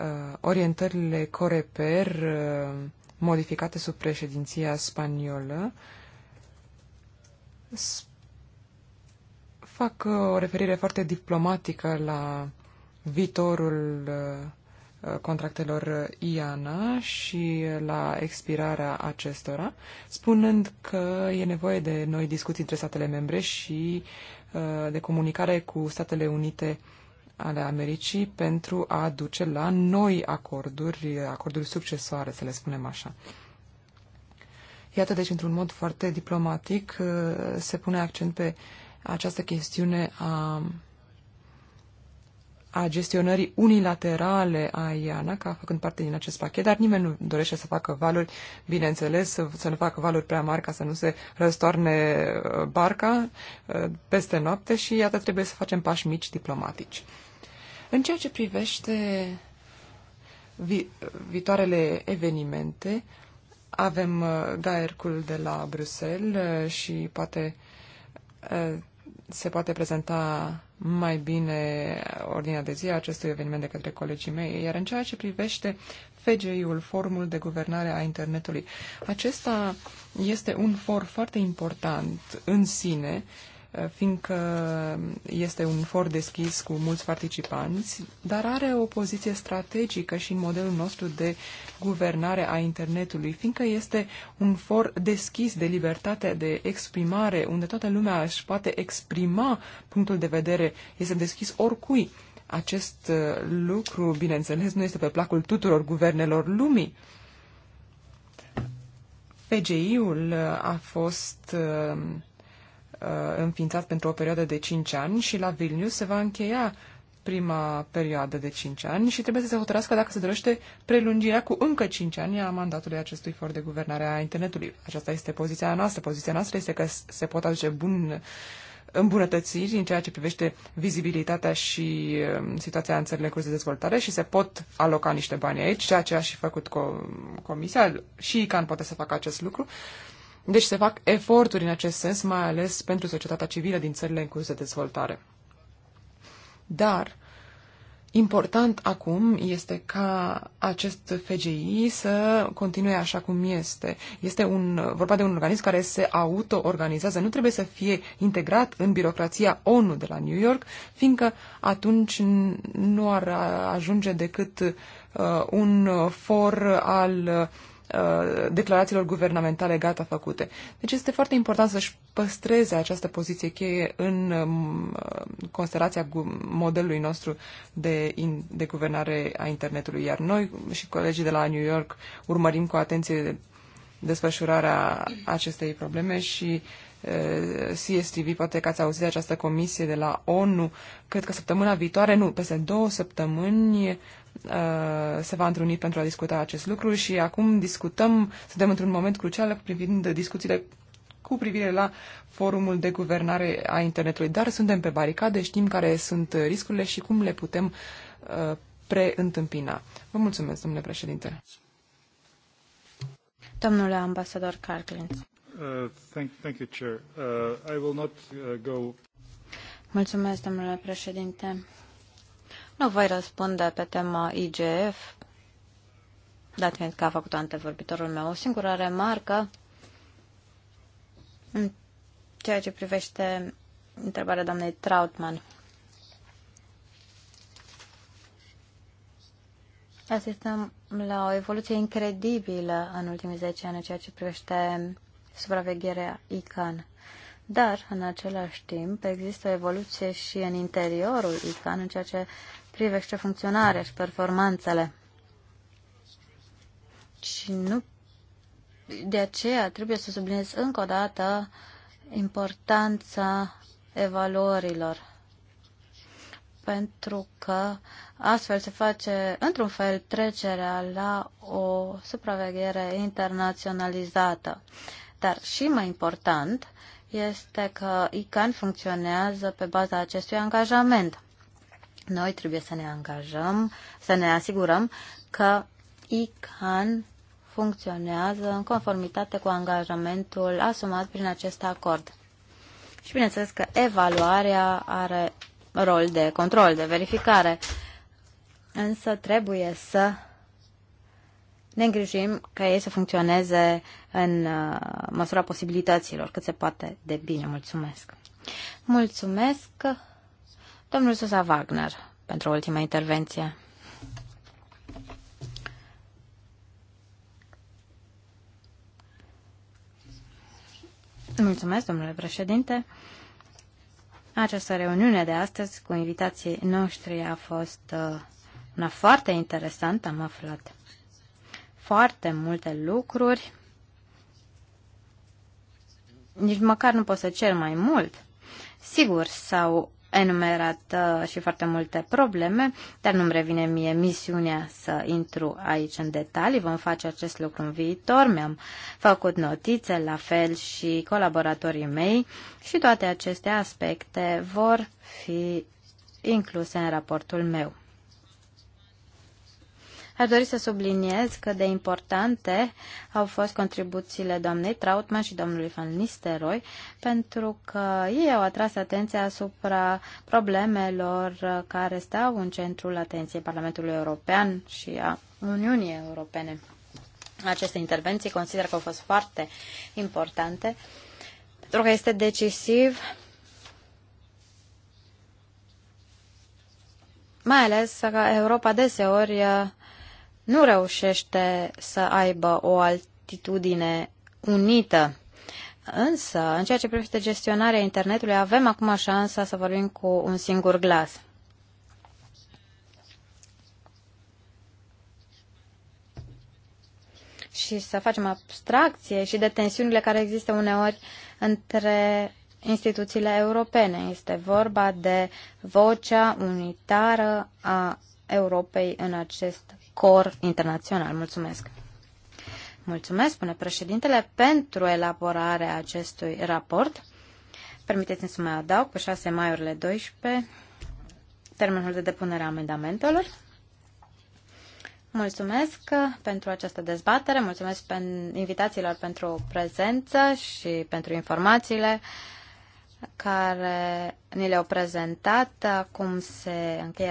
Uh, orientările Coreper uh, modificate sub președinția spaniolă fac uh, o referire foarte diplomatică la viitorul contractelor IANA și la expirarea acestora, spunând că e nevoie de noi discuții între statele membre și de comunicare cu Statele Unite ale Americii pentru a duce la noi acorduri, acorduri succesoare, să le spunem așa. Iată, deci, într-un mod foarte diplomatic, uh, se pune accent pe această chestiune a, a gestionării unilaterale a IANA, ca făcând parte din acest pachet, dar nimeni nu dorește să facă valuri, bineînțeles, să, să nu facă valuri prea mari ca să nu se răstoarne uh, barca uh, peste noapte și iată trebuie să facem pași mici diplomatici. În ceea ce privește vi- viitoarele evenimente, avem uh, Gaercul de la Bruxelles uh, și poate uh, se poate prezenta mai bine ordinea de zi a acestui eveniment de către colegii mei. Iar în ceea ce privește FGI-ul, Formul de Guvernare a Internetului, acesta este un for foarte important în sine fiindcă este un for deschis cu mulți participanți, dar are o poziție strategică și în modelul nostru de guvernare a internetului, fiindcă este un for deschis de libertate de exprimare, unde toată lumea își poate exprima punctul de vedere, este deschis oricui. Acest uh, lucru, bineînțeles, nu este pe placul tuturor guvernelor lumii. PGI-ul uh, a fost uh, Uh, înființat pentru o perioadă de 5 ani și la Vilnius se va încheia prima perioadă de 5 ani și trebuie să se hotărască dacă se dorește prelungirea cu încă 5 ani a mandatului acestui for de guvernare a internetului. Aceasta este poziția noastră. Poziția noastră este că se pot aduce bun îmbunătățiri în ceea ce privește vizibilitatea și um, situația în țările în curs de dezvoltare și se pot aloca niște bani aici, ceea ce a și făcut Comisia și ICAN poate să facă acest lucru. Uh, deci se fac eforturi în acest sens, mai ales pentru societatea civilă din țările în curs de dezvoltare. Dar important acum este ca acest FGI să continue așa cum este. Este un, vorba de un organism care se auto-organizează. Nu trebuie să fie integrat în birocrația ONU de la New York, fiindcă atunci nu ar ajunge decât uh, un for al uh, Uh, declarațiilor guvernamentale gata făcute. Deci este foarte important să-și păstreze această poziție cheie în um, uh, constelația modelului nostru de, in, de guvernare a internetului. Iar noi și colegii de la New York urmărim cu atenție desfășurarea acestei probleme și CSTV, poate că ați auzit de această comisie de la ONU, cred că săptămâna viitoare, nu, peste două săptămâni uh, se va întruni pentru a discuta acest lucru și acum discutăm, suntem într-un moment crucial privind discuțiile cu privire la forumul de guvernare a internetului, dar suntem pe baricade, știm care sunt riscurile și cum le putem uh, preîntâmpina. Vă mulțumesc, domnule președinte. Domnule ambasador Carclins. Mulțumesc, domnule președinte. Nu voi răspunde pe tema IGF, dat fiind că a făcut antevorbitorul meu. O singură remarcă în ceea ce privește întrebarea doamnei Trautmann. Asistăm la o evoluție incredibilă în ultimii 10 ani în ceea ce privește supravegherea ICAN. Dar, în același timp, există o evoluție și în interiorul ICAN în ceea ce privește funcționarea și performanțele. Și nu de aceea trebuie să subliniez încă o dată importanța evaluărilor. Pentru că astfel se face, într-un fel, trecerea la o supraveghere internaționalizată. Dar și mai important este că ICAN funcționează pe baza acestui angajament. Noi trebuie să ne angajăm, să ne asigurăm că ICAN funcționează în conformitate cu angajamentul asumat prin acest acord. Și bineînțeles că evaluarea are rol de control, de verificare, însă trebuie să ne îngrijim ca ei să funcționeze în uh, măsura posibilităților, cât se poate de bine. Mulțumesc! Mulțumesc, domnul Susa Wagner, pentru ultima intervenție. Mulțumesc, domnule președinte. Această reuniune de astăzi cu invitații noștri a fost uh, una foarte interesantă. Am aflat foarte multe lucruri. Nici măcar nu pot să cer mai mult. Sigur, s-au enumerat uh, și foarte multe probleme, dar nu-mi revine mie misiunea să intru aici în detalii. Vom face acest lucru în viitor. Mi-am făcut notițe, la fel și colaboratorii mei și toate aceste aspecte vor fi incluse în raportul meu. Aș dori să subliniez că de importante au fost contribuțiile doamnei Trautman și domnului Van Nisteroi, pentru că ei au atras atenția asupra problemelor care stau în centrul atenției Parlamentului European și a Uniunii Europene. Aceste intervenții consider că au fost foarte importante, pentru că este decisiv mai ales că Europa deseori nu reușește să aibă o altitudine unită. Însă, în ceea ce privește gestionarea internetului, avem acum șansa să vorbim cu un singur glas. Și să facem abstracție și de tensiunile care există uneori între instituțiile europene. Este vorba de vocea unitară a Europei în acest cor internațional. Mulțumesc! Mulțumesc, spune președintele, pentru elaborarea acestui raport. Permiteți-mi să mai adaug pe 6 mai orele 12 termenul de depunere a amendamentelor. Mulțumesc pentru această dezbatere, mulțumesc pe invitațiilor pentru prezență și pentru informațiile care ni le-au prezentat. cum se încheie